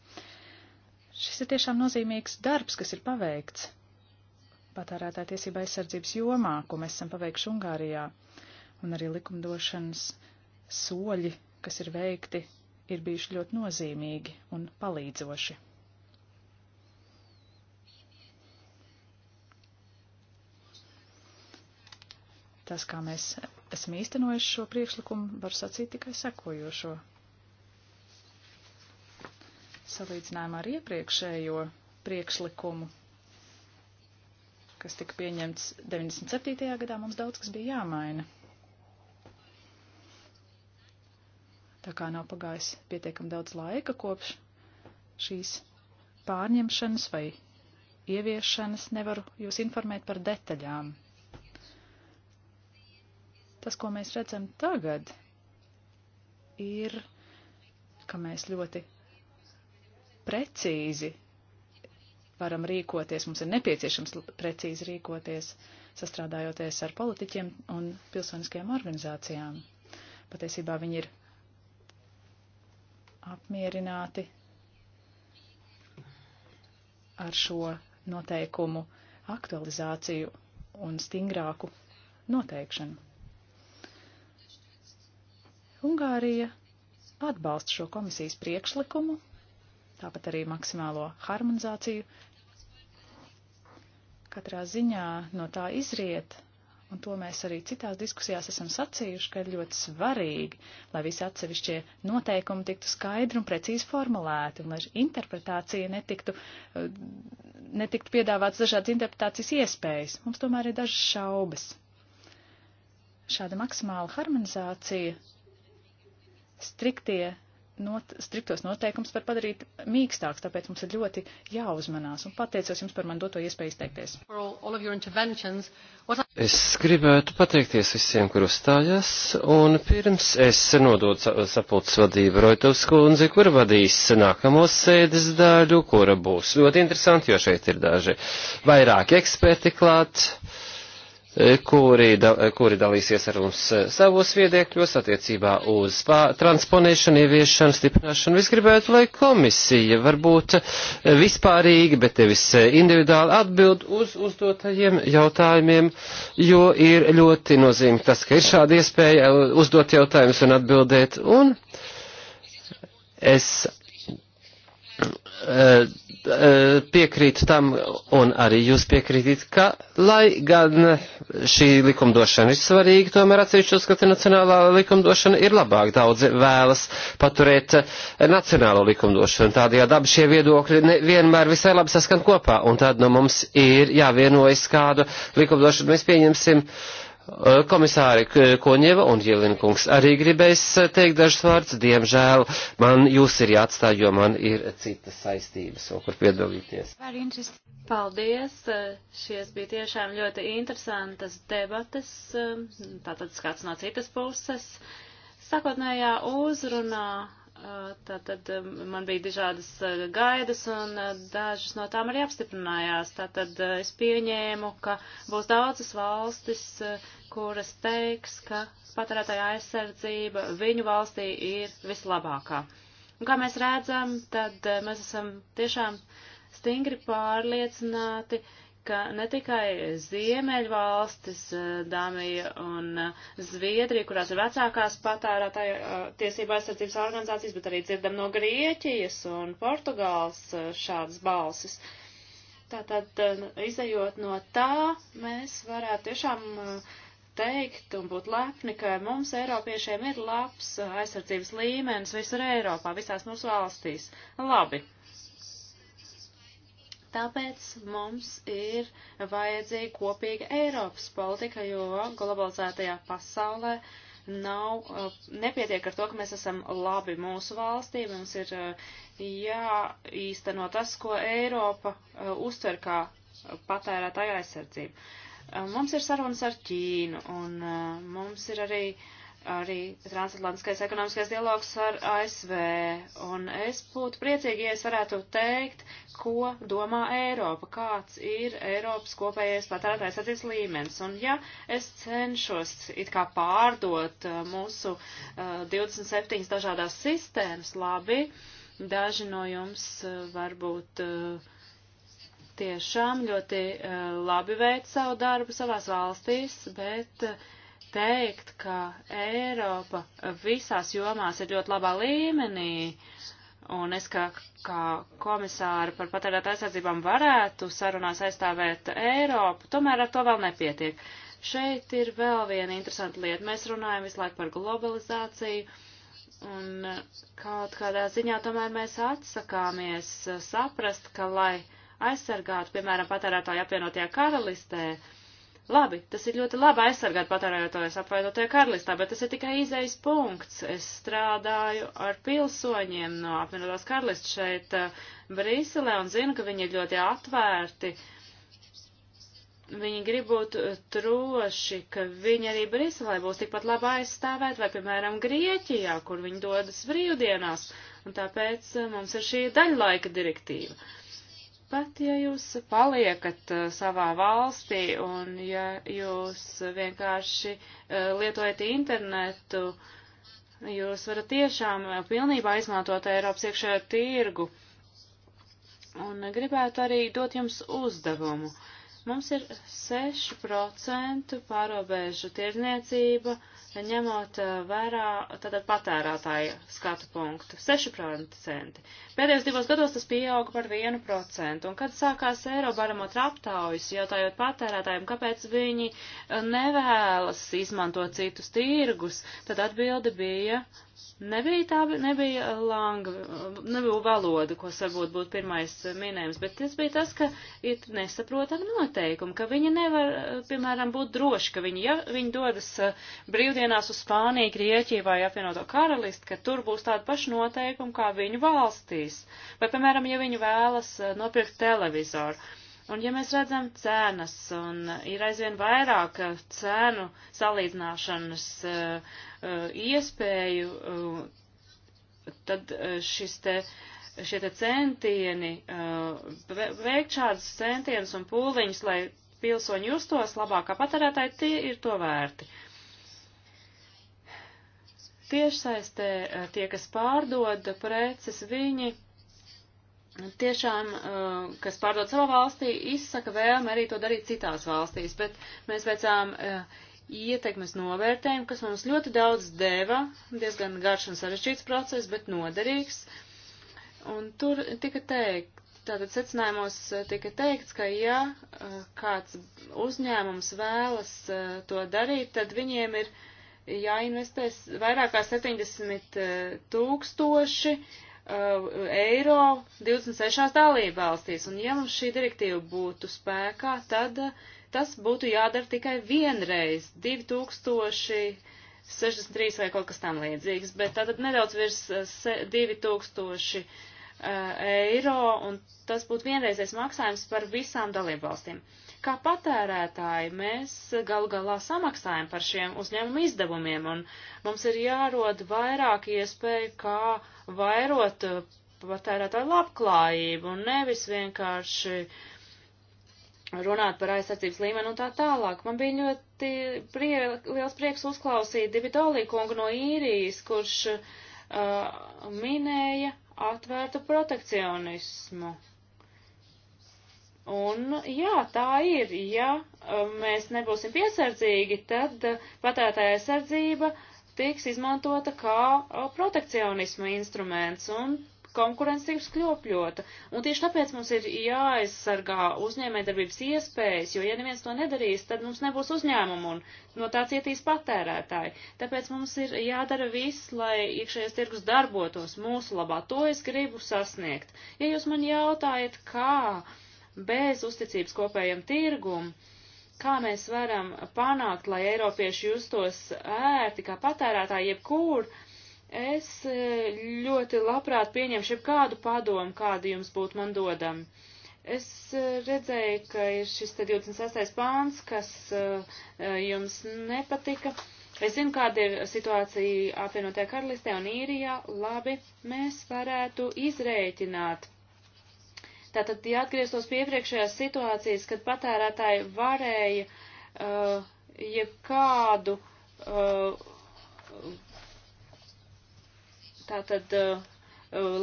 Speaker 6: Šis ir tiešām nozīmīgs darbs, kas ir paveikts patērētāja tiesība aizsardzības jomā, ko mēs esam paveikuši Ungārijā, un arī likumdošanas soļi, kas ir veikti, ir bijuši ļoti nozīmīgi un palīdzoši. Tas, kā mēs esam īstenojuši šo priekšlikumu, var sacīt tikai sekojošo. Salīdzinājumā ar iepriekšējo priekšlikumu kas tika pieņemts 97. gadā, mums daudz kas bija jāmaina. Tā kā nav pagājis pietiekam daudz laika kopš šīs pārņemšanas vai ieviešanas, nevaru jūs informēt par detaļām. Tas, ko mēs redzam tagad, ir, ka mēs ļoti precīzi varam rīkoties, mums ir nepieciešams precīzi rīkoties, sastrādājoties ar politiķiem un pilsoniskajām organizācijām. Patiesībā viņi ir apmierināti ar šo noteikumu aktualizāciju un stingrāku noteikšanu. Ungārija atbalsta šo komisijas priekšlikumu tāpat arī maksimālo harmonizāciju Katrā ziņā no tā izriet, un to mēs arī citās diskusijās esam sacījuši, ka ir ļoti svarīgi, lai visi atsevišķie noteikumi tiktu skaidri un precīzi formulēti, un lai interpretācija netiktu, eh, netiktu piedāvāts dažādas interpretācijas iespējas. Mums tomēr ir dažas šaubas. Šāda maksimāla harmonizācija, striktie not, striktos noteikums var padarīt mīkstāks, tāpēc mums ir ļoti jāuzmanās. Un pateicos jums par man doto iespēju
Speaker 1: izteikties.
Speaker 2: Es gribētu pateikties visiem, kur uzstājās, un pirms es nododu sapulces vadību Roitovs kundzi, kur vadīs nākamos sēdes daļu, kura būs ļoti interesanti, jo šeit ir daži vairāki eksperti klāt kuri, da, kuri dalīsies ar mums eh, savos viedokļos attiecībā uz pā, transponēšanu, ieviešanu, stiprināšanu. Es gribētu, lai komisija varbūt eh, vispārīgi, bet nevis eh, individuāli atbild uz uzdotajiem jautājumiem, jo ir ļoti nozīmīgi tas, ka ir šāda iespēja uzdot jautājumus un atbildēt. Un es Eh, eh, piekrīt tam, un arī jūs piekrītīt, ka, lai gan šī likumdošana ir svarīga, tomēr atsevišķi uzskata nacionālā likumdošana ir labāk. Daudzi vēlas paturēt eh, nacionālo likumdošanu. Tādējādi abi šie viedokļi vienmēr visai labi saskan kopā, un tad nu mums ir jāvienojas, kādu likumdošanu mēs pieņemsim. Uh, Eh, komisāri Koņeva un Jelinkungs arī gribēs eh, teikt dažus vārdus. Diemžēl man jūs ir jāatstāj, jo man ir citas saistības, kur piedalīties.
Speaker 4: Paldies! Eh, šies bija tiešām ļoti interesantas debates, tātad skats no citas puses. Sākotnējā uzrunā Tātad man bija dažādas gaidas un dažas no tām arī apstiprinājās. Tātad es pieņēmu, ka būs daudzas valstis, kuras teiks, ka patērētāja aizsardzība viņu valstī ir vislabākā. Un kā mēs redzam, tad mēs esam tiešām stingri pārliecināti, uh, ka ne tikai Ziemeļvalstis, eh, Dānija un eh, Zviedrija, kurās ir vecākās patērētāja eh, tiesība aizsardzības organizācijas, bet arī dzirdam no Grieķijas un Portugāls šādas balsis. Tātad, izējot no tā, mēs varētu tiešām teikt un būt lepni, ka mums Eiropiešiem ir labs aizsardzības līmenis visur Eiropā, visās mūsu valstīs. Labi, Tāpēc mums ir vajadzīga kopīga Eiropas politika, jo globalizētajā pasaulē nav, eh, nepietiek ar to, ka mēs esam labi mūsu valstī, mums ir eh, jāīsteno tas, ko Eiropa eh, uztver kā patērētāja aizsardzību. Mums ir sarunas ar Ķīnu, un mums ir arī uh, arī transatlantiskais ekonomiskais dialogs ar ASV, un es būtu priecīgi, ja es varētu teikt, ko domā Eiropa, kāds ir Eiropas kopējais patērētājs atzīves līmenis, un ja es cenšos it kā pārdot uh, mūsu uh, 27 dažādās sistēmas, labi, daži no jums uh, varbūt uh, tiešām ļoti uh, labi veic savu darbu savās valstīs, bet uh, teikt, ka Eiropa visās jomās ir ļoti labā līmenī, un es kā, kā komisāri par patērēt aizsardzībām varētu sarunās aizstāvēt Eiropu, tomēr ar to vēl nepietiek. Šeit ir vēl viena interesanta lieta. Mēs runājam visu laiku par globalizāciju, un kaut kādā ziņā tomēr mēs atsakāmies saprast, ka, lai aizsargātu, piemēram, patērētāju apvienotajā karalistē, uh, Labi, tas ir ļoti labi aizsargāt patērētājus apvaidotajā karalistā, bet tas ir tikai izējas punkts. Es strādāju ar pilsoņiem no apvienotās karalistas šeit eh, Brīselē un zinu, ka viņi ir ļoti atvērti. Viņi grib būt droši, eh, ka viņi arī Brīselē būs tikpat labi aizstāvēt vai, piemēram, Grieķijā, kur viņi dodas brīvdienās. Un tāpēc eh, mums ir šī daļlaika direktīva. Uh, Pat ja jūs paliekat eh, savā valstī un ja jūs vienkārši eh, lietojat internetu, jūs varat tiešām eh, pilnībā izmantot Eiropas iekšējo tirgu. Un gribētu arī dot jums uzdevumu. Mums ir 6% pārobežu tirzniecība ņemot eh, vērā tātad patērētāja skatu punktu - 6%. Pēdējos divos gados tas pieauga par 1%, un kad sākās Eirobarometra aptaujas, jautājot patērētājiem, kāpēc viņi eh, nevēlas izmantot citus tirgus, tad atbilde bija Nebija tā, nebija langa, nebija valoda, ko varbūt būtu pirmais minējums, bet tas bija tas, ka ir nesaprotami noteikumi, ka viņi nevar, piemēram, būt droši, ka viņi, ja viņi dodas eh, brīvdienās uz Spāniju, Grieķiju vai apvienoto karalisti, ka tur būs tāda paša noteikuma kā viņu valstīs. Vai, piemēram, ja viņi vēlas eh, nopirkt televizoru Un ja mēs redzam cenas, un ir aizvien vairāk cenu salīdzināšanas uh, uh, iespēju, uh, tad šis te, šie te centieni, veikt šādus centienus un pūliņus, lai pilsoņi justos labākā patērētāji, tie ir to vērti. Tiešsaistē tie, kas pārdod preces, viņi tiešām, eh, kas pārdod savā valstī, izsaka vēlmi arī to darīt citās valstīs, bet mēs veicām eh, ietekmes novērtējumu, kas mums ļoti daudz deva, diezgan garš un sarežģīts process, bet noderīgs. Un tur tika teikt, tātad secinājumos eh, tika teikts, ka ja kāds uzņēmums vēlas to darīt, tad viņiem ir jāinvestē vairāk kā 70 tūkstoši Uh, eiro 26 dalībvalstīs, un ja mums šī direktīva būtu spēkā, tad uh, tas būtu jādara tikai vienreiz, 2063 vai kaut kas tam līdzīgs, bet tātad nedaudz virs 2000 uh, eiro, un tas būtu vienreizais maksājums par visām dalībvalstīm. valstīm. Kā patērētāji mēs gal galā samaksājam par šiem uzņēmumu izdevumiem, un mums ir jārod vairāk iespēju, kā vairot uh, patērētāju labklājību, un nevis vienkārši uh, runāt par aizsardzības līmeni un tā tālāk. Man bija ļoti prie, liels prieks uzklausīt Divi Dolīkungu no īrijas, kurš uh, minēja atvērtu protekcionismu. Un jā, tā ir. Ja um, mēs nebūsim piesardzīgi, tad uh, patērētāja aizsardzība tiks izmantota kā uh, protekcionisma instruments un konkurence tiks kļopļota. Un tieši tāpēc mums ir jāaizsargā uzņēmējdarbības iespējas, jo ja neviens to nedarīs, tad mums nebūs uzņēmumu un no tā cietīs patērētāji. Tāpēc mums ir jādara viss, lai iekšējais tirgus darbotos mūsu labā. To es gribu sasniegt. Ja jūs man jautājat, kā bez uzticības kopējam tirgum, kā mēs varam panākt, lai eiropieši justos ērti kā patērētāji jebkur, es e, ļoti labprāt pieņemšu jebkādu padomu, kādu jums būtu man dodam. Es e, redzēju, ka ir šis te 26. pāns, kas e, jums nepatika. Es zinu, kāda ir situācija apvienotajā karalistē un īrijā. Labi, mēs varētu izrēķināt Tātad, ja atgrieztos pie iepriekšējās situācijas, kad patērētāji varēja uh, jebkādu uh, tātad uh,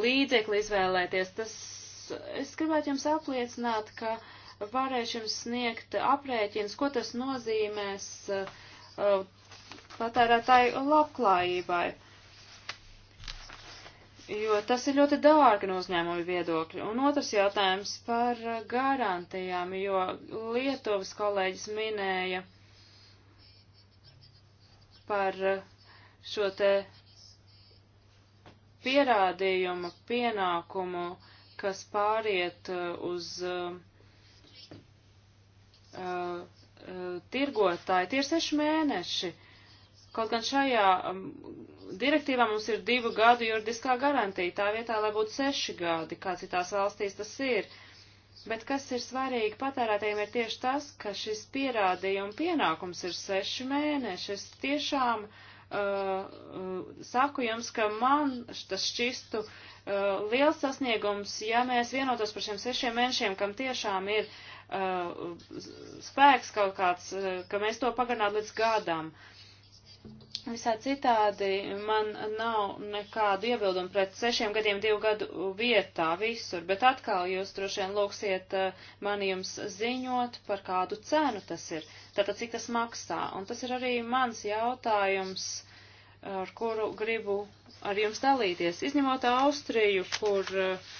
Speaker 4: līdzekli izvēlēties, tas es gribētu jums apliecināt, ka varēšu jums sniegt aprēķins, ko tas nozīmēs uh, patērētāju labklājībai. Uh, jo tas ir ļoti dārgi no uzņēmumu viedokļa. Un otrs jautājums par garantijām, jo Lietuvas kolēģis minēja par šo te pierādījuma pienākumu, kas pāriet uz uh, uh, tirgotāju. Tie ir seši mēneši. Kaut gan šajā um, direktīvā mums ir divu gadu juridiskā garantija, tā vietā, lai būtu seši gadi, kā citās valstīs tas ir. Bet kas ir svarīgi patērētājiem ir tieši tas, ka šis pierādījuma pienākums ir seši mēneši. Es tiešām uh, uh saku jums, ka man tas šķistu uh, liels sasniegums, ja mēs vienotos par šiem sešiem mēnešiem, kam tiešām ir uh, spēks kaut kāds, uh, ka mēs to pagarinātu līdz gadam. Uh, Visā citādi man nav nekādu iebildumu pret sešiem gadiem divu gadu vietā visur, bet atkal jūs droši vien lūksiet eh, mani jums ziņot, par kādu cenu tas ir, tātad cik tas maksā. Un tas ir arī mans jautājums, ar kuru gribu ar jums dalīties. Izņemot Austriju, kur uh,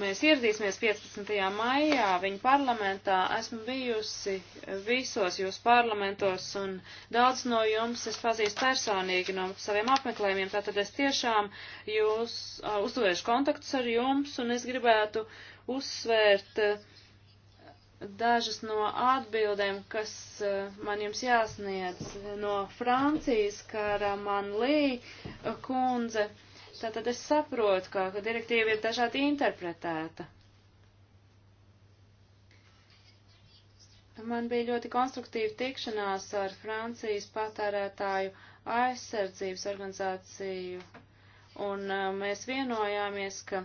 Speaker 4: Mēs ieradīsimies 15. maijā viņa parlamentā. Esmu bijusi visos jūsu parlamentos un daudz no jums es pazīstu personīgi no saviem apmeklējumiem. Tātad es tiešām jūs uh, uzturēšu kontaktus ar jums un es gribētu uzsvērt uh, dažas no atbildēm, kas uh, man jums jāsniedz no Francijas kara man Lī kundze. Uh, Tātad es saprotu, kā, ka direktīva ir dažādi interpretēta. Man bija ļoti konstruktīva tikšanās ar Francijas patērētāju aizsardzības organizāciju, un uh, mēs vienojāmies, ka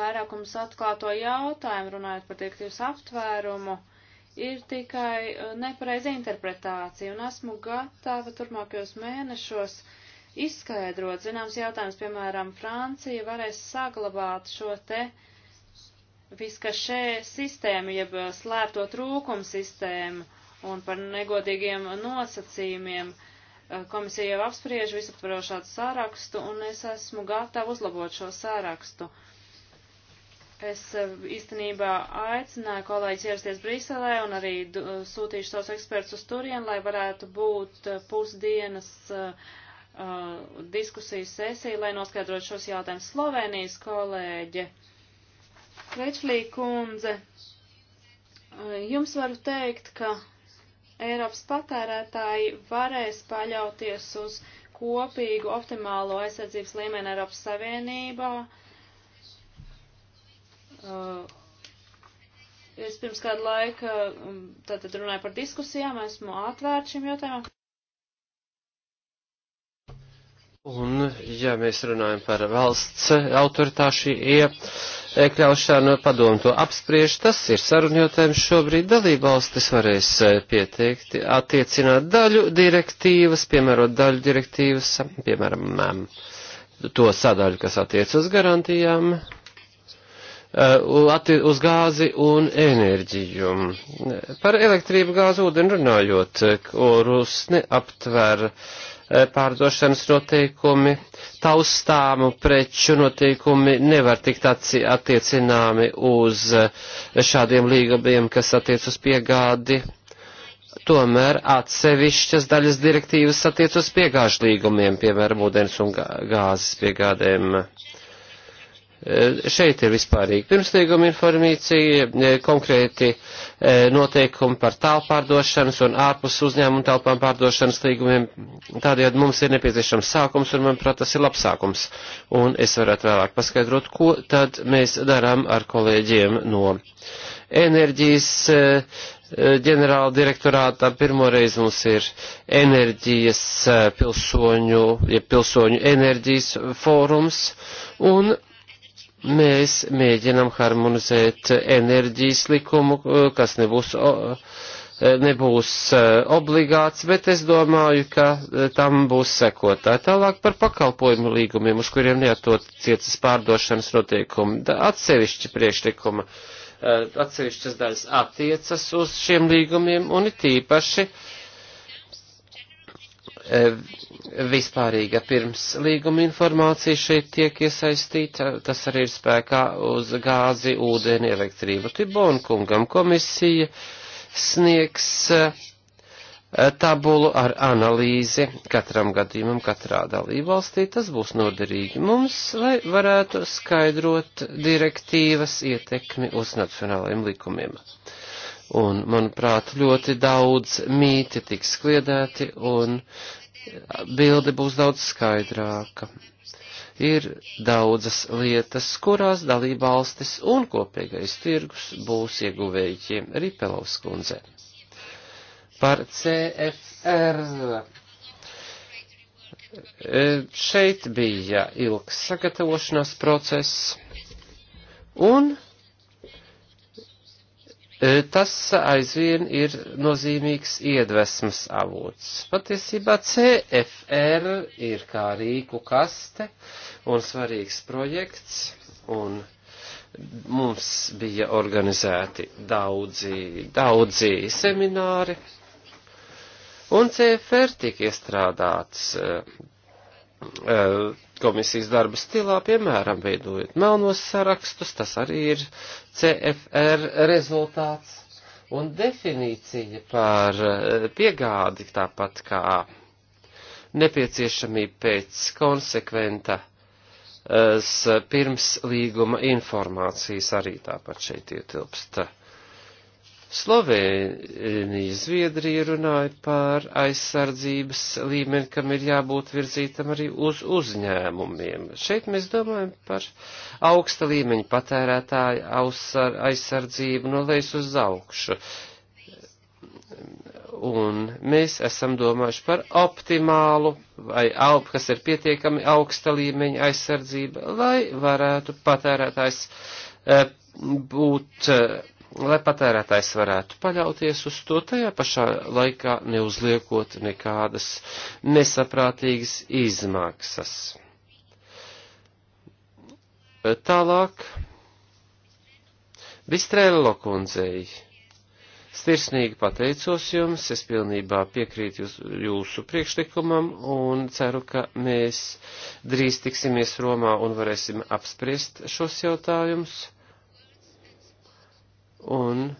Speaker 4: vairākums atklāto jautājumu, runājot par direktīvas aptvērumu, ir tikai uh, nepareiza interpretācija, un esmu gatava turpmākajos mēnešos uh, izskaidrot zināms jautājums, piemēram, Francija varēs saglabāt šo te viskašē sistēmu, jeb slēpto trūkumu sistēmu un par negodīgiem nosacījumiem. Eh, komisija jau apspriež visaptvarošādu sārakstu, un es esmu gatava uzlabot šo sārakstu. Es eh, īstenībā aicināju kolēģis ierasties Briselē un arī sūtīšu savus ekspertus uz turien, lai varētu būt eh, pusdienas uh, uh, diskusijas sesiju, lai noskaidrotu šos jautājumus. Slovenijas kolēģe Krečlī kundze, uh, jums varu teikt, ka Eiropas patērētāji varēs paļauties uz kopīgu optimālo aizsardzības līmeni Eiropas Savienībā. Uh, es pirms kādu laiku um, tātad runāju par diskusijām, esmu atvērts šim jautājumam.
Speaker 2: Un, ja mēs runājam par valsts autoritāšu iekļaušanu, padomu to apspriež, tas ir sarunjotājums šobrīd dalībvalstis varēs eh, pieteikt, attiecināt daļu direktīvas, piemērot daļu direktīvas, piemēram, to sadaļu, kas attiec uz garantijām, eh, uz gāzi un enerģiju. Par elektrību, gāzi, ūdeni runājot, eh, kurus neaptver Eh, pārdošanas noteikumi, taustāmu preču noteikumi nevar tikt attiecināmi uz eh, šādiem līgumiem, kas attiec uz piegādi. Tomēr atsevišķas daļas direktīvas attiec uz piegāžu līgumiem, piemēram, ūdens un gāzes piegādēm. Uh, Eh, šeit ir vispārīgi pirmstīguma informīcija, eh, konkrēti eh, noteikumi par tālpārdošanas un ārpus uzņēmumu telpām pārdošanas līgumiem. Tādējādi mums ir nepieciešams sākums, un manuprāt, tas ir labs sākums. Un es varētu vēlāk paskaidrot, ko tad mēs darām ar kolēģiem no enerģijas ģenerāla direktorātā pirmoreiz mums ir enerģijas pilsoņu, ja pilsoņu enerģijas fórums, un mēs mēģinam harmonizēt enerģijas likumu, eh, kas nebūs, eh, nebūs eh, obligāts, bet es domāju, ka tam būs sekotāji. Tālāk par pakalpojumu līgumiem, uz kuriem neatociecas pārdošanas noteikumi. Atsevišķi priekšlikuma, atsevišķas daļas attiecas uz šiem līgumiem un it īpaši. Uh, E, vispārīga pirms līguma informācija šeit tiek iesaistīta, tas arī ir spēkā uz gāzi, ūdeni, elektrību. Tibon kungam komisija sniegs e, tabulu ar analīzi katram gadījumam katrā dalībvalstī. Tas būs noderīgi mums, lai varētu skaidrot direktīvas ietekmi uz nacionālajiem likumiem. Un, manuprāt, ļoti daudz mīti tiks kliedēti un bilde būs daudz skaidrāka. Ir daudzas lietas, kurās dalībvalstis un kopīgais tirgus būs ieguvēji Ripelovs kundze. Par CFR. E, šeit bija ilgs sagatavošanās process un E, tas aizvien ir nozīmīgs iedvesmas avots. Patiesībā CFR ir kā rīku kaste un svarīgs projekts, un mums bija organizēti daudzi, daudzi semināri, un CFR tika iestrādāts uh, uh, komisijas darba stilā, piemēram, veidojot melnos sarakstus, tas arī ir CFR rezultāts. Un definīcija par eh, piegādi, tāpat kā nepieciešamība pēc konsekventa eh, pirms līguma informācijas arī tāpat šeit ietilpst. Slovēnija, Zviedrija runāja par aizsardzības līmeni, kam ir jābūt virzītam arī uz uzņēmumiem. Šeit mēs domājam par augsta līmeņa patērētāju aizsardzību no lejas uz augšu. Un mēs esam domājuši par optimālu vai alp, kas ir pietiekami augsta līmeņa aizsardzība, lai varētu patērētājs eh, būt eh, lai patērētājs varētu paļauties uz to tajā pašā laikā, neuzliekot nekādas nesaprātīgas izmaksas. Tālāk, Bistrēlo kundzei. Stirsnīgi pateicos jums, es pilnībā piekrītu jūs, jūsu priekšlikumam un ceru, ka mēs drīz tiksimies Romā un varēsim apspriest šos jautājumus. Un,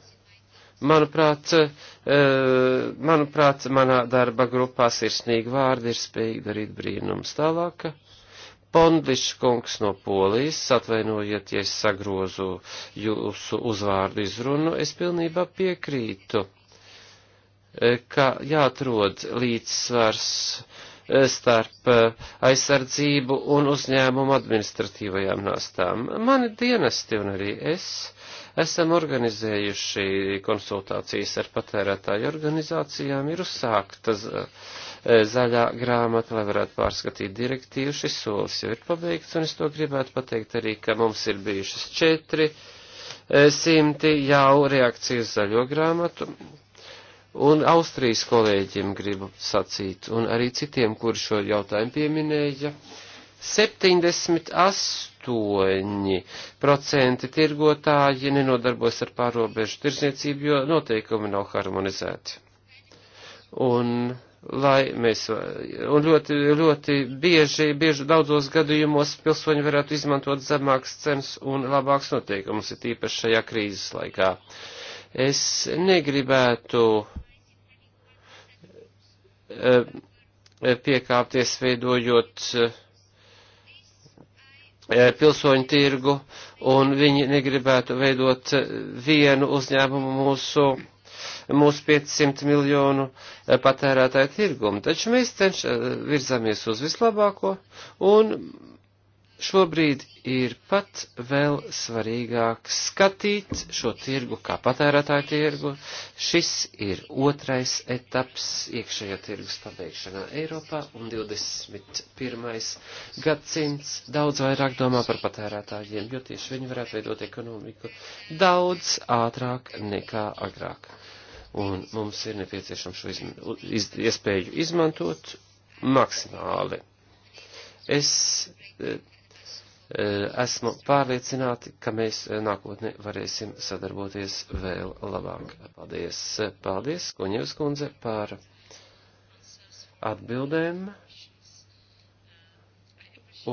Speaker 2: manuprāt, eh, manuprāt, manā darba grupā sirsnīgi vārdi ir spējīgi darīt brīnums tālāk. Pondlišs kungs no Polijas, atvainojiet, ja es sagrozu jūsu uzvārdu izrunu, es pilnībā piekrītu, eh, ka jāatrod līdzsvars eh, starp aizsardzību un uzņēmumu administratīvajām nastām. Mani dienesti un arī es Esam organizējuši konsultācijas ar patērētāju organizācijām, ir uzsākta e, zaļā grāmata, lai varētu pārskatīt direktīvu. Šis solis jau ir pabeigts, un es to gribētu pateikt arī, ka mums ir bijušas četri e, simti jau reakcijas zaļo grāmatu. Un Austrijas kolēģiem gribu sacīt, un arī citiem, kuri šo jautājumu pieminēja. Ja 78% tirgotāji nenodarbojas ar pārobežu tirzniecību, jo noteikumi nav harmonizēti. Un, lai mēs, un ļoti, ļoti bieži, bieži daudzos gadījumos pilsoņi varētu izmantot zemākas cenas un labāks noteikumus, ir tīpaši šajā krīzes laikā. Es negribētu eh, piekāpties veidojot uh, Eh, pilsoņu tirgu, un viņi negribētu veidot eh, vienu uzņēmumu mūsu, mūsu 500 miljonu eh, patērētāju tirgumu. Taču mēs cenšamies virzamies uz vislabāko, un šobrīd ir pat vēl svarīgāk skatīt šo tirgu kā patērētāju tirgu. Šis ir otrais etaps iekšējā tirgus pabeigšanā Eiropā un 21. gadsimts daudz vairāk domā par patērētājiem, jo tieši viņi varētu veidot ekonomiku daudz ātrāk nekā agrāk. Un mums ir nepieciešams šo izm iz iespēju izmantot maksimāli. Es eh, E, esmu pārliecināti, ka mēs e, nākotnē varēsim sadarboties vēl labāk. Paldies, e, paldies, Kuņevs kundze, par atbildēm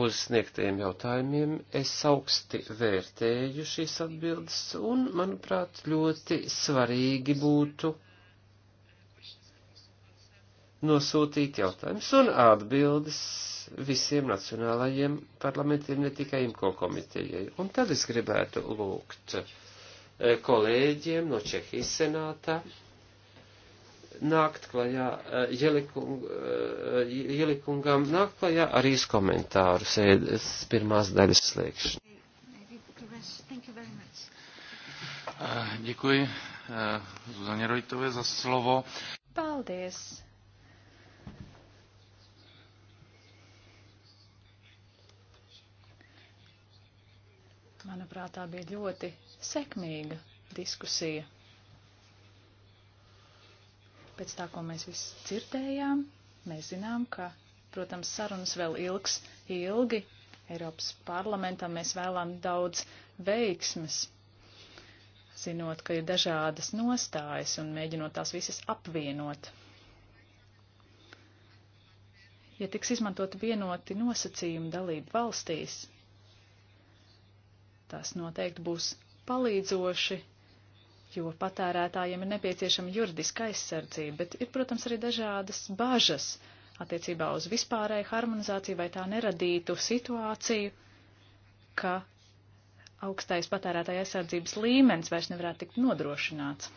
Speaker 2: uz sniegtiem jautājumiem. Es augsti vērtēju šīs atbildes un, manuprāt, ļoti svarīgi būtu nosūtīt jautājumus un atbildes visiem nacionālajiem parlamentiem, ne tikai IMCO komitejai. Un tad es gribētu lūgt eh, kolēģiem no Čehijas senātā nākt klajā eh, jelikung, eh, Jelikungam, nākt klajā ar īsu komentāru sēdes pirmās daļas slēgšanu. Děkuji Zuzaně Rojtové za slovo.
Speaker 6: Paldies Manuprāt, tā bija ļoti sekmīga diskusija. Pēc tā, ko mēs visi dzirdējām, mēs zinām, ka, protams, sarunas vēl ilgs ilgi. Eiropas parlamentam mēs vēlām daudz veiksmes, zinot, ka ir dažādas nostājas un mēģinot tās visas apvienot. Ja tiks izmantot vienoti nosacījumi dalību valstīs, Tas noteikti būs palīdzoši, jo patērētājiem ir nepieciešama juridiska aizsardzība, bet ir, protams, arī dažādas bažas attiecībā uz vispārēju harmonizāciju, vai tā neradītu situāciju, ka augstais patērētāja aizsardzības līmenis vairs nevarētu tikt nodrošināts.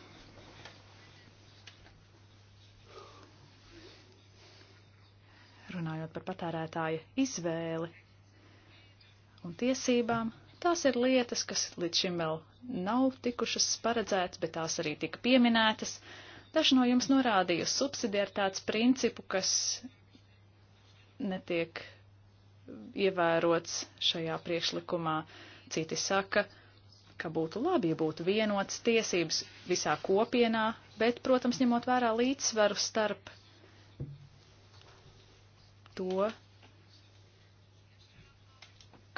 Speaker 6: Runājot par patērētāja izvēli un tiesībām, Tās ir lietas, kas līdz šim vēl nav tikušas paredzētas, bet tās arī tika pieminētas. Daži no jums norādīja subsidiaritātes principu, kas netiek ievērots šajā priekšlikumā. Citi saka, ka būtu labi, ja būtu vienotas tiesības visā kopienā, bet, protams, ņemot vērā līdzsvaru starp to,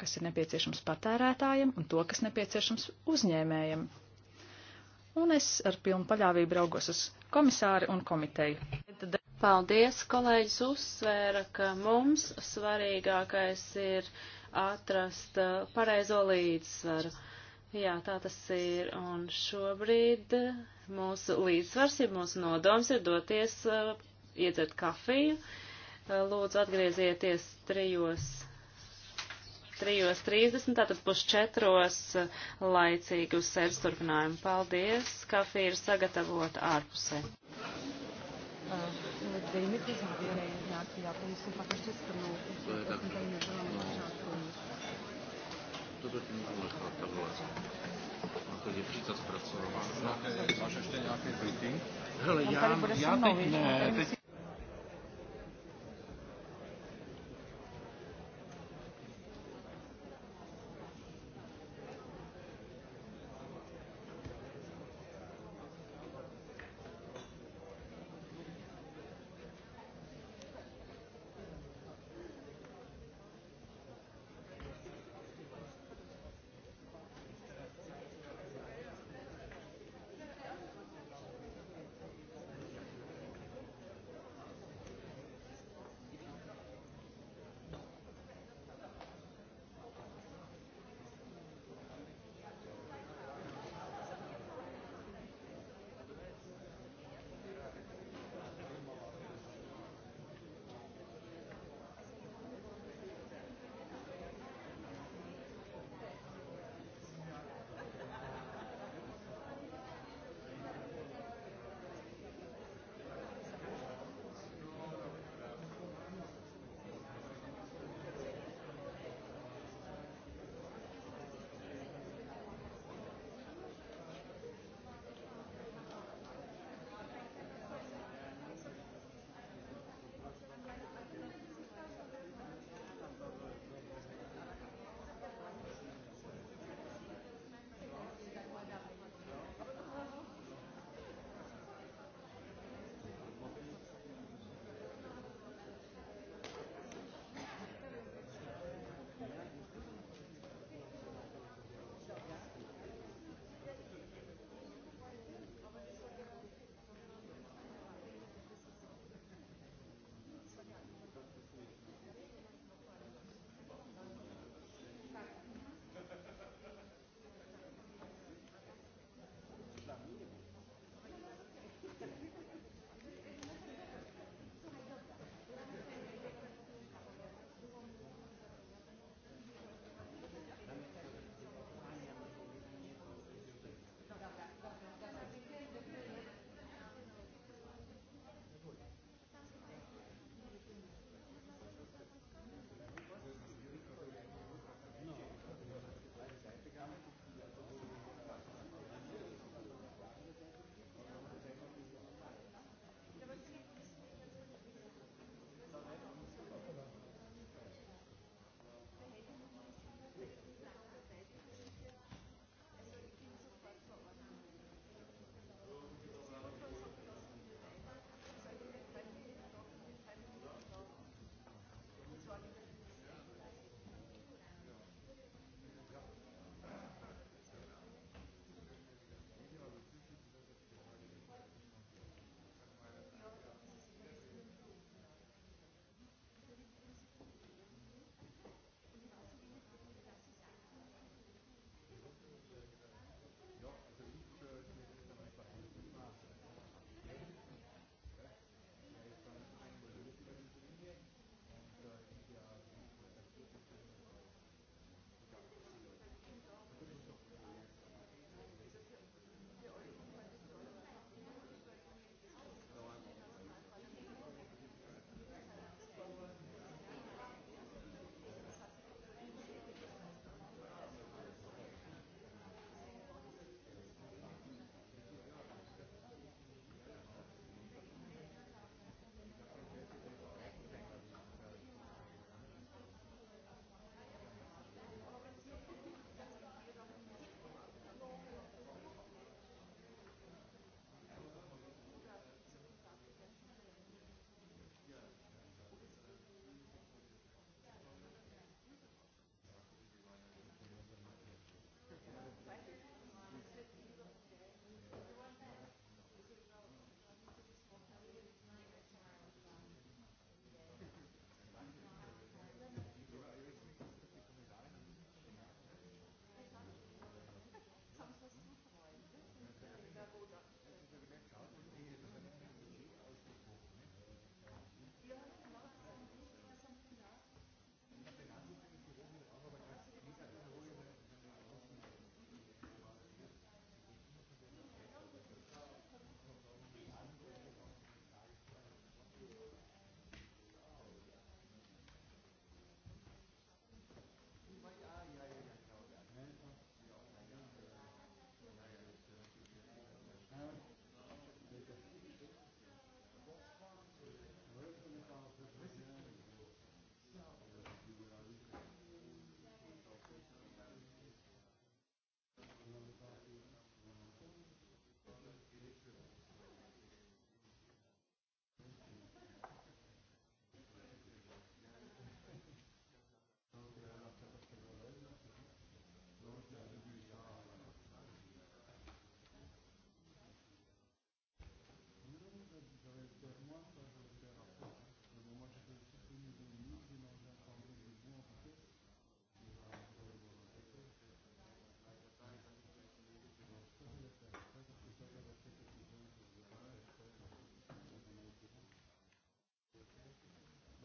Speaker 6: kas ir nepieciešams patērētājiem un to, kas nepieciešams uzņēmējiem. Un es ar pilnu paļāvību raugos uz komisāri un komiteju.
Speaker 4: Paldies, kolēģis uzsvēra, ka mums svarīgākais ir atrast uh, pareizo līdzsvaru. Jā, tā tas ir. Un šobrīd mūsu līdzsvars, ja mūsu nodoms ir doties uh, iedzert kafiju. Uh, lūdzu, atgriezieties trijos 3.30, tātad pusčetros eh, laicīgi uz sēdes turpinājumu. Paldies, kafija ir sagatavota ārpusē.
Speaker 7: Tudo aqui no começo da tabela to děvčica zpracovala. Máte ještě nějaký briefing? Hele, já, já teď ne. Teď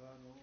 Speaker 7: Bhagavano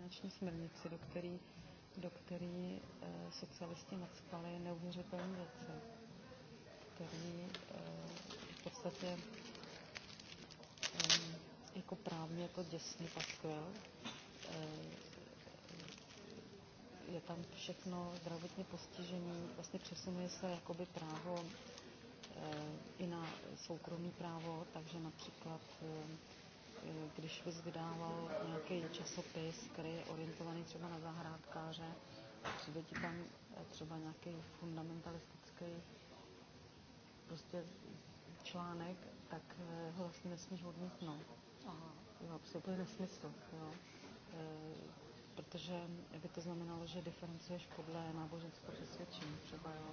Speaker 7: finanční směrnici, do který, do který e, socialisti nadspali neuvěřitelné věci, který e, v podstatě e, jako právně jako děsný paskvil. E, je tam všechno zdravotně postižení, vlastně přesunuje se jakoby právo e, i na soukromý právo, takže například e, když vyzdával nějaký časopis, který je orientovaný třeba na zahrádkáře, přijde ti tam eh, třeba nějaký fundamentalistický prostě článek, tak eh, ho vlastně nesmíš odmítnout. Aha. Jo, prostě úplně nesmysl. Jo. E, protože by to znamenalo, že diferencuješ podle náboženského přesvědčení třeba, jo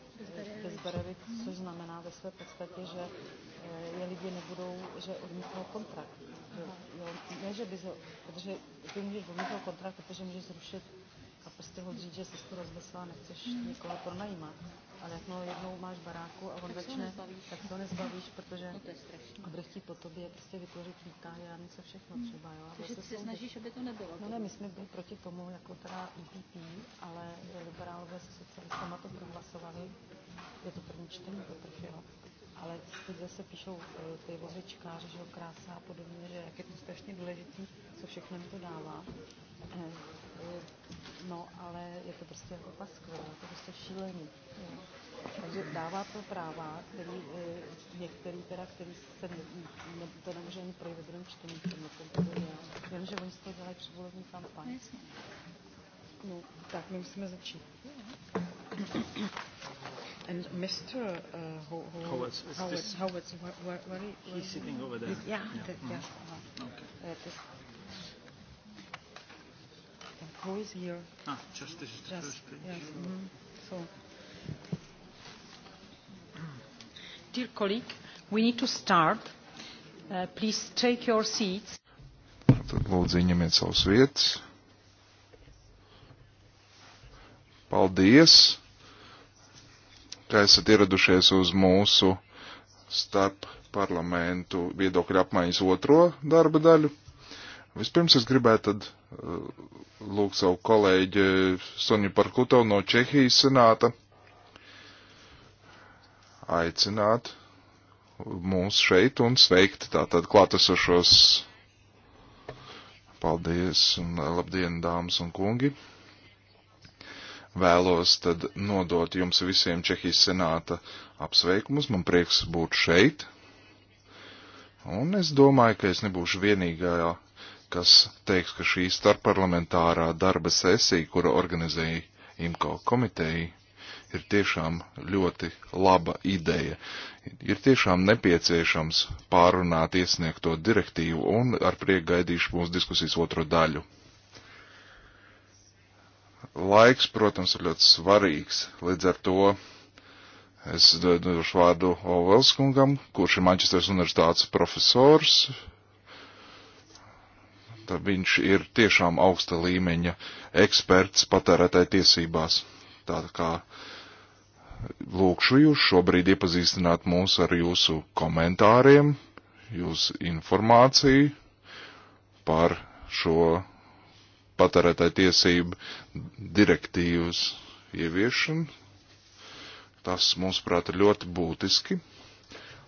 Speaker 7: Bezberevic, což znamená ve své podstatě, že eh, je lidi nebudou, že odmítnou kontrakt. Že, jo, ne, že bys ho, protože ty můžeš odmítnout kontrakt, protože můžeš zrušit a prostě ho říct, že jsi to rozmyslela, nechceš nikoho pronajímat a jakmile jednou máš baráku a on tak začne, se tak se ho nezbavíš, protože no bude chtít po tobě prostě vytvořit výtahy a něco všechno hmm. třeba. Jo? A Takže ty se snažíš, aby to nebylo. No ne, my jsme byli proti tomu, jako teda EPP, ale liberálové se socialistama to prohlasovali. Je to první čtení, to pršelo ale teď zase píšou eh, ty vozičkáři, že krása a podobně, že jak je to strašně důležitý, co všechno jim to dává. Eh, Eh, no, ale je to prostě opaskové, je to prostě šílený. Jo. Takže dává to práva, který, eh, některý teda, který se ne, ne, to nemůže ani projevit druhým čtení, Vím, že oni z toho dělají předvolební kampaň. No, tak my musíme začít. And Mr. Uh, Ho Ho Howard, Howard, Howard, where, where, where, where he's sitting over there. Yeah, yeah. The, yeah. Mm-hmm. Uh-huh. Okay. Uh, this, Who is here?
Speaker 8: Ah, just this is the just, first page. Yes, mm -hmm.
Speaker 7: so. Dear colleague, we need to start. Uh, please take your seats.
Speaker 9: Tad lūdzu ņemiet savas vietas. Paldies, ka esat ieradušies uz mūsu starp parlamentu viedokļu apmaiņas otro darba daļu. Vispirms es gribētu tad uh, lūk savu kolēģi Sonju Parkuto no Čehijas senāta aicināt mūs šeit un sveikt tātad klātesošos. Paldies un labdien, dāmas un kungi! Vēlos tad nodot jums visiem Čehijas senāta apsveikumus. Man prieks būt šeit. Un es domāju, ka es nebūšu vienīgā kas teiks, ka šī starparlamentārā darba sesija, kuru organizēja IMCO komiteja, ir tiešām ļoti laba ideja. Ir tiešām nepieciešams pārunāt iesniegto direktīvu un ar prieku gaidīšu mūsu diskusijas otro daļu. Laiks, protams, ir ļoti svarīgs, līdz ar to es došu vārdu Ovels kungam, kurš ir Manchesteras universitātes profesors, viņš ir tiešām augsta līmeņa eksperts patērētāja tiesībās. Tā kā lūkšu jūs šobrīd iepazīstināt mūs ar jūsu komentāriem, jūsu informāciju par šo patērētāja tiesību direktīvas ieviešanu. Tas, mūsuprāt, ir ļoti būtiski.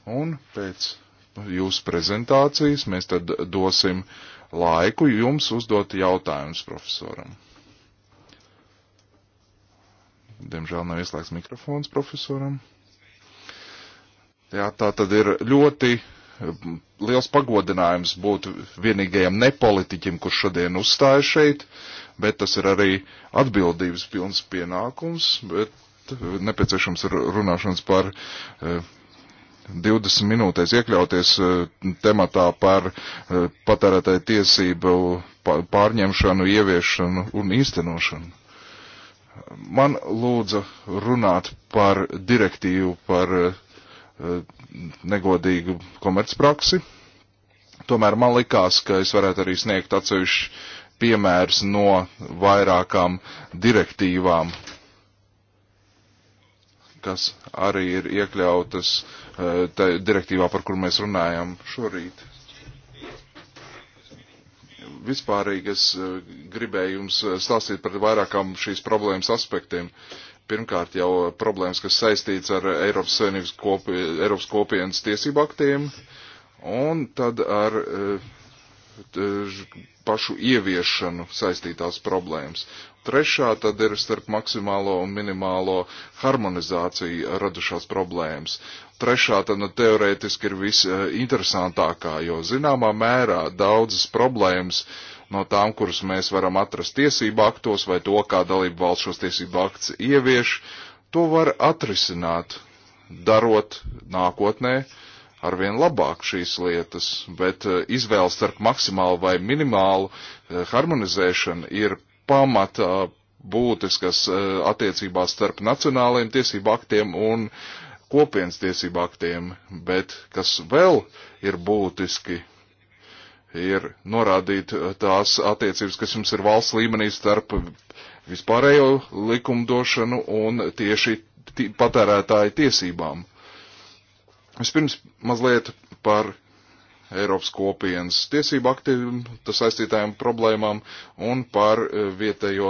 Speaker 9: Un pēc jūsu prezentācijas mēs tad dosim uh, laiku jums uzdot jautājumus profesoram. Diemžēl nav ieslēgts mikrofons profesoram. Jā, tā tad ir ļoti liels pagodinājums būt vienīgajam nepolitiķim, kurš šodien uzstāja šeit, bet tas ir arī atbildības pilns pienākums, bet nepieciešams ir runāšanas par eh, 20 minūtēs iekļauties eh, tematā par eh, patērētāju tiesību pārņemšanu, ieviešanu un īstenošanu. Man lūdza runāt par direktīvu par eh, negodīgu komercpraksi. Tomēr man likās, ka es varētu arī sniegt atsevišķu piemērs no vairākām direktīvām, kas arī ir iekļautas e, direktīvā, par kur mēs runājam šorīt. Vispārīgi es e, gribēju jums stāstīt par vairākām šīs problēmas aspektiem. Pirmkārt jau problēmas, kas saistīts ar Eiropas Savienības kopi, Eiropas kopienas tiesību aktiem, un tad ar e, pašu ieviešanu saistītās problēmas. Trešā tad ir starp maksimālo un minimālo harmonizāciju radušās problēmas. Trešā tad nu, teorētiski ir visinteresantākā, eh, jo zināmā mērā daudzas problēmas no tām, kuras mēs varam atrast tiesību aktos vai to, kā dalību valsts šos tiesību akts ievieš, to var atrisināt, darot nākotnē arvien labāk šīs lietas, bet eh, izvēle starp maksimālu vai minimālu eh, harmonizēšanu ir pamata būtiskas e, attiecībās starp nacionālajiem tiesību aktiem un kopienas tiesību aktiem, bet kas vēl ir būtiski, ir norādīt tās attiecības, kas jums ir valsts līmenī starp vispārējo likumdošanu un tieši patērētāju tiesībām. Vispirms mazliet par Eiropas kopienas tiesību aktīviem, tas saistītājiem problēmām un par e, vietējo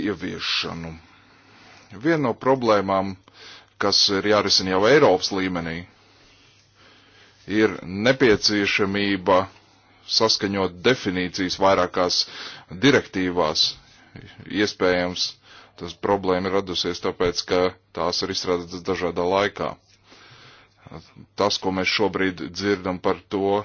Speaker 9: ieviešanu. Viena no problēmām, kas ir jārisina jau Eiropas līmenī, ir nepieciešamība saskaņot definīcijas vairākās direktīvās. Iespējams, tas problēma ir radusies tāpēc, ka tās ir izstrādātas dažādā laikā tas, ko mēs šobrīd dzirdam par to,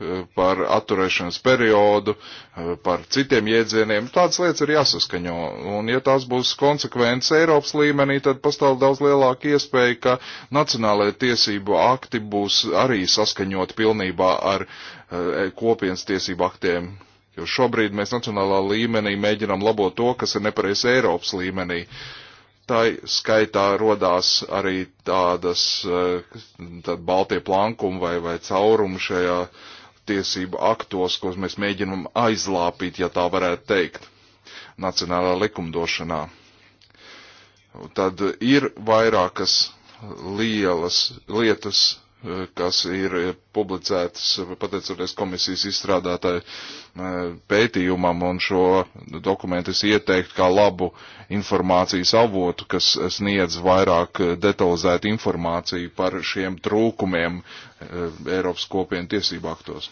Speaker 9: eh, par atturēšanas periodu, eh, par citiem jēdzieniem. Tādas lietas ir jāsaskaņo. Un ja tās būs konsekvences Eiropas līmenī, tad pastāv daudz lielāka iespēja, ka nacionālajie tiesību akti būs arī saskaņot pilnībā ar eh, kopienas tiesību aktiem. Jo šobrīd mēs nacionālā līmenī mēģinām labot to, kas ir nepareiz Eiropas līmenī. Uh, tai skaitā rodās arī tādas eh, tā baltie plankumi vai, vai caurumi šajā tiesību aktos, ko mēs mēģinam aizlāpīt, ja tā varētu teikt, nacionālā likumdošanā. Tad ir vairākas lielas lietas, kas ir publicētas pateicoties komisijas izstrādātai e, pētījumam, un šo dokumentu es ieteiktu kā labu informācijas avotu, kas sniedz vairāk detalizētu informāciju par šiem trūkumiem e, Eiropas kopienu tiesību aktos.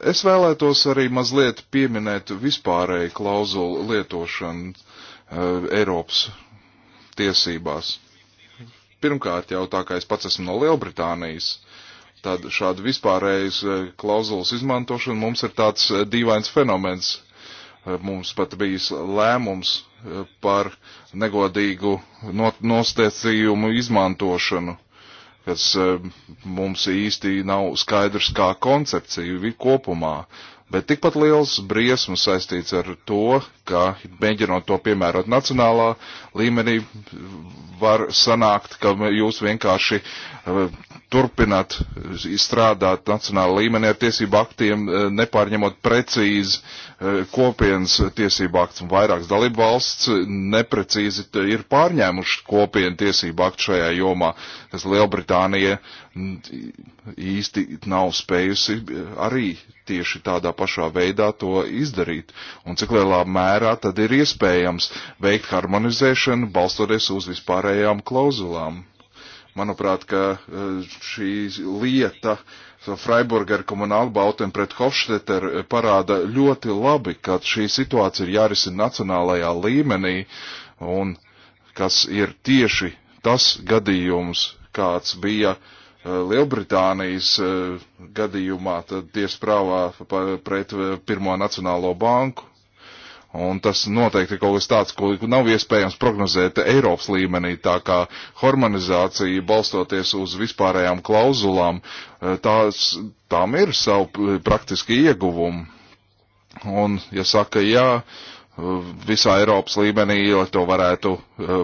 Speaker 9: Es vēlētos arī mazliet pieminēt vispārēju klauzulu lietošanu e, Eiropas tiesībās Pirmkārt, jau tā kā es pats esmu no Lielbritānijas, tad šādu vispārējais eh, klauzulas izmantošana mums ir tāds eh, dīvains fenomens. Eh, mums pat bijis lēmums par negodīgu nostiecījumu izmantošanu, kas mums īsti nav skaidrs kā koncepcija kopumā. Bet tikpat liels briesmas saistīts ar to, ka mēģinot to piemērot nacionālā līmenī, var sanākt, ka jūs vienkārši eh, turpināt strādāt nacionālā līmenī ar tiesību aktiem, eh, nepārņemot precīzi eh, kopienas tiesību akts. Un vairākas dalību valsts neprecīzi ir pārņēmuši kopienu tiesību aktu šajā jomā, kas Lielbritānija īsti nav spējusi e, arī tieši tādā pašā veidā to izdarīt. Un cik lielā mērā tad ir iespējams veikt harmonizēšanu balstoties uz vispārējām klauzulām? Manuprāt, ka e, šī lieta Freiburger komunāla bauten pret Hofstetter e, parāda ļoti labi, ka šī situācija ir jārisina nacionālajā līmenī un kas ir tieši tas gadījums, kāds bija uh, Eh, Lielbritānijas eh, gadījumā tiesprāvā pret eh, Pirmo Nacionālo banku. Un tas noteikti ir kaut kas tāds, ko nav iespējams prognozēt Eiropas līmenī, tā kā harmonizācija balstoties uz vispārējām klauzulām, tās, tām ir savu praktiski ieguvumu. Un, ja saka jā, visā Eiropas līmenī, lai to varētu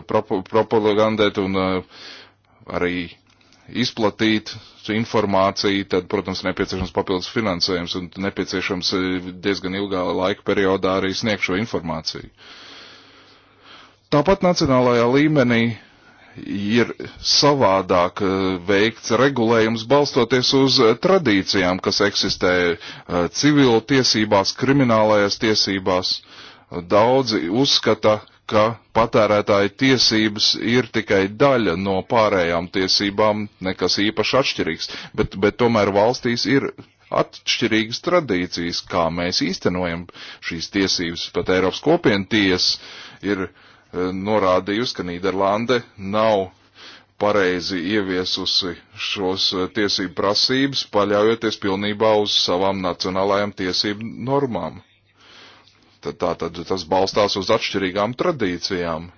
Speaker 9: propagandēt un arī izplatīt informāciju, tad, protams, nepieciešams papildus finansējums un nepieciešams eh, diezgan ilgā laika periodā arī sniegt šo informāciju. Tāpat nacionālajā līmenī ir savādāk eh, veikts regulējums balstoties uz eh, tradīcijām, kas eksistē civil tiesībās, kriminālajās tiesībās. Daudzi uzskata, ka ka patērētāja tiesības ir tikai daļa no pārējām tiesībām, nekas īpaši atšķirīgs, bet, bet tomēr valstīs ir atšķirīgas tradīcijas, kā mēs īstenojam šīs tiesības. Pat Eiropas kopienu tiesa ir e, norādījusi, ka Nīderlande nav pareizi ieviesusi šos e, tiesību prasības, paļaujoties pilnībā uz savām nacionālajām tiesību normām. Tātad tas balstās uz atšķirīgām tradīcijām,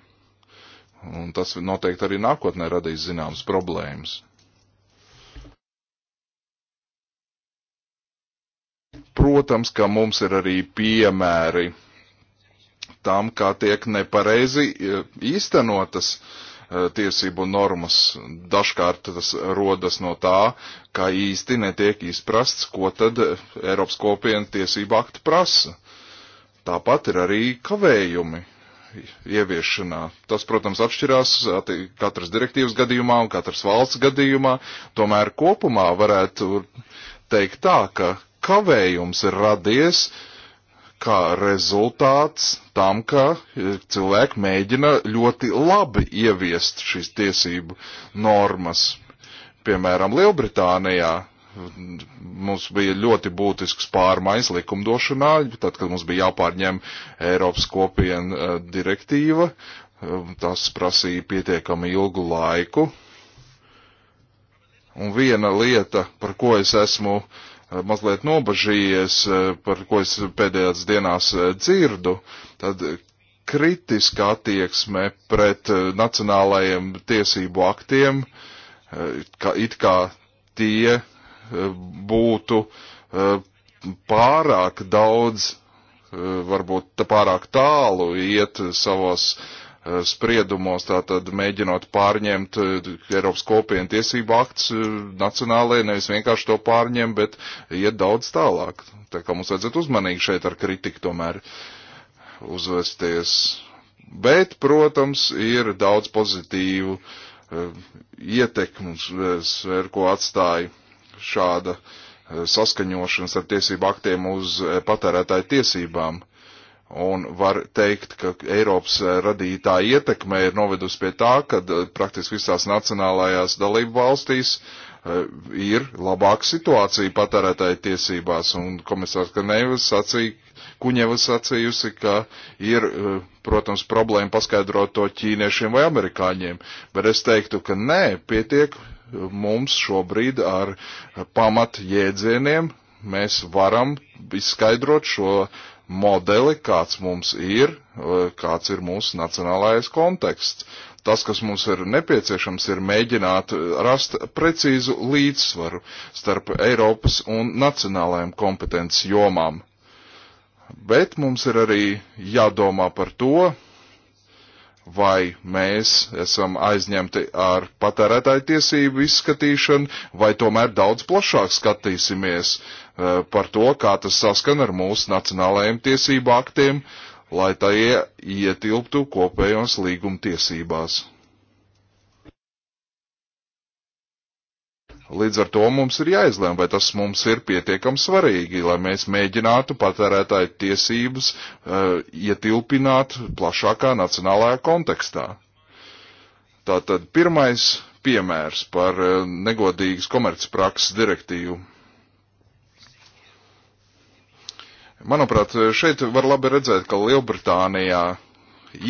Speaker 9: un tas noteikti arī nākotnē radīs zināmas problēmas. Protams, ka mums ir arī piemēri tam, kā tiek nepareizi e, īstenotas e, tiesību normas. Dažkārt tas rodas no tā, ka īsti netiek izprasts, ko tad Eiropas kopiena tiesība akti prasa. Tāpat ir arī kavējumi ieviešanā. Tas, protams, atšķirās katras direktīvas gadījumā un katras valsts gadījumā. Tomēr kopumā varētu teikt tā, ka kavējums ir radies kā rezultāts tam, ka cilvēki mēģina ļoti labi ieviest šīs tiesību normas. Piemēram, Lielbritānijā mums bija ļoti būtisks pārmaiņas likumdošanā, tad, kad mums bija jāpārņem Eiropas kopiena eh, direktīva, eh, tas prasīja pietiekami ilgu laiku. Un viena lieta, par ko es esmu eh, mazliet nobažījies, par ko es pēdējās dienās dzirdu, tad kritiska attieksme pret nacionālajiem tiesību aktiem, ka it kā tie būtu eh, pārāk daudz, eh, varbūt pārāk tālu iet savos eh, spriedumos, tātad mēģinot pārņemt Eiropas kopienu tiesību akts nacionālajai, nevis vienkārši to pārņemt, bet iet daudz tālāk. Tā kā mums vajadzētu uzmanīgi šeit ar kritiku tomēr uzvesties. Bet, protams, ir daudz pozitīvu ietekmu, ar ko atstāju šāda eh, saskaņošanas ar tiesību aktiem uz eh, patērētāju tiesībām. Un var teikt, ka Eiropas eh, radītā ietekme ir novedusi pie tā, ka praktiski visās nacionālajās dalību valstīs ir labāka situācija patērētāju tiesībās. Un komisārs Kanevas sacīja, Kuņevas sacījusi, ka ir, protams, problēma paskaidrot to ķīniešiem vai amerikāņiem. Bet es teiktu, ka nē, pietiek mums šobrīd ar pamat jēdzieniem mēs varam izskaidrot šo modeli, kāds mums ir, kāds ir mūsu nacionālais konteksts. Tas, kas mums ir nepieciešams, ir mēģināt rast precīzu līdzsvaru starp Eiropas un nacionālajām kompetences jomām. Bet mums ir arī jādomā par to, vai mēs esam aizņemti ar patērētāju tiesību izskatīšanu, vai tomēr daudz plašāk skatīsimies uh, par to, kā tas saskan ar mūsu nacionālajiem tiesību aktiem, lai tie ietilptu kopējos līguma tiesībās. Līdz ar to mums ir jāizlēm, vai tas mums ir pietiekami svarīgi, lai mēs mēģinātu patērētāju tiesības uh, ietilpināt plašākā nacionālajā kontekstā. Tātad pirmais piemērs par uh, negodīgas komercprakses direktīvu. Manuprāt, šeit var labi redzēt, ka Lielbritānijā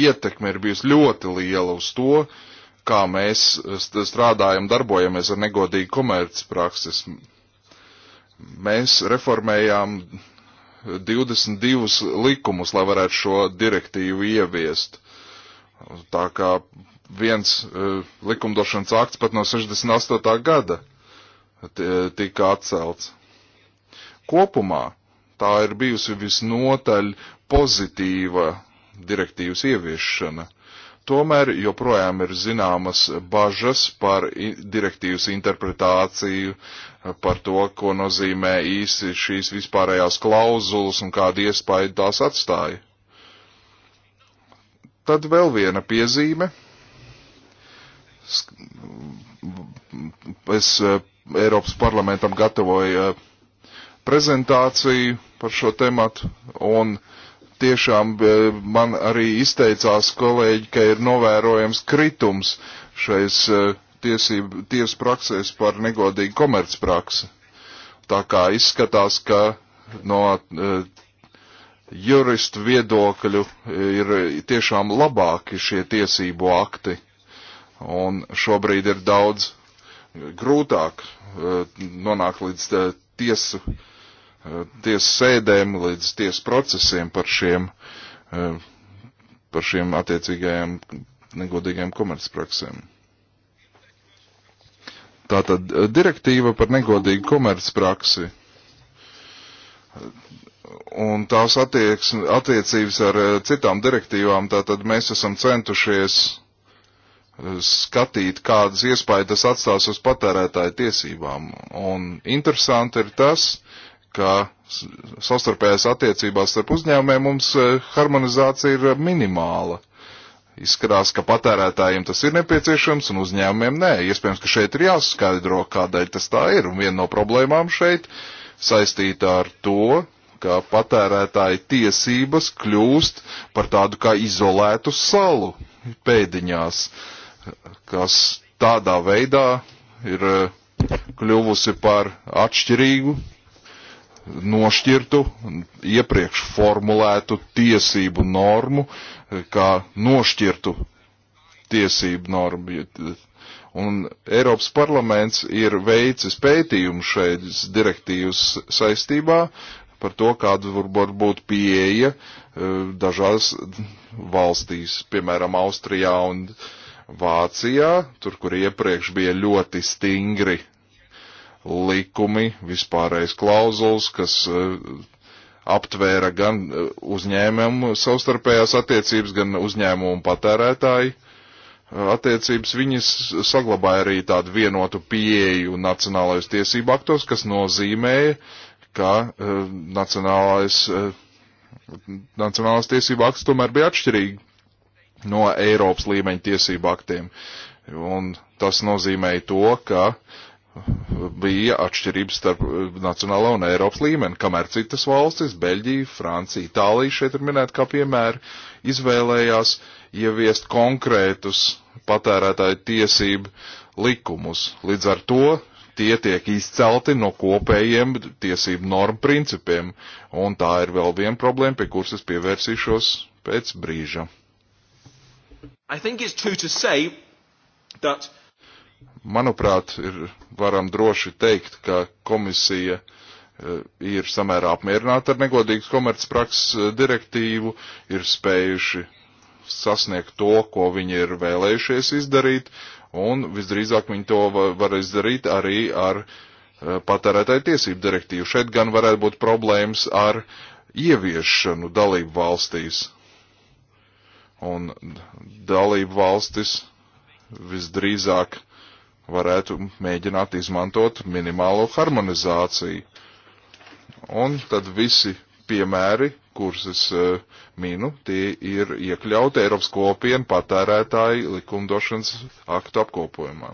Speaker 9: ietekme ir bijusi ļoti liela uz to, uh, kā mēs strādājam, darbojamies ar negodīgu komerci prakses. Mēs reformējām 22 likumus, lai varētu šo direktīvu ieviest. Tā kā viens uh, likumdošanas akts pat no 68. gada tika atcelts. Kopumā tā ir bijusi visnotaļ pozitīva direktīvas ieviešana Tomēr joprojām ir zināmas bažas par direktīvas interpretāciju, par to, ko nozīmē īsi šīs vispārējās klauzulas un kādu iespēju tās atstāja. Tad vēl viena piezīme. Es eh, Eiropas parlamentam gatavoju eh, prezentāciju par šo tematu un uh, tiešām man arī izteicās kolēģi, ka ir novērojams kritums šais e, tiesību, tiesu praksēs par negodīgu komercpraksi. Tā kā izskatās, ka no e, juristu viedokļu ir tiešām labāki šie tiesību akti. Un šobrīd ir daudz grūtāk e, nonākt līdz tiesu uh, tiesas sēdēm līdz tiesas procesiem par šiem, e, par šiem attiecīgajiem negodīgiem komercpraksēm. Tātad e, direktīva par negodīgu komercpraksi un tās attieks, attiecības ar e, citām direktīvām, tātad mēs esam centušies skatīt, kādas iespējas tas atstās uz patērētāju tiesībām. Un interesanti ir tas, ka savstarpējās attiecībās starp uzņēmumiem mums e, harmonizācija ir minimāla. Izskatās, ka patērētājiem tas ir nepieciešams un uzņēmumiem nē. Iespējams, ka šeit ir jāskaidro, kādēļ tas tā ir. Un viena no problēmām šeit saistīta ar to, ka patērētāja tiesības kļūst par tādu kā izolētu salu pēdiņās, kas tādā veidā ir e, kļuvusi par atšķirīgu nošķirtu iepriekš formulētu tiesību normu, kā nošķirtu tiesību normu. Un Eiropas parlaments ir veicis pētījumu šeit direktīvas saistībā par to, kāda var būt pieeja e, dažās valstīs, piemēram, Austrijā un Vācijā, tur, kur iepriekš bija ļoti stingri likumi, vispārējais klauzuls, kas eh, aptvēra gan eh, uzņēmumu savstarpējās attiecības, gan uzņēmumu un patērētāju eh, attiecības. Viņas saglabāja arī tādu vienotu pieeju nacionālajos tiesību aktos, kas nozīmēja, ka nacionālais, nacionālās tiesību akts tomēr bija atšķirīgi no Eiropas līmeņa tiesību aktiem. Un tas nozīmēja to, ka uh, bija atšķirības starp eh, nacionālā un Eiropas līmeni, kamēr citas valstis, Beļģija, Francija, Itālija šeit ir minēta kā piemēri, izvēlējās ieviest konkrētus patērētāju tiesību likumus. Līdz ar to tie tiek izcelti no kopējiem tiesību normu principiem, un tā ir vēl viena problēma, pie kuras es pievērsīšos pēc brīža.
Speaker 3: I think it's true to say that
Speaker 9: Manuprāt, ir, varam droši teikt, ka komisija e, ir samērā apmierināta ar negodīgas komercprakses e, direktīvu, ir spējuši sasniegt to, ko viņi ir vēlējušies izdarīt, un visdrīzāk viņi to var izdarīt arī ar e, patērētāju tiesību direktīvu. Šeit gan varētu būt problēmas ar ieviešanu dalību valstīs. Un dalību valstis visdrīzāk varētu mēģināt izmantot minimālo harmonizāciju. Un tad visi piemēri, kurus es uh, minu, tie ir iekļauti Eiropas kopienu patērētāju likumdošanas aktu apkopojumā.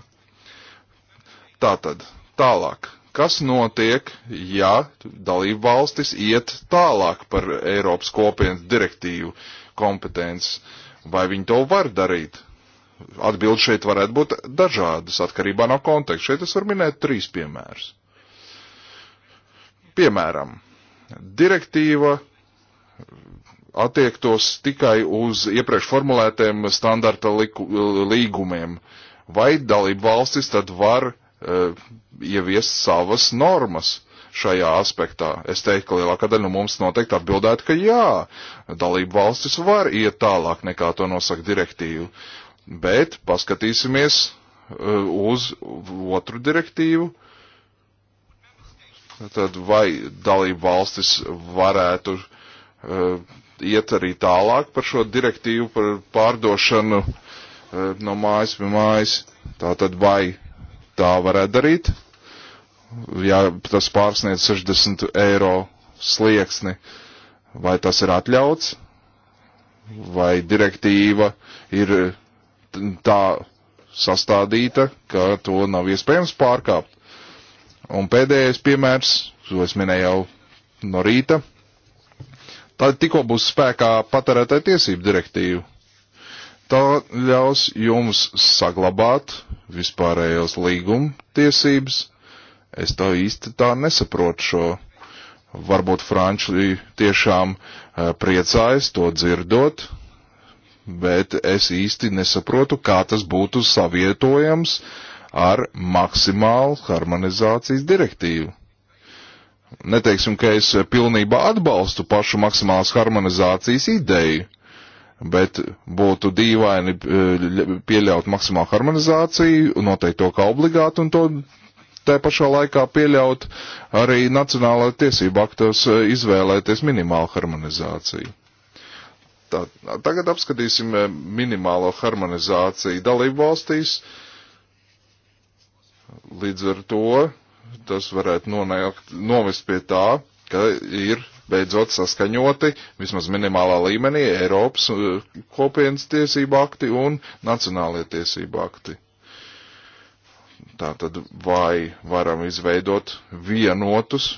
Speaker 9: Tātad, tālāk. Kas notiek, ja dalība valstis iet tālāk par Eiropas kopienas direktīvu kompetences? Vai viņi to var darīt? Atbildi šeit varētu būt dažādas atkarībā no konteksta. Šeit es varu minēt trīs piemērus. Piemēram, direktīva attiektos tikai uz iepriekš formulētiem standarta liku, līgumiem, vai dalību valstis tad var uh, ieviest savas normas šajā aspektā. Es teiktu, ka lielākā daļa no mums noteikti atbildētu, ka jā, dalību valstis var iet tālāk nekā to nosaka direktīva. Bet paskatīsimies eh, uz otru direktīvu. Tad vai dalība valstis varētu uh, iet arī tālāk par šo direktīvu par pārdošanu uh, no mājas pie mājas? Tā tad vai tā varētu darīt? Ja tas pārsniedz 60 eiro slieksni, vai tas ir atļauts? Vai direktīva ir tā sastādīta, ka to nav iespējams pārkāpt. Un pēdējais piemērs, ko es minēju jau no rīta, tad tikko būs spēkā patērētāja tiesību direktīva. Tā ļaus jums saglabāt vispārējos līguma tiesības. Es to īsti tā nesaprotu šo. Varbūt Franči tiešām eh, priecājas to dzirdot, bet es īsti nesaprotu, kā tas būtu savietojams ar maksimālu harmonizācijas direktīvu. Neteiksim, ka es pilnībā atbalstu pašu maksimālas harmonizācijas ideju, bet būtu dīvaini eh, pieļaut maksimālu harmonizāciju, noteikt to kā obligātu un to tā pašā laikā pieļaut arī nacionālā tiesība aktos eh, izvēlēties minimālu harmonizāciju. Tā, tagad apskatīsim e, minimālo harmonizāciju dalību valstīs. Līdz ar to tas varētu nonākt, novest pie tā, ka ir beidzot saskaņoti vismaz minimālā līmenī Eiropas e, kopienas tiesību akti un nacionālie tiesību akti. Tātad vai varam izveidot vienotus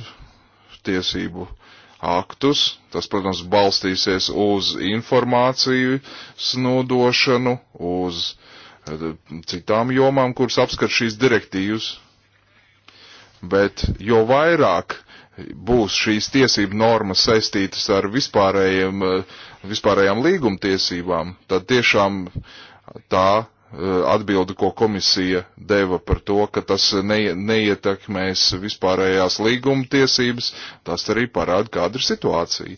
Speaker 9: tiesību aktus? aktus. Tas, protams, balstīsies uz informācijas nodošanu, uz eh, citām jomām, kuras apskat šīs direktīvas. Bet jo vairāk būs šīs tiesību normas saistītas ar vispārējiem, eh, vispārējām līgumtiesībām, tad tiešām tā Eh, atbildi, ko komisija deva par to, ka tas ne, neietekmēs vispārējās līguma tiesības, tas arī parāda, kāda ir situācija.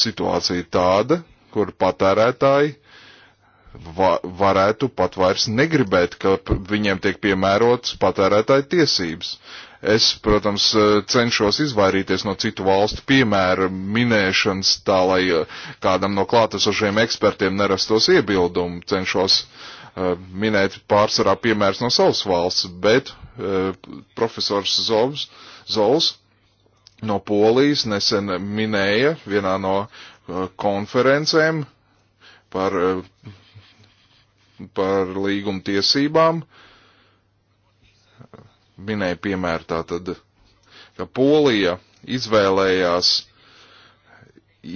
Speaker 9: Situācija ir tāda, kur patērētāji va, varētu pat vairs negribēt, ka viņiem tiek piemērotas patērētāju tiesības. Es, protams, eh, cenšos izvairīties no citu valstu piemēra minēšanas, tā lai eh, kādam no klātesošiem ekspertiem nerastos iebildumi. Cenšos uh, Eh, minēt pārsvarā piemērs no savas valsts, bet eh, profesors Zovs, Zols no Polijas nesen minēja vienā no eh, konferencēm par, par līguma tiesībām. Minēja piemēru tātad, ka Polija izvēlējās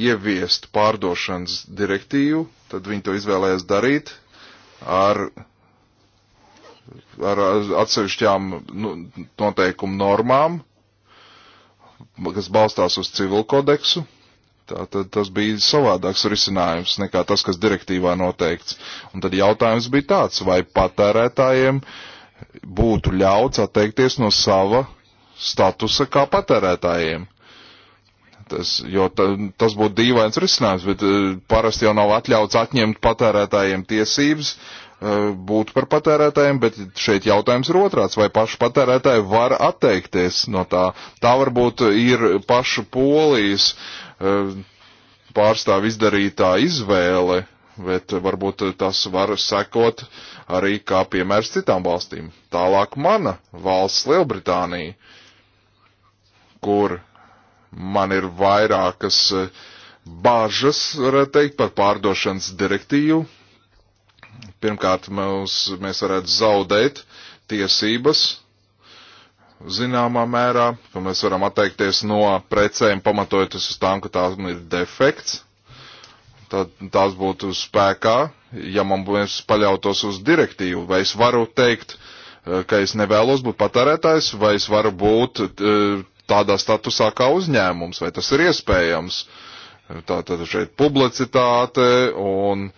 Speaker 9: ieviest pārdošanas direktīvu, tad viņi to izvēlējās darīt, ar, ar atsevišķām nu, noteikumu normām, kas balstās uz civilu kodeksu. Tātad tas bija savādāks risinājums nekā tas, kas direktīvā noteikts. Un tad jautājums bija tāds, vai patērētājiem būtu ļauts atteikties no sava statusa kā patērētājiem tas, jo ta, tas būtu dīvains risinājums, bet eh, parasti jau nav atļauts atņemt patērētājiem tiesības eh, būt par patērētājiem, bet šeit jautājums ir otrāds, vai paši patērētāji var atteikties no tā. Tā varbūt ir paša polijas eh, pārstāv izdarītā izvēle, bet varbūt tas var sekot arī kā piemērs citām valstīm. Tālāk mana valsts Lielbritānija, kur man ir vairākas eh, bāžas, varētu teikt, par pārdošanas direktīvu. Pirmkārt, mēs, mēs varētu zaudēt tiesības zināmā mērā, ka mēs varam atteikties no precēm pamatojoties uz tām, ka tās ir defekts. Tad tās būtu spēkā, ja man būs paļautos uz direktīvu, vai es varu teikt, eh, ka es nevēlos būt patērētājs, vai es varu būt eh, tādā statusā kā uzņēmums, vai tas ir iespējams. Tātad šeit publicitāte un e,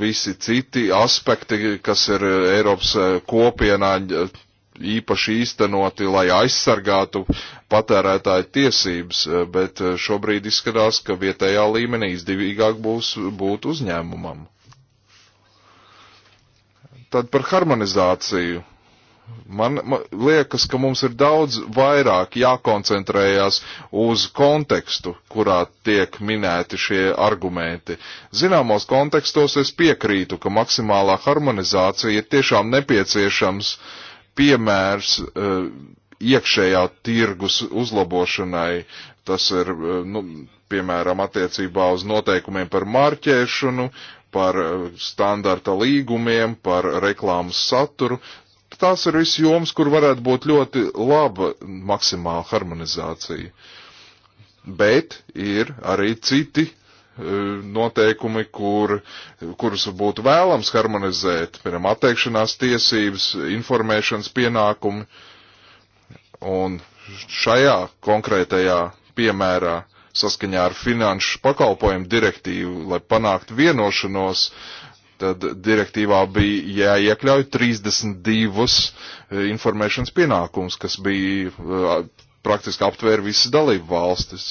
Speaker 9: visi citi aspekti, kas ir Eiropas e, kopienā e, īpaši īstenoti, lai aizsargātu patērētāju tiesības, bet šobrīd izskatās, ka vietējā līmenī izdevīgāk būs būt uzņēmumam. Tad par harmonizāciju Man, man liekas, ka mums ir daudz vairāk jākoncentrējās uz kontekstu, kurā tiek minēti šie argumenti. Zināmos kontekstos es piekrītu, ka maksimālā harmonizācija ir tiešām nepieciešams piemērs uh, iekšējā tirgus uzlabošanai. Tas ir, uh, nu, piemēram, attiecībā uz noteikumiem par marķēšanu, par eh, standarta līgumiem, par reklāmas saturu tās ir visi jomas, kur varētu būt ļoti laba maksimāla harmonizācija. Bet ir arī citi e, noteikumi, kur, kurus būtu vēlams harmonizēt, piemēram, atteikšanās tiesības, informēšanas pienākumi. Un šajā konkrētajā piemērā saskaņā ar finanšu pakalpojumu direktīvu, lai panāktu vienošanos, uh, tad direktīvā bija jāiekļauj 32 eh, informēšanas pienākums, kas bija eh, praktiski aptvēra visas dalību valstis.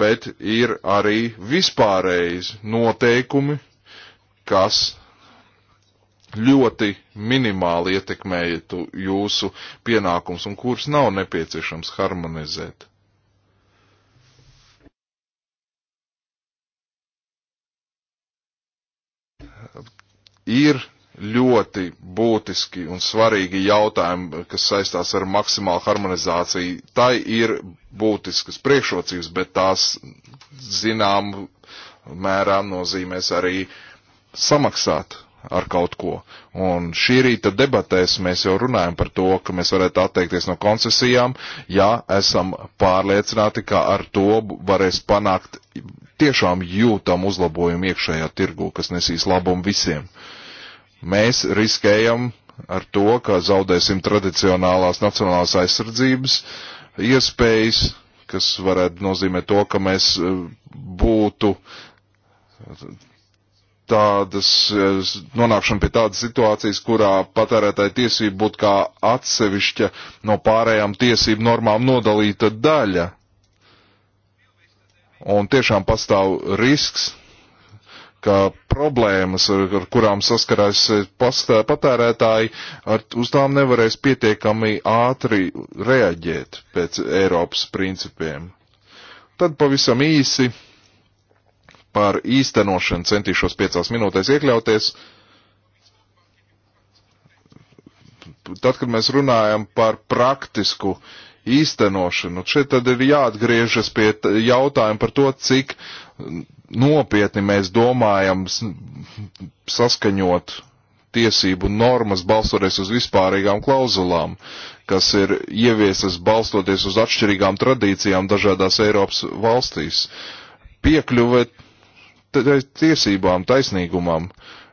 Speaker 9: Bet ir arī vispārējais noteikumi, kas ļoti minimāli ietekmēja tu, jūsu pienākums un kurus nav nepieciešams harmonizēt. ir ļoti būtiski un svarīgi jautājumi, kas saistās ar maksimālu harmonizāciju. Tai ir būtiskas priekšrocības, bet tās zinām mērā nozīmēs arī samaksāt ar kaut ko. Un šī rīta debatēs mēs jau runājam par to, ka mēs varētu atteikties no koncesijām, ja esam pārliecināti, ka ar to varēs panākt tiešām jūtam uzlabojumu iekšējā tirgu, kas nesīs labumu visiem. Mēs riskējam ar to, ka zaudēsim tradicionālās nacionālās aizsardzības iespējas, kas varētu nozīmēt to, ka mēs eh, būtu tādas, nonākšana pie tādas situācijas, kurā patērētāja tiesība būtu kā atsevišķa no pārējām tiesību normām nodalīta daļa. Un tiešām pastāv risks, ka problēmas, ar, ar kurām saskarās pastā, patērētāji, ar, uz tām nevarēs pietiekami ātri reaģēt pēc Eiropas principiem. Tad pavisam īsi par īstenošanu centīšos piecās minūtēs iekļauties. Tad, kad mēs runājam par praktisku īstenošanu, šeit tad ir jāatgriežas pie jautājuma par to, cik nopietni mēs domājam saskaņot tiesību normas balstoties uz vispārīgām klauzulām, kas ir ieviesas balstoties uz atšķirīgām tradīcijām dažādās Eiropas valstīs. Piekļuvet tiesībām, taisnīgumam.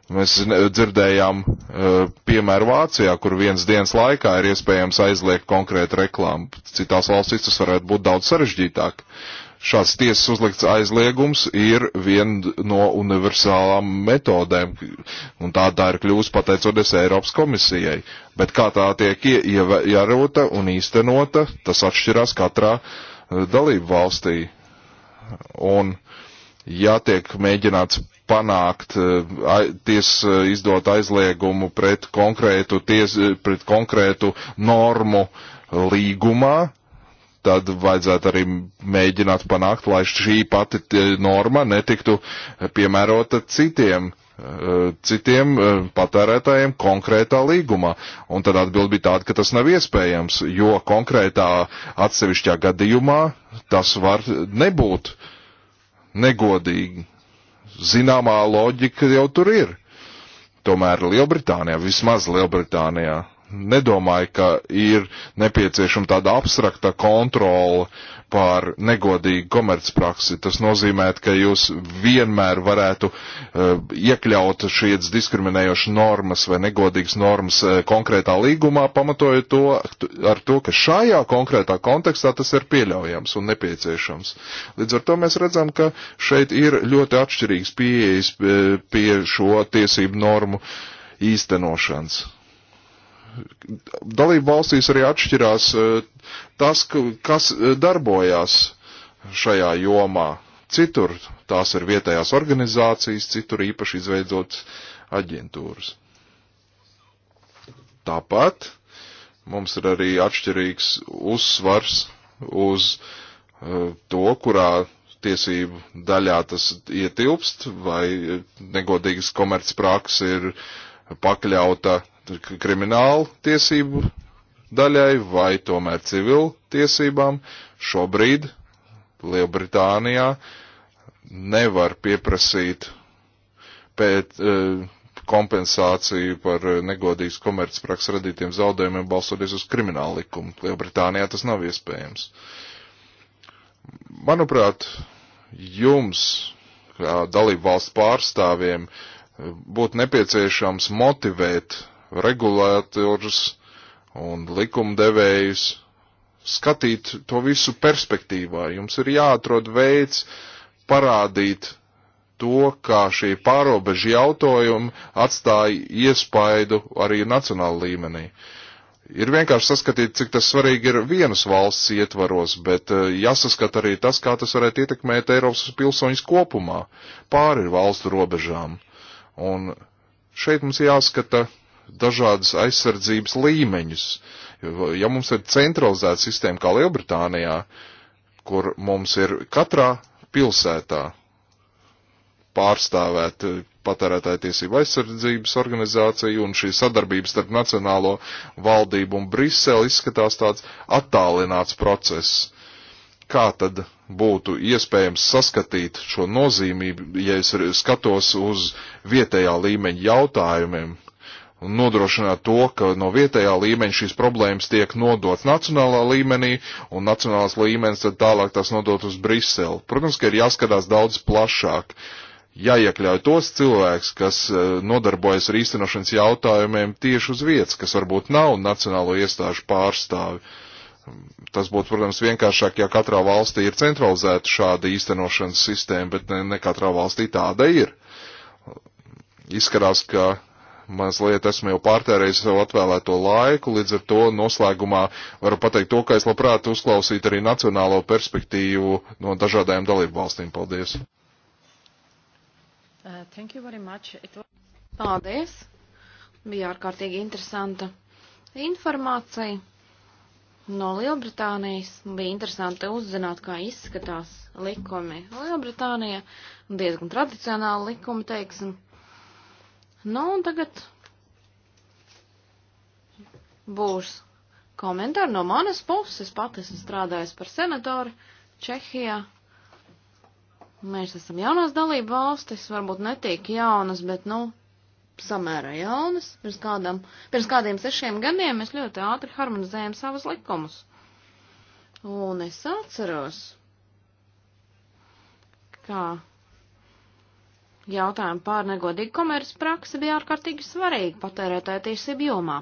Speaker 9: Mēs dzirdējām uh, piemēru Vācijā, kur viens dienas laikā ir iespējams aizliegt konkrētu reklāmu. Citās valstīs tas varētu būt daudz sarežģītāk. Šāds tiesas uzlikts aizliegums ir viena no universālām metodēm, un tā tā ir kļūst pateicoties Eiropas komisijai. Bet kā tā tiek ievērota un īstenota, tas atšķirās katrā uh, dalību valstī. Un ja tiek mēģināts panākt eh, tiesa eh, izdot aizliegumu pret konkrētu, ties, eh, pret konkrētu normu līgumā, tad vajadzētu arī mēģināt panākt, lai šī pati norma netiktu piemērota citiem citiem patērētājiem konkrētā līgumā. Un tad atbild bija tāda, ka tas nav iespējams, jo konkrētā atsevišķā gadījumā tas var nebūt uh, negodīgi. Zināmā loģika jau tur ir. Tomēr Lielbritānijā, vismaz Lielbritānijā, nedomāju, ka ir nepieciešama tāda abstrakta kontrola pār negodīgu komercpraksi. Tas nozīmē, ka jūs vienmēr varētu uh, iekļaut šīs diskriminējošas normas vai negodīgas normas uh, konkrētā līgumā, pamatojot to ar to, ka šajā konkrētā kontekstā tas ir pieļaujams un nepieciešams. Līdz ar to mēs redzam, ka šeit ir ļoti atšķirīgs pieejas pie, eh, pie šo tiesību normu īstenošanas dalību valstīs arī atšķirās tas, kas eh, darbojās šajā jomā. Citur tās ir vietējās organizācijas, citur īpaši izveidotas aģentūras. Tāpat mums ir arī atšķirīgs uzsvars uz uh, to, kurā tiesību daļā tas ietilpst, vai negodīgas komercprāks ir pakļauta kriminālu tiesību daļai vai tomēr civil tiesībām. Šobrīd Lielbritānijā nevar pieprasīt pēc, e, kompensāciju par e, negodīgas komercpraks radītiem zaudējumiem balsoties uz kriminālu likumu. Lielbritānijā tas nav iespējams. Manuprāt, jums, kā dalību valstu pārstāvjiem, būtu nepieciešams motivēt regulātorus un likumdevējus skatīt to visu perspektīvā. Jums ir jāatrod veids parādīt to, kā šie pārobežu jautājumi atstāja iespaidu arī nacionāla līmenī. Ir vienkārši saskatīt, cik tas svarīgi ir vienas valsts ietvaros, bet eh, jāsaskat arī tas, kā tas varētu ietekmēt Eiropas pilsoņus kopumā, pāri valstu robežām. Un šeit mums jāskata dažādas aizsardzības līmeņus. Ja mums ir centralizēta sistēma kā Lielbritānijā, kur mums ir katrā pilsētā pārstāvēt patērētāja tiesība aizsardzības organizācija un šī sadarbības starp Nacionālo valdību un Briseli izskatās tāds attālināts process. Kā tad būtu iespējams saskatīt šo nozīmību, ja es skatos uz vietējā līmeņa jautājumiem, un nodrošināt to, ka no vietējā līmeņa šīs problēmas tiek nodots nacionālā līmenī, un nacionālās līmenis tad tālāk tās nodot uz Briseli. Protams, ka ir jāskatās daudz plašāk. Jāiekļauj tos cilvēks, kas eh, nodarbojas ar īstenošanas jautājumiem tieši uz vietas, kas varbūt nav nacionālo iestāžu pārstāvi. Tas būtu, protams, vienkāršāk, ja katrā valstī ir centralizēta šāda īstenošanas sistēma, bet ne, ne katrā valstī tāda ir. Izskatās, ka mazliet esmu jau pārtērējis savu atvēlēto laiku, līdz ar to noslēgumā varu pateikt to, ka es labprāt uzklausītu arī nacionālo perspektīvu no dažādajām dalību valstīm. Paldies!
Speaker 5: Uh, was... Paldies! Bija ārkārtīgi interesanta informācija no Lielbritānijas. Bija interesanti uzzināt, kā izskatās likumi Lielbritānijā. Diezgan tradicionāli likumi, teiksim. Nu, un tagad būs komentāri no manas puses. Pat esmu strādājis par senatoru Čehijā. Mēs esam jaunās dalība valstis, varbūt netiek jaunas, bet, nu, samērā jaunas. Pirms, kādam, pirms kādiem sešiem gadiem mēs ļoti ātri harmonizējam savus likumus. Un es atceros, kā Jautājumi par negodīgu komerci praksi bija ārkārtīgi svarīgi patērētāja tiesību jomā.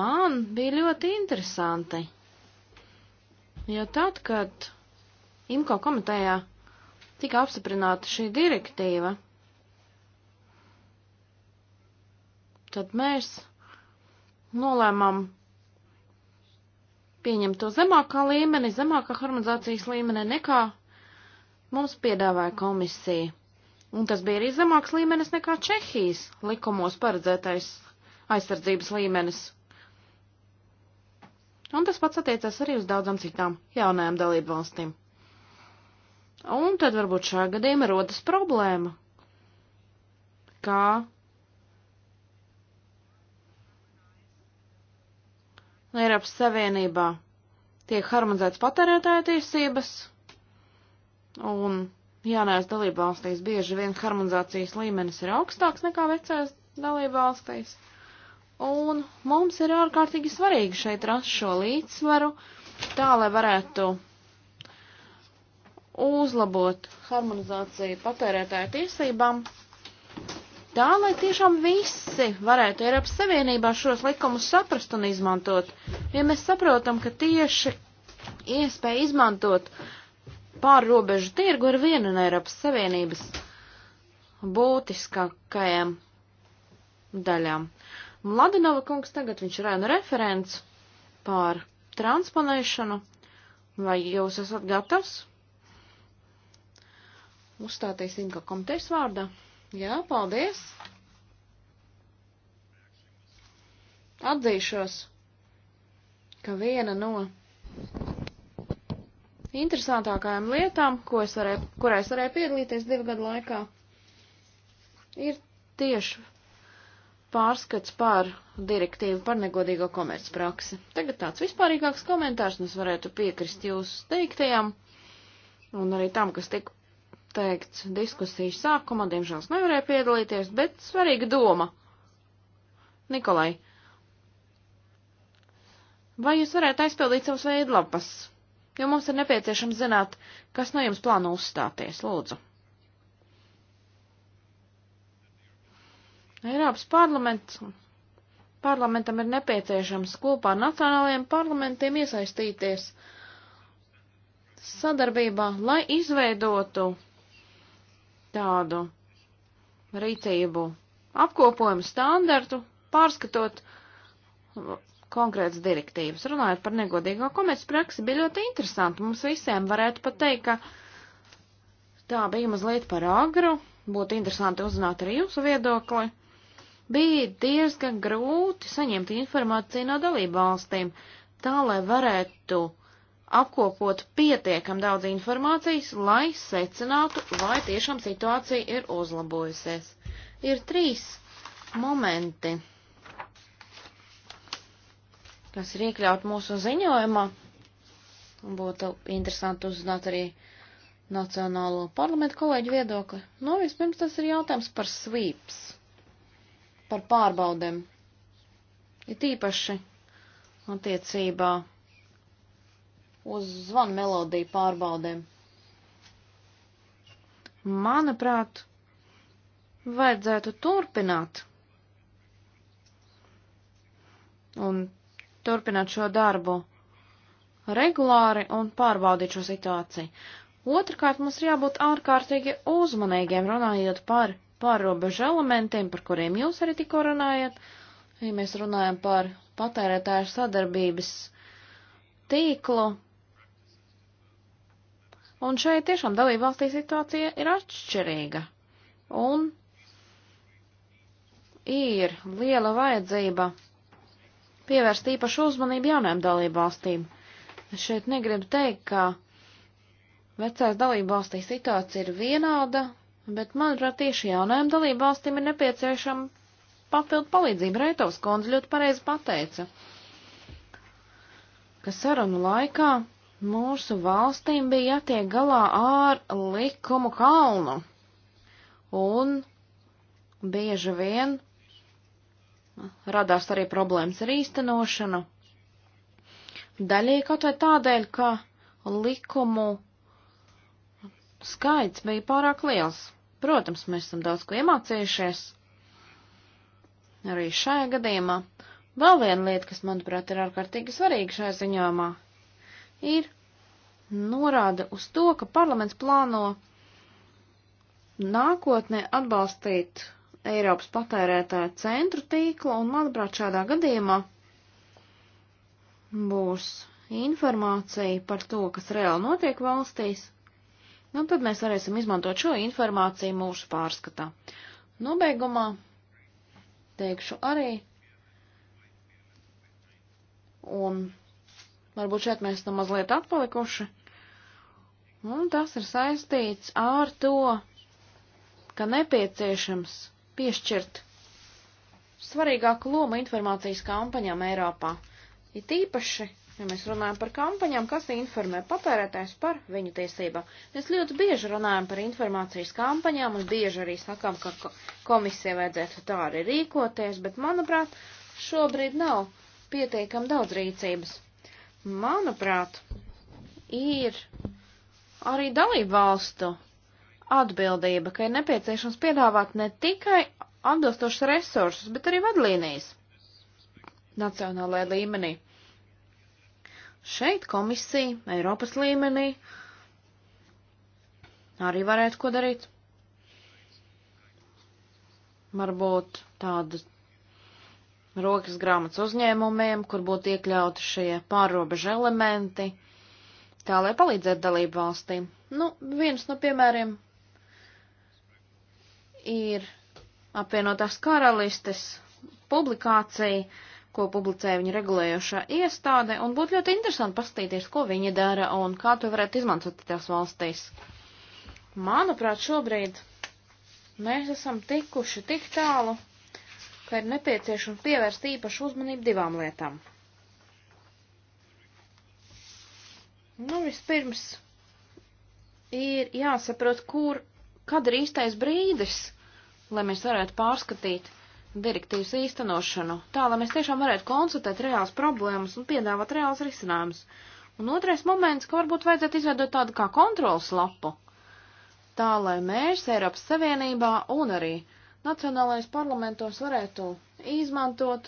Speaker 5: Man bija ļoti interesanti, jo tad, kad IMCO komitejā tika apstiprināta šī direktīva, tad mēs nolēmām pieņemt to zemākā līmenī, zemākā harmonizācijas līmenī nekā mums piedāvāja komisija. Un tas bija arī zemāks līmenis nekā Čehijas likumos paredzētais aizsardzības līmenis. Un tas pats attiecas arī uz daudzām citām jaunajām dalību valstīm. Un tad varbūt šā gadījumā rodas problēma. Kā Eiropas Savienībā tiek harmonizētas patērētāja tiesības, Un jaunajās dalībvalstīs bieži vien harmonizācijas līmenis ir augstāks nekā vecajās dalībvalstīs. Un mums ir ārkārtīgi svarīgi šeit rast šo līdzsvaru, tā lai varētu uzlabot harmonizāciju patērētāju tiesībām, tā lai tiešām visi varētu Eiropas Savienībā šos likumus saprast un izmantot. Ja mēs saprotam, ka tieši iespēja izmantot uh, pārrobežu tirgu ir viena no Eiropas Savienības būtiskākajām daļām. Mladinova kungs tagad viņš ir aina referents pār transponēšanu. Vai jūs esat gatavs? Uzstāties Inka komitejas vārdā. Jā, paldies. Atzīšos, ka viena no interesantākajām lietām, ko es varēju, kurā es varēju piedalīties divu gadu laikā, ir tieši pārskats par direktīvu par negodīgo komercpraksi. Tagad tāds vispārīgāks komentārs, un es varētu piekrist jūsu teiktajam, un arī tam, kas tika teikts diskusijas sākumā, diemžēl es nevarēju piedalīties, bet svarīga doma. Nikolai, vai jūs varētu aizpildīt savus veidlapas? jo mums ir nepieciešams zināt, kas no jums plāno uzstāties, lūdzu. Eiropas parlaments. Parlamentam ir nepieciešams kopā ar nacionālajiem parlamentiem iesaistīties sadarbībā, lai izveidotu tādu rīcību apkopojumu standartu, pārskatot konkrētas direktīvas. Runājot par negodīgo komerci praksi, bija ļoti interesanti. Mums visiem varētu pat teikt, ka tā bija mazliet par agru. Būtu interesanti uzzināt arī jūsu viedokli. Bija diezgan grūti saņemt informāciju no dalību valstīm, tā lai varētu apkopot pietiekam daudz informācijas, lai secinātu, vai tiešām situācija ir uzlabojusies. Ir trīs momenti kas ir iekļaut mūsu ziņojumā. Būtu interesanti uzzināt arī Nacionālo parlamentu kolēģu viedokli. Nu, vispirms tas ir jautājums par svīps, par pārbaudēm. Ir tīpaši attiecībā uz zvanu melodiju pārbaudēm. Manuprāt, vajadzētu turpināt. Un turpināt šo darbu regulāri un pārbaudīt šo situāciju. Otrakārt, mums ir jābūt ārkārtīgi uzmanīgiem runājot par pārrobežu elementiem, par kuriem jūs arī tikko runājat. Ja mēs runājam par patērētāju sadarbības tīklu, un šeit tiešām dalība valstī situācija ir atšķirīga. Un ir liela vajadzība pievērst īpašu uzmanību jaunajām dalībvalstīm. Es šeit negribu teikt, ka vecās dalībvalstī situācija ir vienāda, bet, manuprāt, tieši jaunajām dalībvalstīm ir nepieciešama papildu palīdzību. Reitovs kundze ļoti pareizi pateica, ka sarunu laikā mūsu valstīm bija jātiek galā ar likumu kalnu. Un bieži vien radās arī problēmas ar īstenošanu. Daļai kaut vai tādēļ, ka likumu skaits bija pārāk liels. Protams, mēs esam daudz ko iemācījušies. Arī šajā gadījumā vēl viena lieta, kas, manuprāt, ir ārkārtīgi svarīga šajā ziņojumā, ir norāda uz to, ka parlaments plāno nākotnē atbalstīt Eiropas patērētāja centru tīkla, un, manuprāt, šādā gadījumā būs informācija par to, kas reāli notiek valstīs, nu tad mēs varēsim izmantot šo informāciju mūsu pārskatā. Nobeigumā teikšu arī, un varbūt šeit mēs tam nu mazliet atpalikuši, un tas ir saistīts ar to, ka nepieciešams piešķirt svarīgāku lomu informācijas kampaņām Eiropā. It īpaši, ja mēs runājam par kampaņām, kas informē patērētājs par viņu tiesībām. Mēs ļoti bieži runājam par informācijas kampaņām un bieži arī sakām, ka komisija vajadzētu tā arī rīkoties, bet, manuprāt, šobrīd nav pietiekam daudz rīcības. Manuprāt, ir arī dalību valstu atbildība, ka ir nepieciešams piedāvāt ne tikai atbilstošas resursus, bet arī vadlīnijas nacionālajā līmenī. Šeit komisija, Eiropas līmenī arī varētu ko darīt. Varbūt tāda rokas grāmatas uzņēmumiem, kur būtu iekļauti šie pārrobežu elementi, tā lai palīdzētu dalību valstīm. Nu, viens no piemēriem ir apvienotās karalistes publikācija, ko publicēja viņa regulējošā iestāde, un būtu ļoti interesanti paskatīties, ko viņa dara un kā to varētu izmantot citās valstīs. Manuprāt, šobrīd mēs esam tikuši tik tālu, ka ir nepieciešams pievērst īpašu uzmanību divām lietām. Nu, vispirms ir jāsaprot, kur kad ir īstais brīdis, lai mēs varētu pārskatīt direktīvas īstenošanu, tā lai mēs tiešām varētu konstatēt reāls problēmas un piedāvāt reāls risinājumus. Un otrais moments, ka varbūt vajadzētu izveidot tādu kā kontrols lapu, tā lai mēs Eiropas Savienībā un arī Nacionālais parlamentos varētu izmantot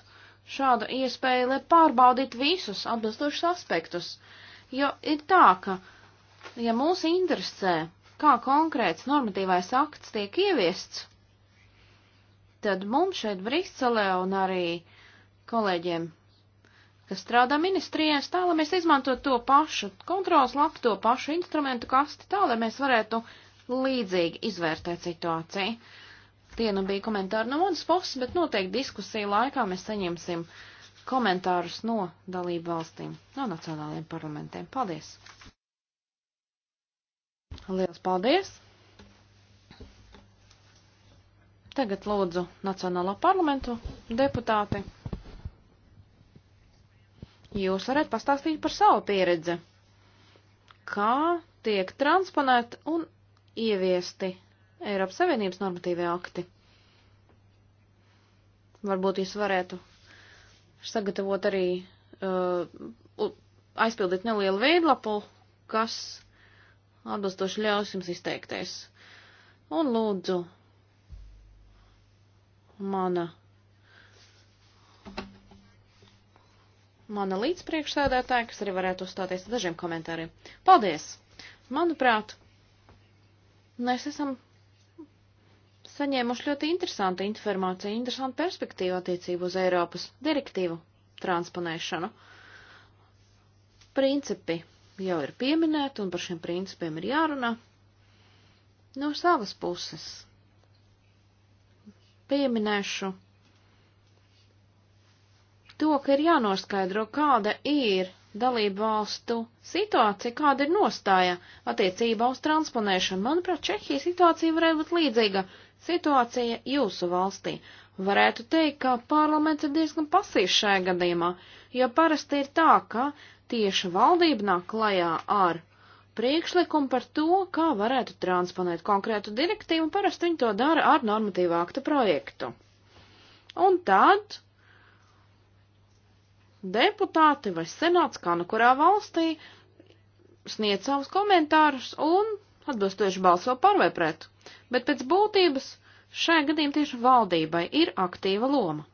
Speaker 5: šādu iespēju, lai pārbaudītu visus atbilstošus aspektus. Jo ir tā, ka, ja mūs interesē kā konkrēts normatīvais akts tiek ieviests, tad mums šeit Briselē un arī kolēģiem, kas strādā ministrijās, tā, lai mēs izmantotu to pašu kontrols lapu, to pašu instrumentu kasti, tā, lai mēs varētu līdzīgi izvērtēt situāciju. Tie nu bija komentāri no manas puses, bet noteikti diskusiju laikā mēs saņemsim komentārus no dalību valstīm, no nacionālajiem parlamentiem. Paldies! Liels paldies! Tagad lūdzu Nacionālo parlamentu deputāti. Jūs varat pastāstīt par savu pieredzi, kā tiek transponēti un ieviesti Eiropas Savienības normatīvie akti. Varbūt jūs varētu sagatavot arī, uh, aizpildīt nelielu veidlapu, kas atbilstoši ļaus jums izteikties. Un lūdzu, mana, mana līdzpriekšsēdētāja, kas arī varētu uzstāties ar dažiem komentāriem. Paldies! Manuprāt, mēs esam saņēmuši ļoti interesantu informāciju, interesantu perspektīvu attiecību uz Eiropas direktīvu transponēšanu. Principi jau ir pieminēti un par šiem principiem ir jārunā no savas puses. Pieminēšu to, ka ir jānoskaidro, kāda ir dalību valstu situācija, kāda ir nostāja attiecībā uz transponēšanu. Manuprāt, Čehijas situācija varētu būt līdzīga situācija jūsu valstī. Varētu teikt, ka parlaments ir diezgan pasīvs šajā gadījumā, jo parasti ir tā, ka tieši valdība nāk klajā ar priekšlikumu par to, kā varētu transponēt konkrētu direktīvu, un parasti viņi to dara ar normatīvā akta projektu. Un tad deputāti vai senāts, kā nu kurā valstī, sniedz savus komentārus un atbilstoši balso par vai pret. Bet pēc būtības šajā gadījumā tieši valdībai ir aktīva loma.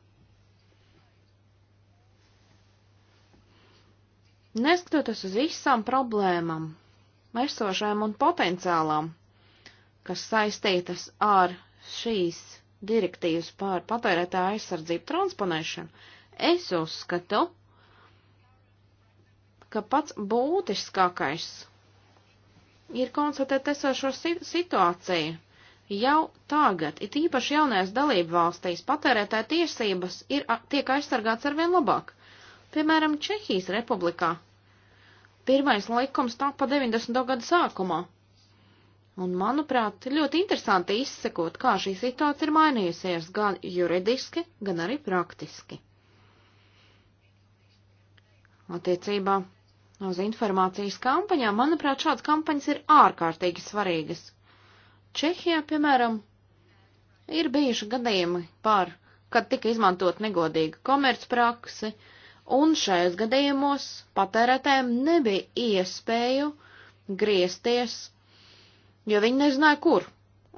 Speaker 5: Neskatoties uz visām problēmām, esošajām un potenciālām, kas saistītas ar šīs direktīvas pār patērētāju aizsardzību transponēšanu, es uzskatu, ka pats būtiskākais ir konstatēt esošo situāciju. Jau tagad, it īpaši jaunajās dalību valstīs, patērētāja tiesības ir, tiek aizsargāts arvien labāk. Piemēram, Čehijas republikā. Pirmais likums tā pa 90. gadu sākumā. Un, manuprāt, ļoti interesanti izsekot, kā šī situācija ir mainījusies gan juridiski, gan arī praktiski. Attiecībā uz informācijas kampaņām, manuprāt, šādas kampaņas ir ārkārtīgi svarīgas. Čehijā, piemēram, ir bijuši gadījumi par, kad tika izmantot negodīga komercprakse, uh, un šajos gadījumos patērētājiem nebija iespēju griezties, jo viņi nezināja, kur.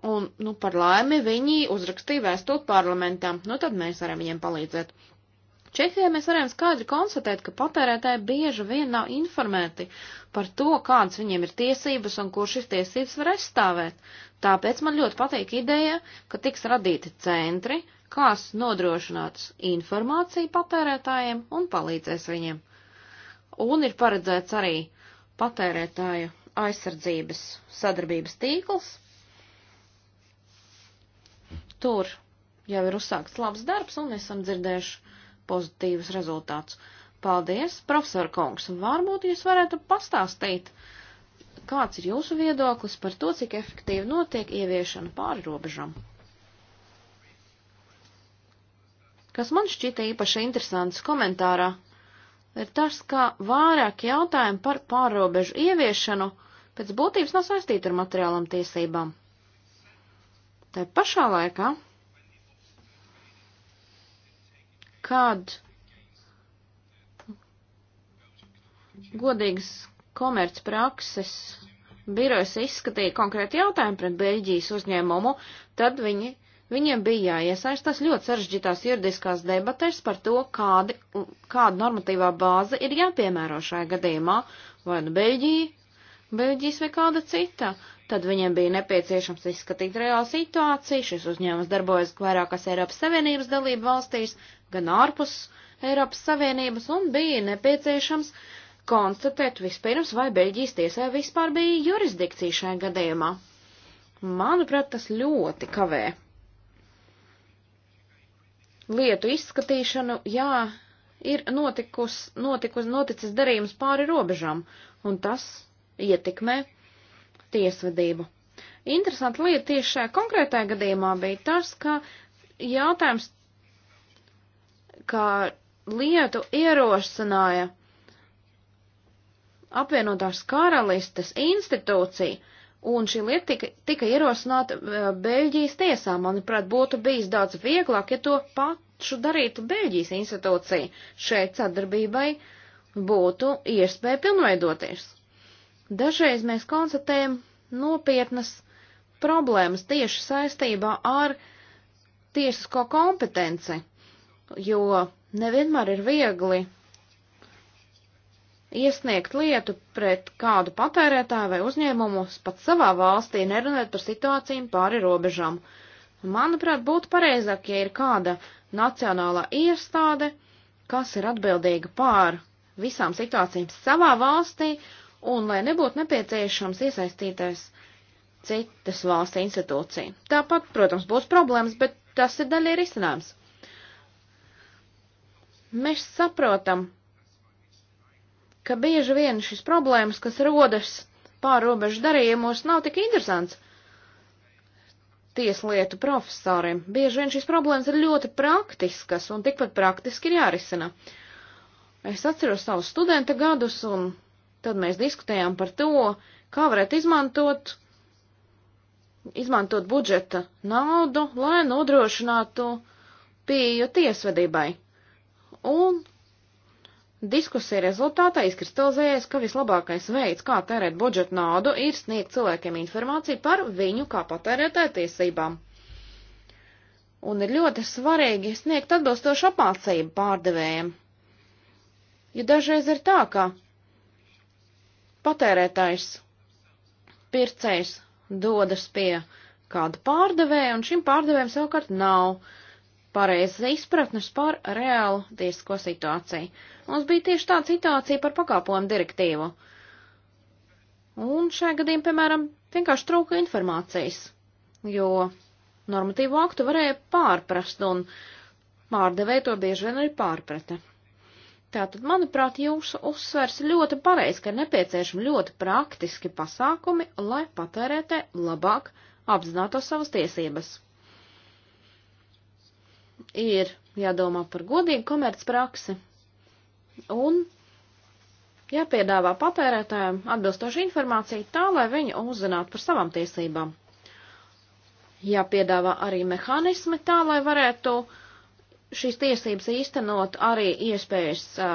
Speaker 5: Un, nu, par laimi viņi uzrakstīja vēstuli parlamentam, nu tad mēs varam viņiem palīdzēt. Čehijā mēs varam skaidri konstatēt, ka patērētāji bieži vien nav informēti par to, kādas viņiem ir tiesības un kur šīs tiesības var aizstāvēt. Tāpēc man ļoti patīk ideja, ka tiks radīti centri, kas nodrošinās informāciju patērētājiem un palīdzēs viņiem. Un ir paredzēts arī patērētāju aizsardzības sadarbības tīkls. Tur jau ir uzsākts labs darbs un esam dzirdējuši pozitīvus rezultātus. Paldies, profesor Kungs, un varbūt jūs varētu pastāstīt, kāds ir jūsu viedoklis par to, cik efektīvi notiek ieviešana pāri robežam. Kas man šķita īpaši interesants komentārā, ir tas, ka vairāk jautājumi par pārrobežu ieviešanu pēc būtības nav saistīti ar materiālam tiesībām. Tā pašā laikā, kad godīgas komercprakses birojas izskatīja konkrēti jautājumu pret Beļģijas uzņēmumu, tad viņi Viņiem bija jāiesaistās ļoti sarežģītās juridiskās debatēs par to, kādi, kāda normatīvā bāze ir jāpiemēro šajā gadījumā, vai nu Beļģija, Beļģijas vai kāda cita. Tad viņiem bija nepieciešams izskatīt reālu situāciju, šis uzņēmums darbojas vairākās Eiropas Savienības dalību valstīs, gan ārpus Eiropas Savienības, un bija nepieciešams konstatēt vispirms, vai Beļģijas tiesē vispār bija jurisdikcija šajā gadījumā. Manuprāt, tas ļoti kavē lietu izskatīšanu, jā, ir notikus, notikus, noticis darījums pāri robežām, un tas ietekmē tiesvedību. Interesanti lieta tieši šajā konkrētajā gadījumā bija tas, ka jautājums, kā lietu ierosināja apvienotās karalistes institūcija, Un šī lieta tika, tika ierosināta e, Beļģijas tiesā. Manuprāt, būtu bijis daudz vieglāk, ja to pašu darītu Beļģijas institūcija. Šeit sadarbībai būtu iespēja pilnveidoties. Dažreiz mēs konstatējam nopietnas problēmas tieši saistībā ar tiesisko kompetenci, jo nevienmēr ir viegli iesniegt lietu pret kādu patērētāju vai uzņēmumu pat savā valstī, nerunājot par situācijām pāri robežām. Manuprāt, būtu pareizāk, ja ir kāda nacionālā iestāde, kas ir atbildīga pār visām situācijām savā valstī, un lai nebūtu nepieciešams iesaistīties citas valsts institūcija. Tāpat, protams, būs problēmas, bet tas ir daļai risinājums. Mēs saprotam, ka bieži vien šis problēmas, kas rodas pārobežu darījumos, nav tik interesants tieslietu profesoriem. Bieži vien šīs problēmas ir ļoti praktiskas un tikpat praktiski ir jārisina. Es atceros savus studenta gadus un tad mēs diskutējām par to, kā varētu izmantot, izmantot budžeta naudu, lai nodrošinātu pieju tiesvedībai. Un Diskusija rezultātā izkristalizējies, ka vislabākais veids, kā tērēt budžeta naudu, ir sniegt cilvēkiem informāciju par viņu kā patērētāju tiesībām. Un ir ļoti svarīgi sniegt atbilstošu apmācību pārdevējiem. Jo dažreiz ir tā, ka patērētājs, pircējs dodas pie kāda pārdevēja, un šim pārdevējam savukārt nav pareizas izpratnes par reālu tiesisko situāciju. Mums bija tieši tāda situācija par pakāpojumu direktīvu. Un šajā gadījumā, piemēram, vienkārši trūka informācijas, jo normatīvu aktu varēja pārprast, un pārdevēja to bieži vien arī pārprata. Tātad, manuprāt, jūsu uzsvers ļoti pareizi, ka ir nepieciešami ļoti praktiski pasākumi, lai patērētē labāk apzinātu savas tiesības. Ir jādomā par godīgu komercpraksi, un jāpiedāvā patērētājiem atbilstoša informācija tā, lai viņi uzzinātu par savām tiesībām. Jāpiedāvā arī mehānismi tā, lai varētu šīs tiesības īstenot arī iespējas uh,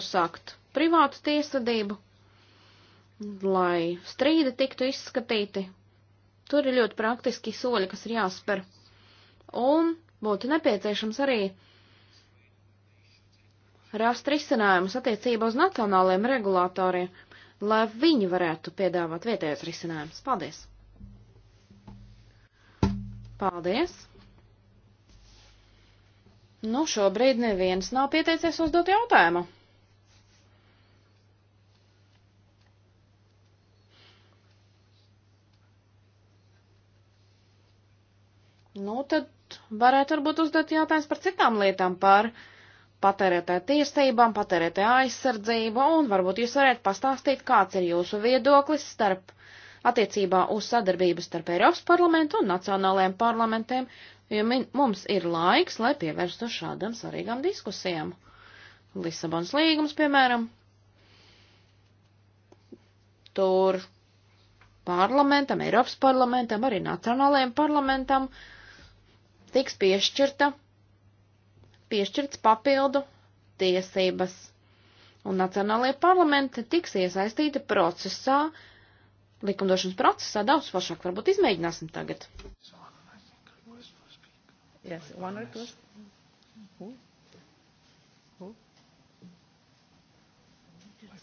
Speaker 5: uzsākt privātu tiesvedību, lai strīdi tiktu izskatīti. Tur ir ļoti praktiski soļi, kas ir jāspēr. Un būtu nepieciešams arī uh, rast risinājumus attiecībā uz nacionāliem regulātoriem, lai viņi varētu piedāvāt vietējos risinājumus. Paldies! Paldies! Nu, šobrīd neviens nav pieteicies uzdot jautājumu. Nu, tad varētu varbūt uzdot jautājums par citām lietām, par uh, patērētāja tiesībām, patērētāja aizsardzību, un varbūt jūs varētu pastāstīt, kāds ir jūsu viedoklis starp attiecībā uz sadarbību starp Eiropas parlamentu un nacionālajiem parlamentiem, jo mums ir laiks, lai pievērstu šādam svarīgām diskusijām. Lisabons līgums, piemēram, tur parlamentam, Eiropas parlamentam, arī nacionālajiem parlamentam tiks piešķirta piešķirts papildu tiesības, un nacionālajie parlamenti tiks iesaistīti procesā, likumdošanas procesā daudz plašāk. Varbūt izmēģināsim tagad.
Speaker 8: Yes, one or two.
Speaker 5: Who? Who?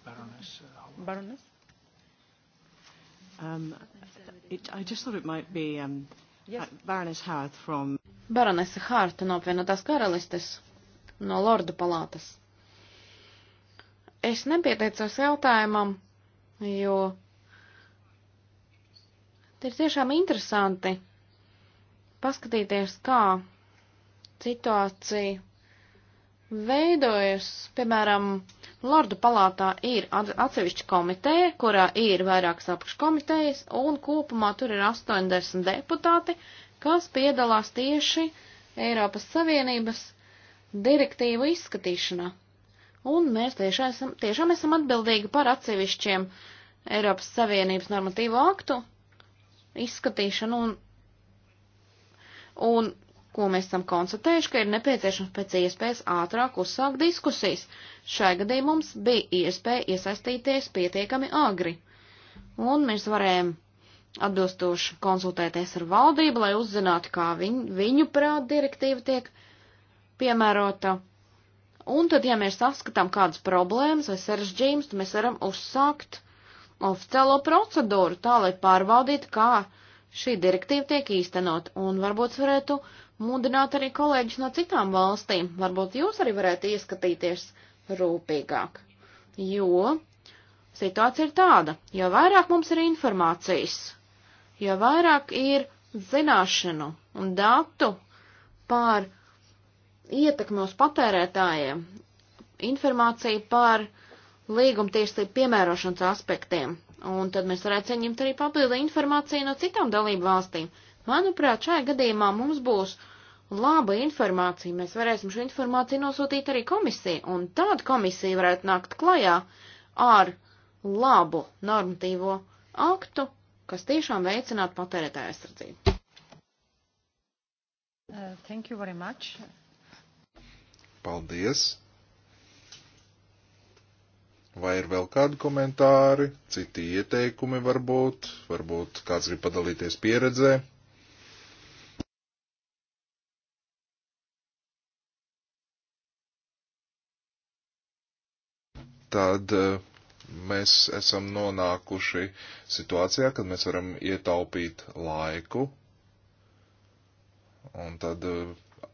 Speaker 7: Baroness. Uh, Baroness. Um, it, I just thought it might be um, yes. Baroness
Speaker 5: Howarth from Baronese Hārta no apvienotās karalistes, no Lordu palātas. Es nepieteicos jautājumam, jo ir tiešām interesanti paskatīties, kā situācija veidojas. Piemēram, Lordu palātā ir atsevišķa komiteja, kurā ir vairākas apakškomitejas, un kopumā tur ir 80 deputāti, kas piedalās tieši Eiropas Savienības direktīvu izskatīšanā. Un mēs tiešām esam, tiešām esam atbildīgi par atsevišķiem Eiropas Savienības normatīvu aktu izskatīšanu un, un ko mēs esam konstatējuši, ka ir nepieciešams pēc iespējas ātrāk uzsākt diskusijas. Šai gadījumā mums bija iespēja iesaistīties pietiekami agri, un mēs varējām atbilstoši konsultēties ar valdību, lai uzzinātu, kā viņ, viņu prāt direktīva tiek piemērota. Un tad, ja mēs saskatām kādas problēmas vai sarežģījumus, tad mēs varam uzsākt oficiālo procedūru tā, lai pārbaudītu, kā šī direktīva tiek īstenot. Un varbūt varētu mudināt arī kolēģis no citām valstīm. Varbūt jūs arī varētu ieskatīties rūpīgāk. Jo situācija ir tāda, jo vairāk mums ir informācijas, jo vairāk ir zināšanu un datu par ietekmi uz patērētājiem, informāciju par līgumtiesību piemērošanas aspektiem, un tad mēs varētu saņemt arī papildu informāciju no citām dalību valstīm. Manuprāt, šajā gadījumā mums būs laba informācija, mēs varēsim šo informāciju nosūtīt arī komisiju, un tāda komisija varētu nākt klajā ar labu normatīvo aktu, kas tiešām veicinātu patērētāju aizsardzību.
Speaker 7: Uh, thank you very much.
Speaker 9: Paldies. Vai ir vēl kādi komentāri, citi ieteikumi varbūt, varbūt kāds grib padalīties pieredzē? Tad uh, mēs esam nonākuši situācijā, kad mēs varam ietaupīt laiku un tad eh,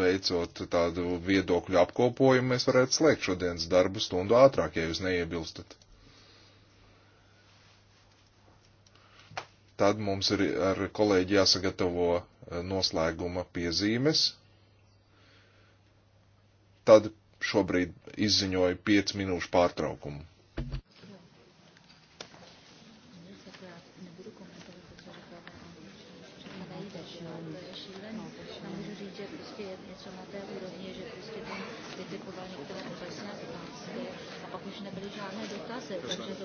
Speaker 9: veicot tādu viedokļu apkopojumu, mēs varētu slēgt šodienas darbu stundu ātrāk, ja jūs neiebilstat. Tad mums ir ar kolēģi jāsagatavo eh, noslēguma piezīmes. Tad šobrīd izziņoju 5 minūšu pārtraukumu.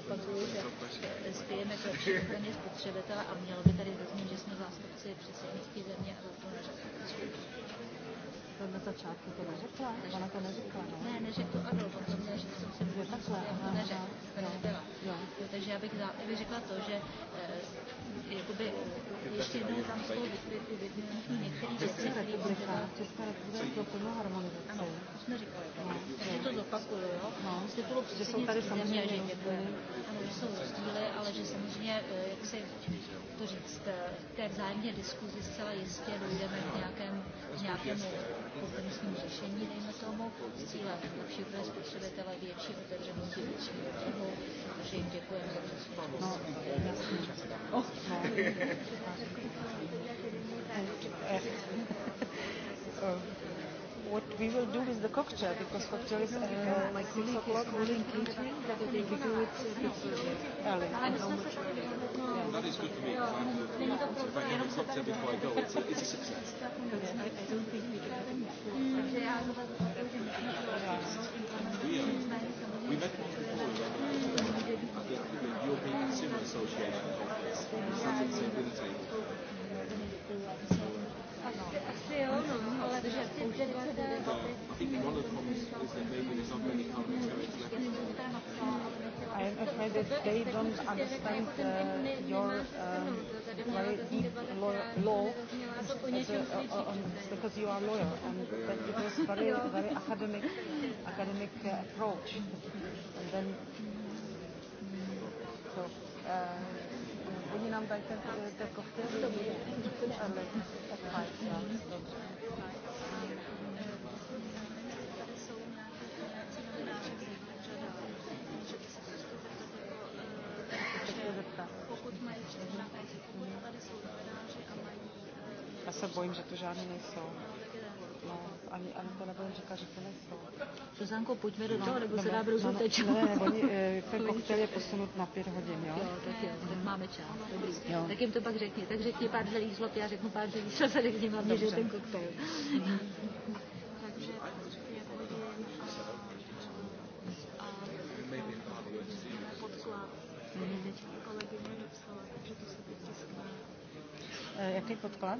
Speaker 1: opakuju, že spějeme k lepší ochraně spotřebitele a mělo by tady zaznít, že jsme zástupci předsednictví země a za to naše to na začátku to neřekla? Ona to neřekla, ne? Ne, neřekla, ano, protože že jsem se jo, takhle, aha, to neřekla, to nebyla. Jo. Jo, takže já bych, já bych řekla to, že eh, jakoby ještě jednou tam jsou vypíchnu
Speaker 7: některé věci, které bych dělala. Česká republika je pro plnou harmonizaci. Ano, to jsme říkali. No, takže to
Speaker 1: zopakuju, jo? No, z titulu že jsou tady samozřejmě země, že Ano, že jsou rozdíly, ale že samozřejmě, jak si to říct, té vzájemně diskuzi zcela jistě dojdeme k nějakému, nějakému Powinniśmy řešení, dejme tomu, s cílem všude spotřebitele větší otevřenosti vnitřního trhu, takže jim děkujeme za tu spolu. No, jasně. Oh,
Speaker 8: no. Ech
Speaker 7: what we will do is the cocktail, because cocktail is uh, uh like 6 o'clock. Calling catering, whether they will do it early. Yeah.
Speaker 9: That is good for me, because if I have a cocktail before I go, it's a, it's a success. Yeah,
Speaker 8: I, I don't think we can. Mm. We, um, we met once before, at the, the European Consumer Association conference. We sat at the same dinner table. So, uh, I
Speaker 1: think one of the
Speaker 8: problems is that maybe there's not many parliamentarians
Speaker 7: left. I am afraid that they don't understand
Speaker 1: uh, your um, very deep law, law as a, uh, on, uh, um,
Speaker 7: because you are a lawyer and that it was very, very academic, academic uh, approach. And then, so, uh, oni nám dají ten, ten koktejl, ale tak fajn. Já se bojím, že to žádné nejsou. No, ani, ani to nebudem říkat, že to nejsou. Zuzanko, pojďme do toho, nebo no, se dá brzo no, teč. Ne, ne, oni, eh, ten (laughs) koktel je posunut na pět hodin, jo? Jo,
Speaker 1: tak jo, tak mhm. máme čas, dobrý. Jo. Tak jim to pak řekni, tak řekni pár želí zlop, já řeknu pár želí zlop, a řekni hlavně, že je ten koktel. Mhm.
Speaker 7: E, jaký podklad?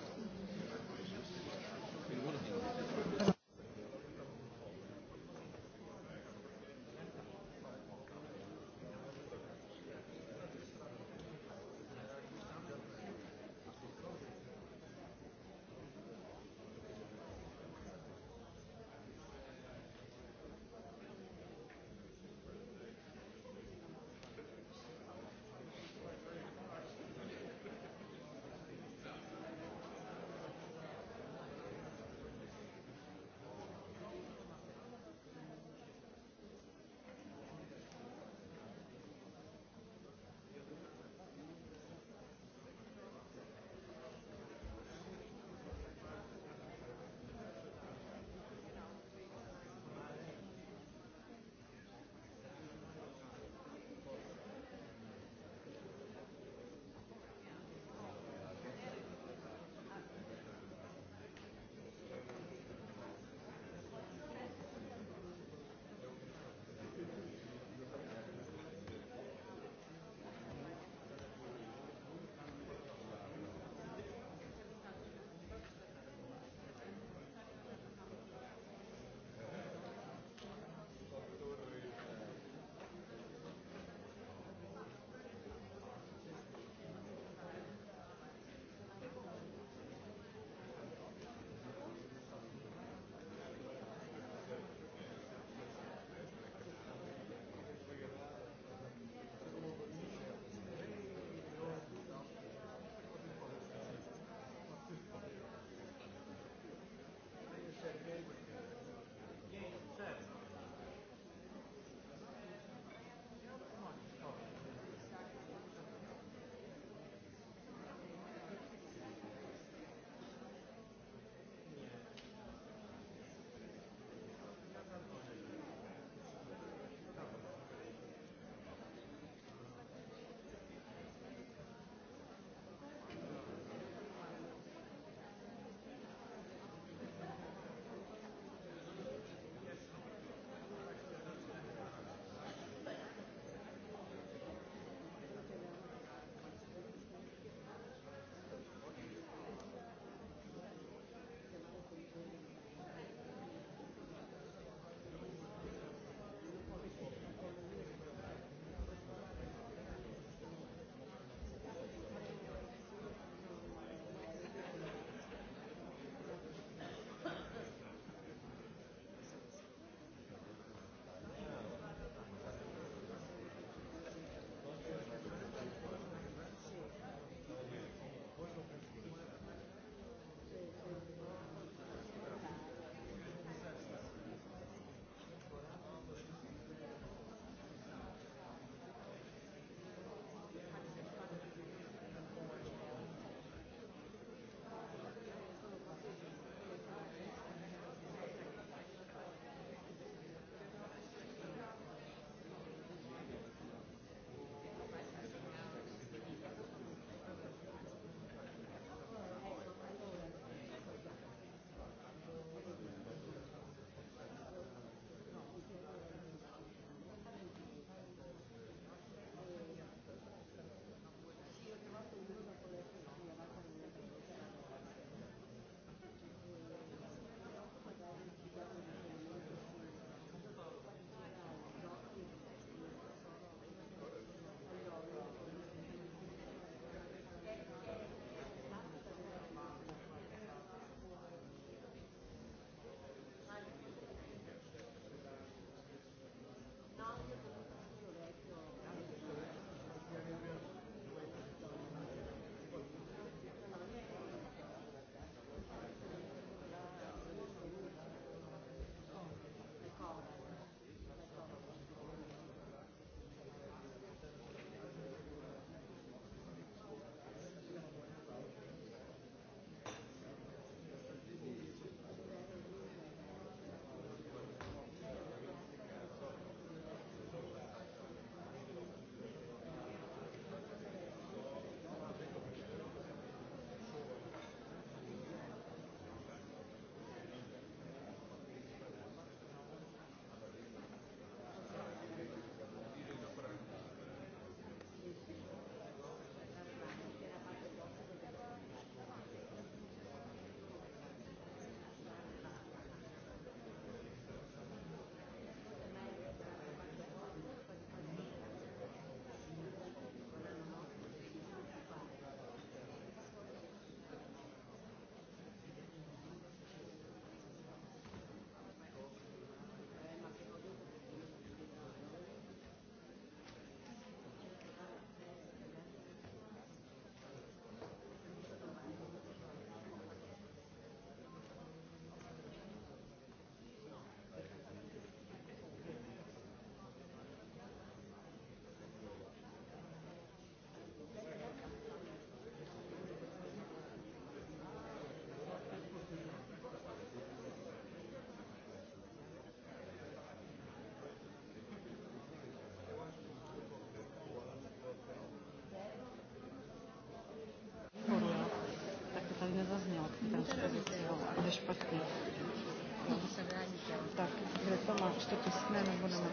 Speaker 7: Ideš pa ti. Tak, gre toma, što ti s menom budemo.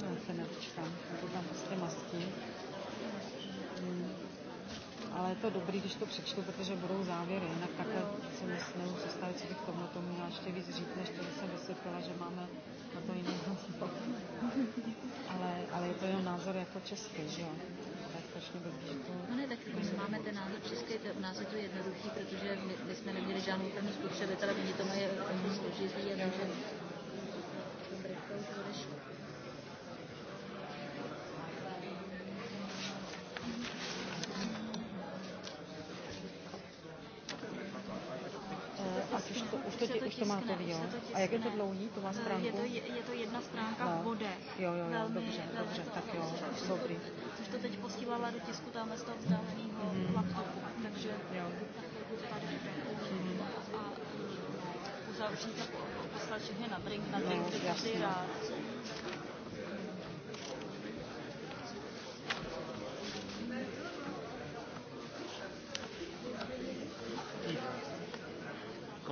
Speaker 7: Ja se ne dočekam, budem s tem s kim je to dobrý, když to přečtu, protože budou závěry, jinak takhle si myslím, co stále, co bych k tomu tomu měla ještě víc říct, než to, co jsem vysvětlila, že máme na to jiný názor. ale, ale je to jenom názor jako český, že jo? strašně
Speaker 8: blbý, že to...
Speaker 1: No ne, tak my máme ten názor český, u nás je to jednoduchý, protože my, my jsme neměli žádnou první spotřebitele, oni to mají složitý a takže
Speaker 8: hotový, jo? A jak je to dlouhý, to má stránku? Je to, je, je to jedna stránka no. v bode. Jo, jo, jo, velmi, dobře, velmi dobře, tak jo, což dobrý. To,
Speaker 1: což to teď posílala do tisku tam z toho vzdáleného mm. laptopu, takže jo. tady mm. a e, uzavřít a poslat všechny na drink, na drink, no, rád.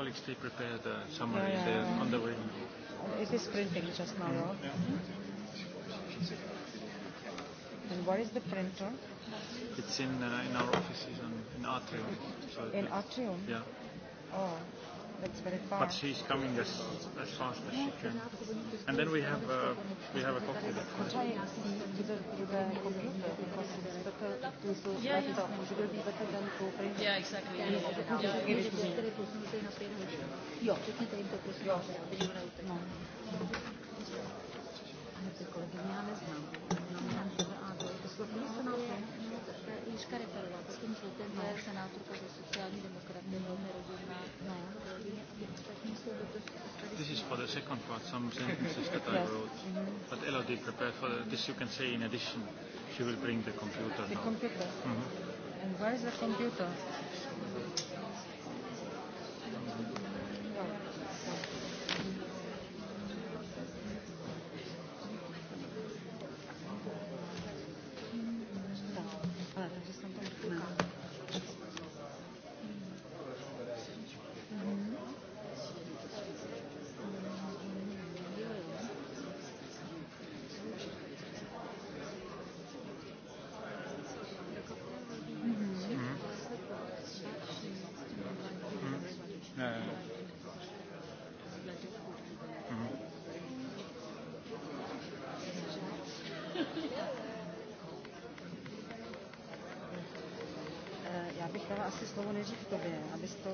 Speaker 8: colleagues, they prepared a summary yeah, yeah, yeah. on the way. It is printing just now, right? Yeah. And
Speaker 7: what is the printer?
Speaker 3: It's in, uh, in our
Speaker 8: offices in, in Atrium. So in Atrium? Yeah. Oh. That's very far. But she's coming as, as fast as she can. And then we have uh, we have a cocktail. Could I
Speaker 7: ask you the, the computer because it's better
Speaker 1: to so yeah, yeah. Off. It will be better than cooperate. Yeah, exactly. Yeah, yeah. yeah. yeah. Give it to me. Jo, přesně tady to prosím. Jo, teď bude no. Ale ty kolegyně já neznám. Jenom tam a to slovně se nám počkali Perla, potom žluté, no. to je senátorka za sociální demokraty, velmi rozumná. No. This is for the second
Speaker 3: part, some sentences that I yes. wrote.
Speaker 8: Mm
Speaker 1: -hmm. But Elodie prepared for the, this, you can say in addition, she will bring the computer. The now. computer. Mm -hmm.
Speaker 7: And where is the computer?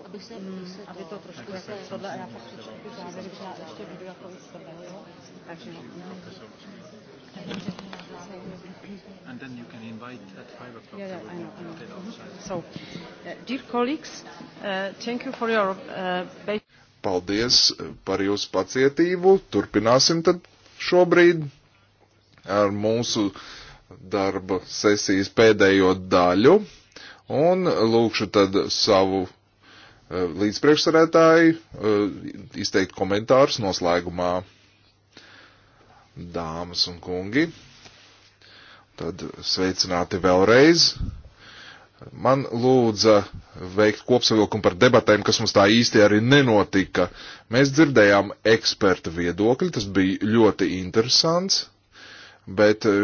Speaker 7: aby mm, se, aby se to, aby to trošku jako tohle, a já pak přečtu závěr, když já ještě budu jako z toho, jo? Takže, no.
Speaker 8: And then you can invite at five o'clock. Yeah, yeah, I know. I know. Mm-hmm. So,
Speaker 7: uh, dear colleagues, uh, thank you for your.
Speaker 8: Uh,
Speaker 9: Paldies uh, par jūsu pacietību. Turpināsim tad šobrīd ar mūsu darba sesijas pēdējo daļu un lūkšu tad savu Eh, līdz priekšsarētāji eh, izteikt komentārus noslēgumā. Dāmas un kungi, tad sveicināti vēlreiz. Man lūdza veikt kopsavilkumu par debatēm, kas mums tā īsti arī nenotika. Mēs dzirdējām eksperta viedokļi, tas bija ļoti interesants, bet eh,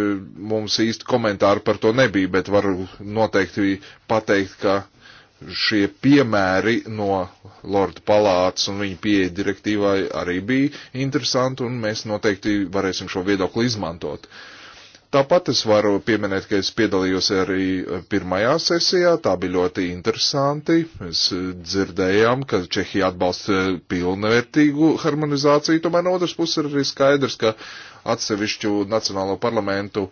Speaker 9: mums īsti komentāru par to nebija, bet varu noteikti pateikt, ka šie piemēri no Lorda palāts un viņa pieeja direktīvai arī bija interesanti, un mēs noteikti varēsim šo viedokli izmantot. Uh, Tāpat es varu pieminēt, ka es piedalījos arī eh, pirmajā sesijā, tā bija ļoti interesanti. Mēs eh, dzirdējām, ka Čehija atbalsta eh, pilnvērtīgu harmonizāciju, tomēr no otras puses ir arī skaidrs, ka atsevišķu nacionālo parlamentu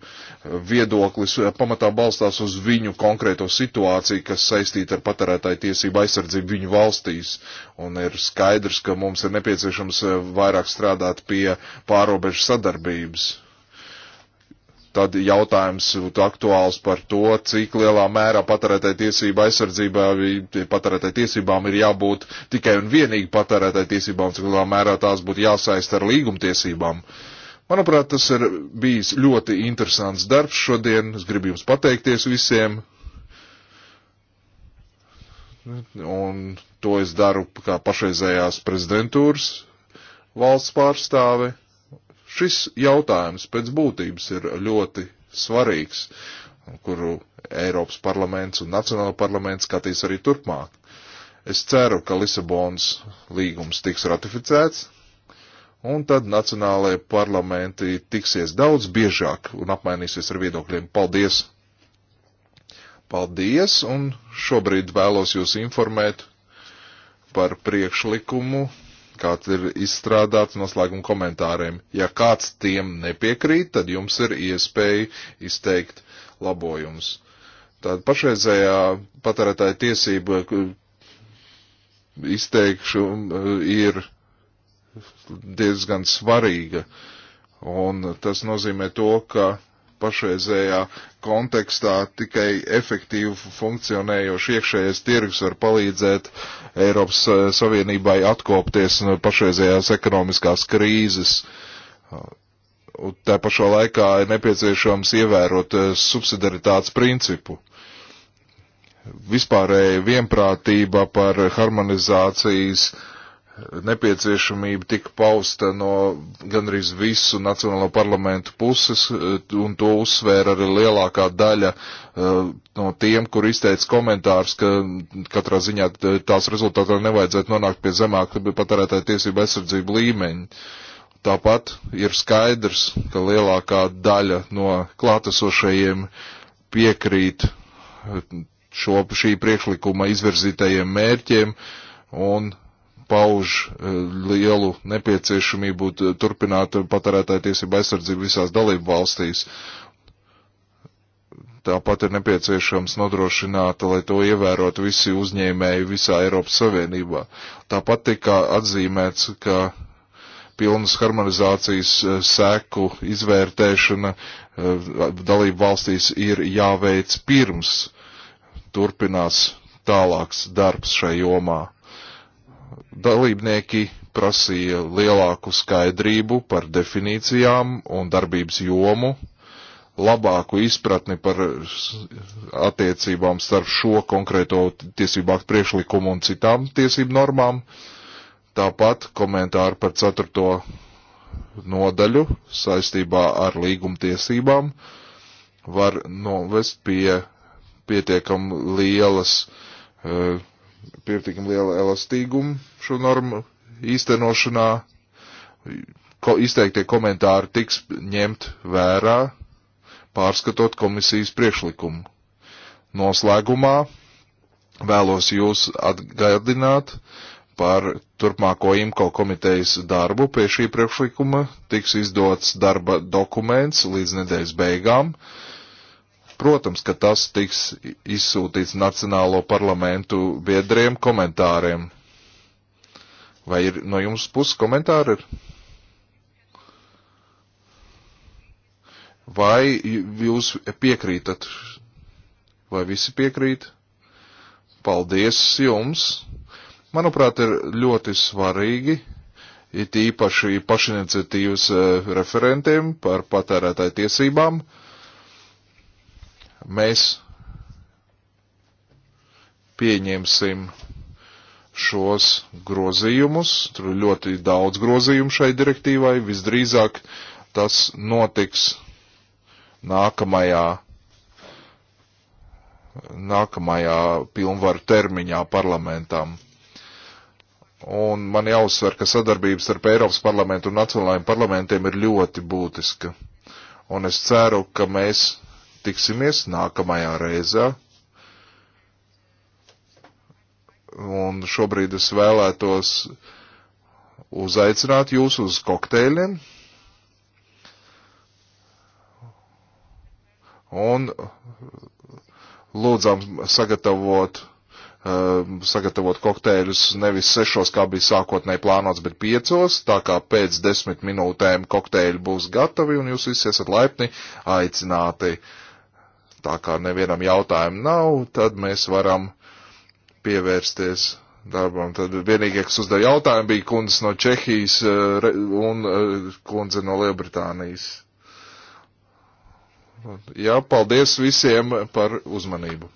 Speaker 9: viedoklis pamatā balstās uz viņu konkrēto situāciju, kas saistīta ar patērētāju tiesību aizsardzību viņu valstīs. Un ir skaidrs, ka mums ir nepieciešams vairāk strādāt pie pārobežu sadarbības Tad jautājums aktuāls par to, cik lielā mērā patērētāja tiesība aizsardzībā, patērētāja tiesībām ir jābūt tikai un vienīgi patērētāja tiesībām, cik lielā mērā tās būtu jāsaist ar līgumtiesībām. Manuprāt, tas ir bijis ļoti interesants darbs šodien. Es gribu jums pateikties visiem. Un to es daru kā pašreizējās prezidentūras valsts pārstāve. Šis jautājums pēc būtības ir ļoti svarīgs, kuru Eiropas parlaments un Nacionāla parlaments skatīs arī turpmāk. Es ceru, ka Lisabonas līgums tiks ratificēts, un tad nacionālajie parlamenti tiksies daudz biežāk un apmainīsies ar viedokļiem. Paldies! Paldies, un šobrīd vēlos jūs informēt par priekšlikumu kāds ir izstrādāts noslēguma komentāriem. Ja kāds tiem nepiekrīt, tad jums ir iespēja izteikt labojums. Tāda pašreizējā patērētāja tiesība eh, izteikšu eh, ir diezgan svarīga. Un tas nozīmē to, ka pašreizējā kontekstā tikai efektīvi funkcionējoši iekšējais tirgus var palīdzēt Eiropas eh, Savienībai atkopties no pašreizējās ekonomiskās krīzes. Uh, un tā pašā laikā ir nepieciešams ievērot eh, subsidaritātes principu. Vispārēja vienprātība par harmonizācijas uh, nepieciešamība tika pausta no gandrīz visu Nacionālo parlamentu puses, e, un to uzsvēra arī lielākā daļa e, no tiem, kur izteica komentārs, ka katrā ziņā e, tās rezultātā nevajadzētu nonākt pie zemāka patērētāja tiesība aizsardzību līmeņa. Tāpat ir skaidrs, ka lielākā daļa no klātesošajiem piekrīt šo, šī priekšlikuma izvirzītajiem mērķiem, un pauž e, lielu nepieciešamību turpināt patērētāju tiesību aizsardzību visās dalību valstīs. Tāpat ir nepieciešams nodrošināt, lai to ievērotu visi uzņēmēji visā Eiropas Savienībā. Tāpat tika atzīmēts, ka pilnas harmonizācijas e, seku izvērtēšana e, dalību valstīs ir jāveic pirms turpinās tālāks darbs šai jomā dalībnieki prasīja lielāku skaidrību par definīcijām un darbības jomu, labāku izpratni par attiecībām starp šo konkrēto tiesību aktu priekšlikumu un citām tiesību normām. Tāpat komentāri par ceturto nodaļu saistībā ar līgumtiesībām var novest pie pietiekam lielas uh, pietiekami liela elastīguma šo normu īstenošanā. Ko, izteiktie komentāri tiks ņemt vērā, pārskatot komisijas priekšlikumu. Noslēgumā vēlos jūs atgādināt par turpmāko IMCO komitejas darbu. Pie šī priekšlikuma tiks izdots darba dokuments līdz nedēļas beigām. Uh, Protams, ka tas tiks izsūtīts Nacionālo parlamentu biedriem komentāriem. Vai ir no jums puses komentāri? Vai jūs piekrītat? Vai visi piekrīt? Paldies jums! Manuprāt, ir ļoti svarīgi, it īpaši pašiniciatīvas eh, referentiem par patērētāju tiesībām mēs pieņemsim šos grozījumus. Tur ir ļoti daudz grozījumu šai direktīvai. Visdrīzāk tas notiks nākamajā, nākamajā pilnvaru termiņā parlamentam. Un man jāuzsver, ka sadarbības starp Eiropas parlamentu un nacionālajiem parlamentiem ir ļoti būtiska. Un es ceru, ka mēs tiksimies nākamajā reizē. Un šobrīd es vēlētos uzaicināt jūs uz kokteļiem. Un lūdzām sagatavot um, sagatavot kokteļus nevis sešos, kā bija sākotnēji plānots, bet piecos, tā kā pēc desmit minūtēm kokteļi būs gatavi un jūs visi esat laipni aicināti. Tā kā nevienam jautājumu nav, tad mēs varam pievērsties darbam. Tad vienīgie, kas uzdev jautājumu, bija kundze no Čehijas eh, un eh, kundze no Lielbritānijas. Jā, paldies visiem par uzmanību.